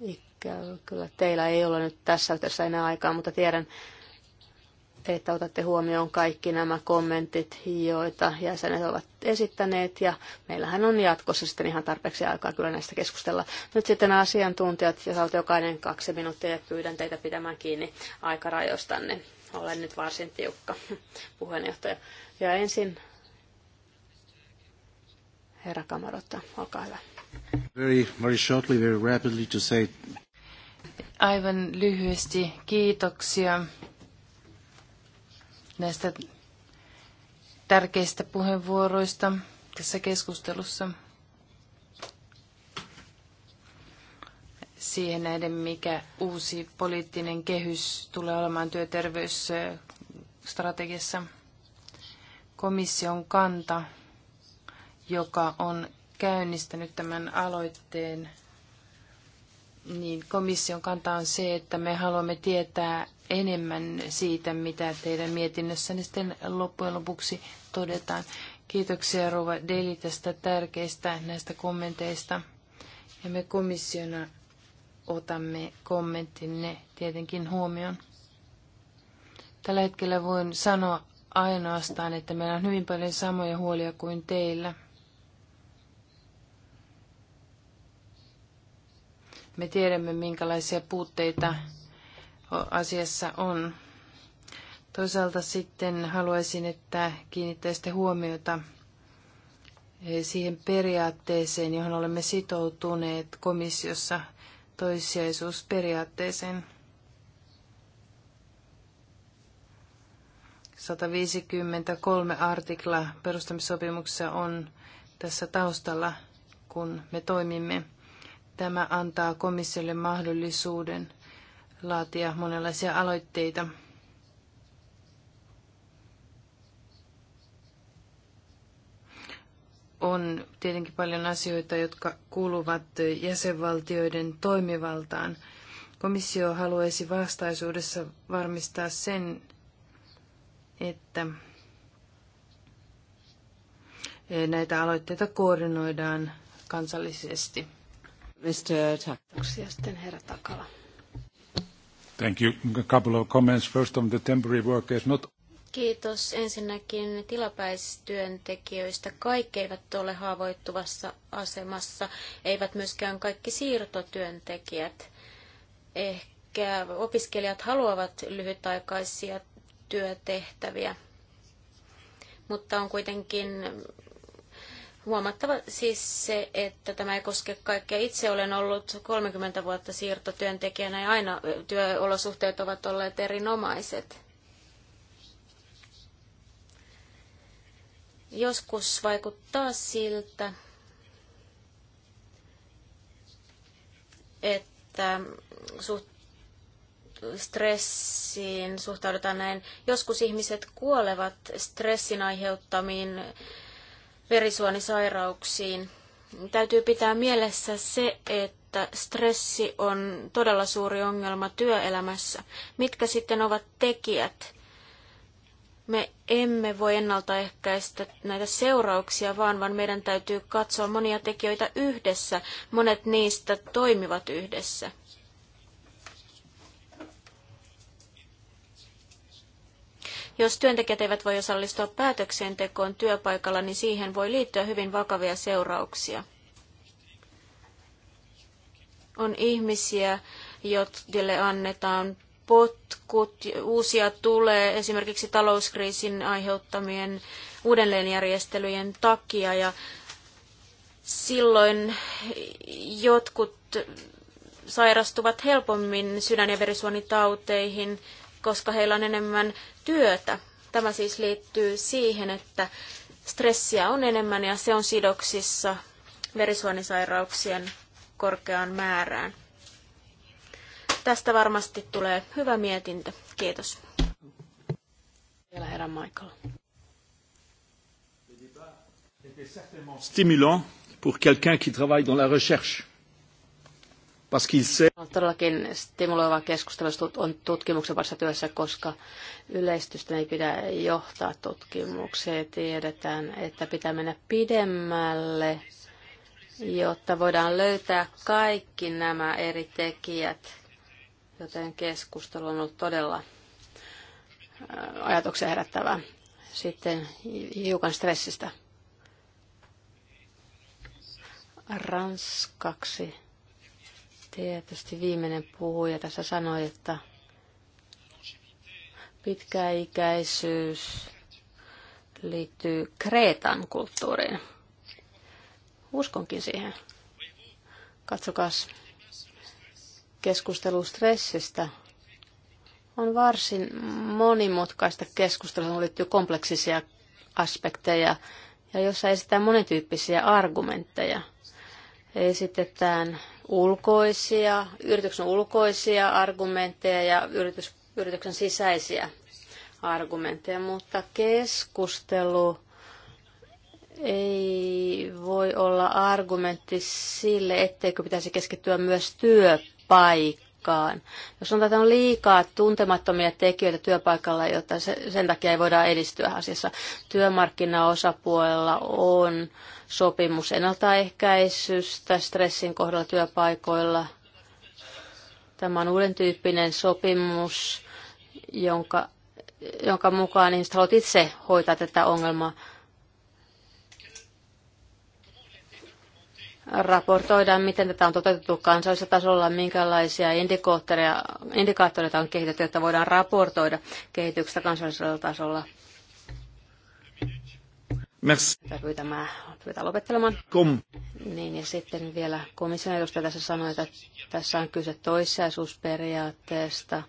ikävä kyllä teillä ei ole nyt tässä yhteydessä enää aikaa, mutta tiedän, että otatte huomioon kaikki nämä kommentit, joita jäsenet ovat esittäneet, ja meillähän on jatkossa sitten ihan tarpeeksi aikaa kyllä näistä keskustella. Nyt sitten asiantuntijat, jos olette jokainen kaksi minuuttia, ja pyydän teitä pitämään kiinni aikarajoistanne. Olen nyt varsin tiukka puheenjohtaja. Ja ensin herra Kamarotta, olkaa hyvä. Very, very shortly, very rapidly to say... Aivan lyhyesti kiitoksia näistä tärkeistä puheenvuoroista tässä keskustelussa. siihen nähden, mikä uusi poliittinen kehys tulee olemaan työterveysstrategiassa. Komission kanta, joka on käynnistänyt tämän aloitteen, niin komission kanta on se, että me haluamme tietää enemmän siitä, mitä teidän mietinnössänne sitten loppujen lopuksi todetaan. Kiitoksia Rova Deli tästä tärkeistä näistä kommenteista. Ja me komissiona otamme kommenttinne tietenkin huomioon. Tällä hetkellä voin sanoa ainoastaan, että meillä on hyvin paljon samoja huolia kuin teillä. Me tiedämme, minkälaisia puutteita asiassa on. Toisaalta sitten haluaisin, että kiinnittäisitte huomiota siihen periaatteeseen, johon olemme sitoutuneet komissiossa – toissijaisuusperiaatteeseen. 153 artikla perustamissopimuksessa on tässä taustalla, kun me toimimme. Tämä antaa komissiolle mahdollisuuden laatia monenlaisia aloitteita. on tietenkin paljon asioita, jotka kuuluvat jäsenvaltioiden toimivaltaan. Komissio haluaisi vastaisuudessa varmistaa sen, että näitä aloitteita koordinoidaan kansallisesti. Mr. Kiitoksia sitten herra Takala. Thank you. A couple of comments. First on the temporary workers. Not Kiitos ensinnäkin tilapäistyöntekijöistä. Kaikki eivät ole haavoittuvassa asemassa, eivät myöskään kaikki siirtotyöntekijät. Ehkä opiskelijat haluavat lyhytaikaisia työtehtäviä, mutta on kuitenkin huomattava siis se, että tämä ei koske kaikkea. Itse olen ollut 30 vuotta siirtotyöntekijänä ja aina työolosuhteet ovat olleet erinomaiset. Joskus vaikuttaa siltä, että suht stressiin suhtaudutaan näin. Joskus ihmiset kuolevat stressin aiheuttamiin verisuonisairauksiin. Täytyy pitää mielessä se, että stressi on todella suuri ongelma työelämässä. Mitkä sitten ovat tekijät? me emme voi ennaltaehkäistä näitä seurauksia, vaan, vaan meidän täytyy katsoa monia tekijöitä yhdessä. Monet niistä toimivat yhdessä. Jos työntekijät eivät voi osallistua päätöksentekoon työpaikalla, niin siihen voi liittyä hyvin vakavia seurauksia. On ihmisiä, joille annetaan potkut, uusia tulee esimerkiksi talouskriisin aiheuttamien uudelleenjärjestelyjen takia ja silloin jotkut sairastuvat helpommin sydän- ja verisuonitauteihin, koska heillä on enemmän työtä. Tämä siis liittyy siihen, että stressiä on enemmän ja se on sidoksissa verisuonisairauksien korkeaan määrään. Tästä varmasti tulee hyvä mietintö. Kiitos. Vielä herra Michael. Stimulant pour quelqu'un qui travaille dans la recherche. Parce qu'il sait... On todellakin stimuloiva keskustelu on tutkimuksen parissa työssä, koska yleistystä ei pidä johtaa tutkimukseen. Tiedetään, että pitää mennä pidemmälle jotta voidaan löytää kaikki nämä eri tekijät joten keskustelu on ollut todella äh, ajatuksen herättävää. Sitten hiukan stressistä. Ranskaksi tietysti viimeinen puhuja tässä sanoi, että pitkäikäisyys liittyy Kreetan kulttuuriin. Uskonkin siihen. Katsokaa, keskustelu stressistä on varsin monimutkaista keskustelua, johon liittyy kompleksisia aspekteja ja jossa esitetään monityyppisiä argumentteja. Esitetään ulkoisia, yrityksen ulkoisia argumentteja ja yritys, yrityksen sisäisiä argumentteja, mutta keskustelu ei voi olla argumentti sille, etteikö pitäisi keskittyä myös työpäivään paikkaan. Jos on tätä on liikaa tuntemattomia tekijöitä työpaikalla, jotta sen takia ei voida edistyä asiassa. Työmarkkinaosapuolella on sopimus ennaltaehkäisystä stressin kohdalla työpaikoilla. Tämä on uuden tyyppinen sopimus, jonka, jonka mukaan ihmiset haluavat itse hoitaa tätä ongelmaa raportoidaan, miten tätä on toteutettu kansallisella tasolla, minkälaisia indikaattoreita, indikaattoreita on kehitetty, jotta voidaan raportoida kehityksestä kansallisella tasolla. Merci. Pyytämään, pyytää lopettelemaan. Kom. Niin, ja sitten vielä komission edustaja tässä sanoi, että tässä on kyse toissijaisuusperiaatteesta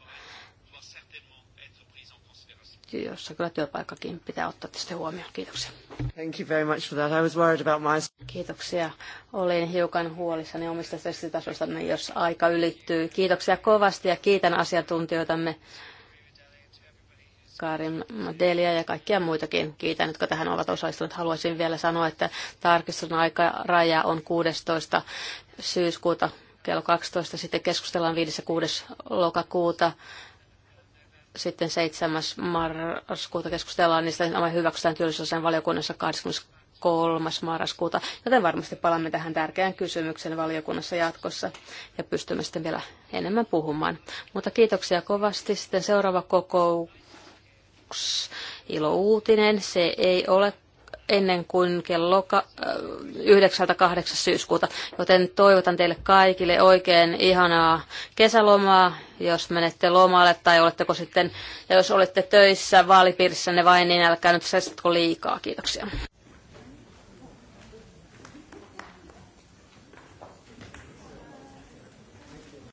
joissa kyllä työpaikkakin pitää ottaa tästä huomioon. Kiitoksia. Thank you very much for that. I was worried about my... Kiitoksia. Olin hiukan huolissani omista stressitasoista, jos aika ylittyy. Kiitoksia kovasti ja kiitän asiantuntijoitamme. Karin Delia ja kaikkia muitakin kiitän, jotka tähän ovat osallistuneet. Haluaisin vielä sanoa, että tarkistuksen aikaraja on 16. syyskuuta kello 12. Sitten keskustellaan 5. 6. lokakuuta sitten 7. marraskuuta keskustellaan, niistä tämä hyväksytään työllisyysasian valiokunnassa 23. marraskuuta, joten varmasti palaamme tähän tärkeään kysymykseen valiokunnassa jatkossa ja pystymme sitten vielä enemmän puhumaan. Mutta kiitoksia kovasti. Sitten seuraava kokous. Ilo uutinen, se ei ole ennen kuin kello 9-8 syyskuuta. Joten toivotan teille kaikille oikein ihanaa kesälomaa, jos menette lomalle tai oletteko sitten, ja jos olette töissä vaalipiirissänne vain, niin älkää nyt säästätkö liikaa. Kiitoksia.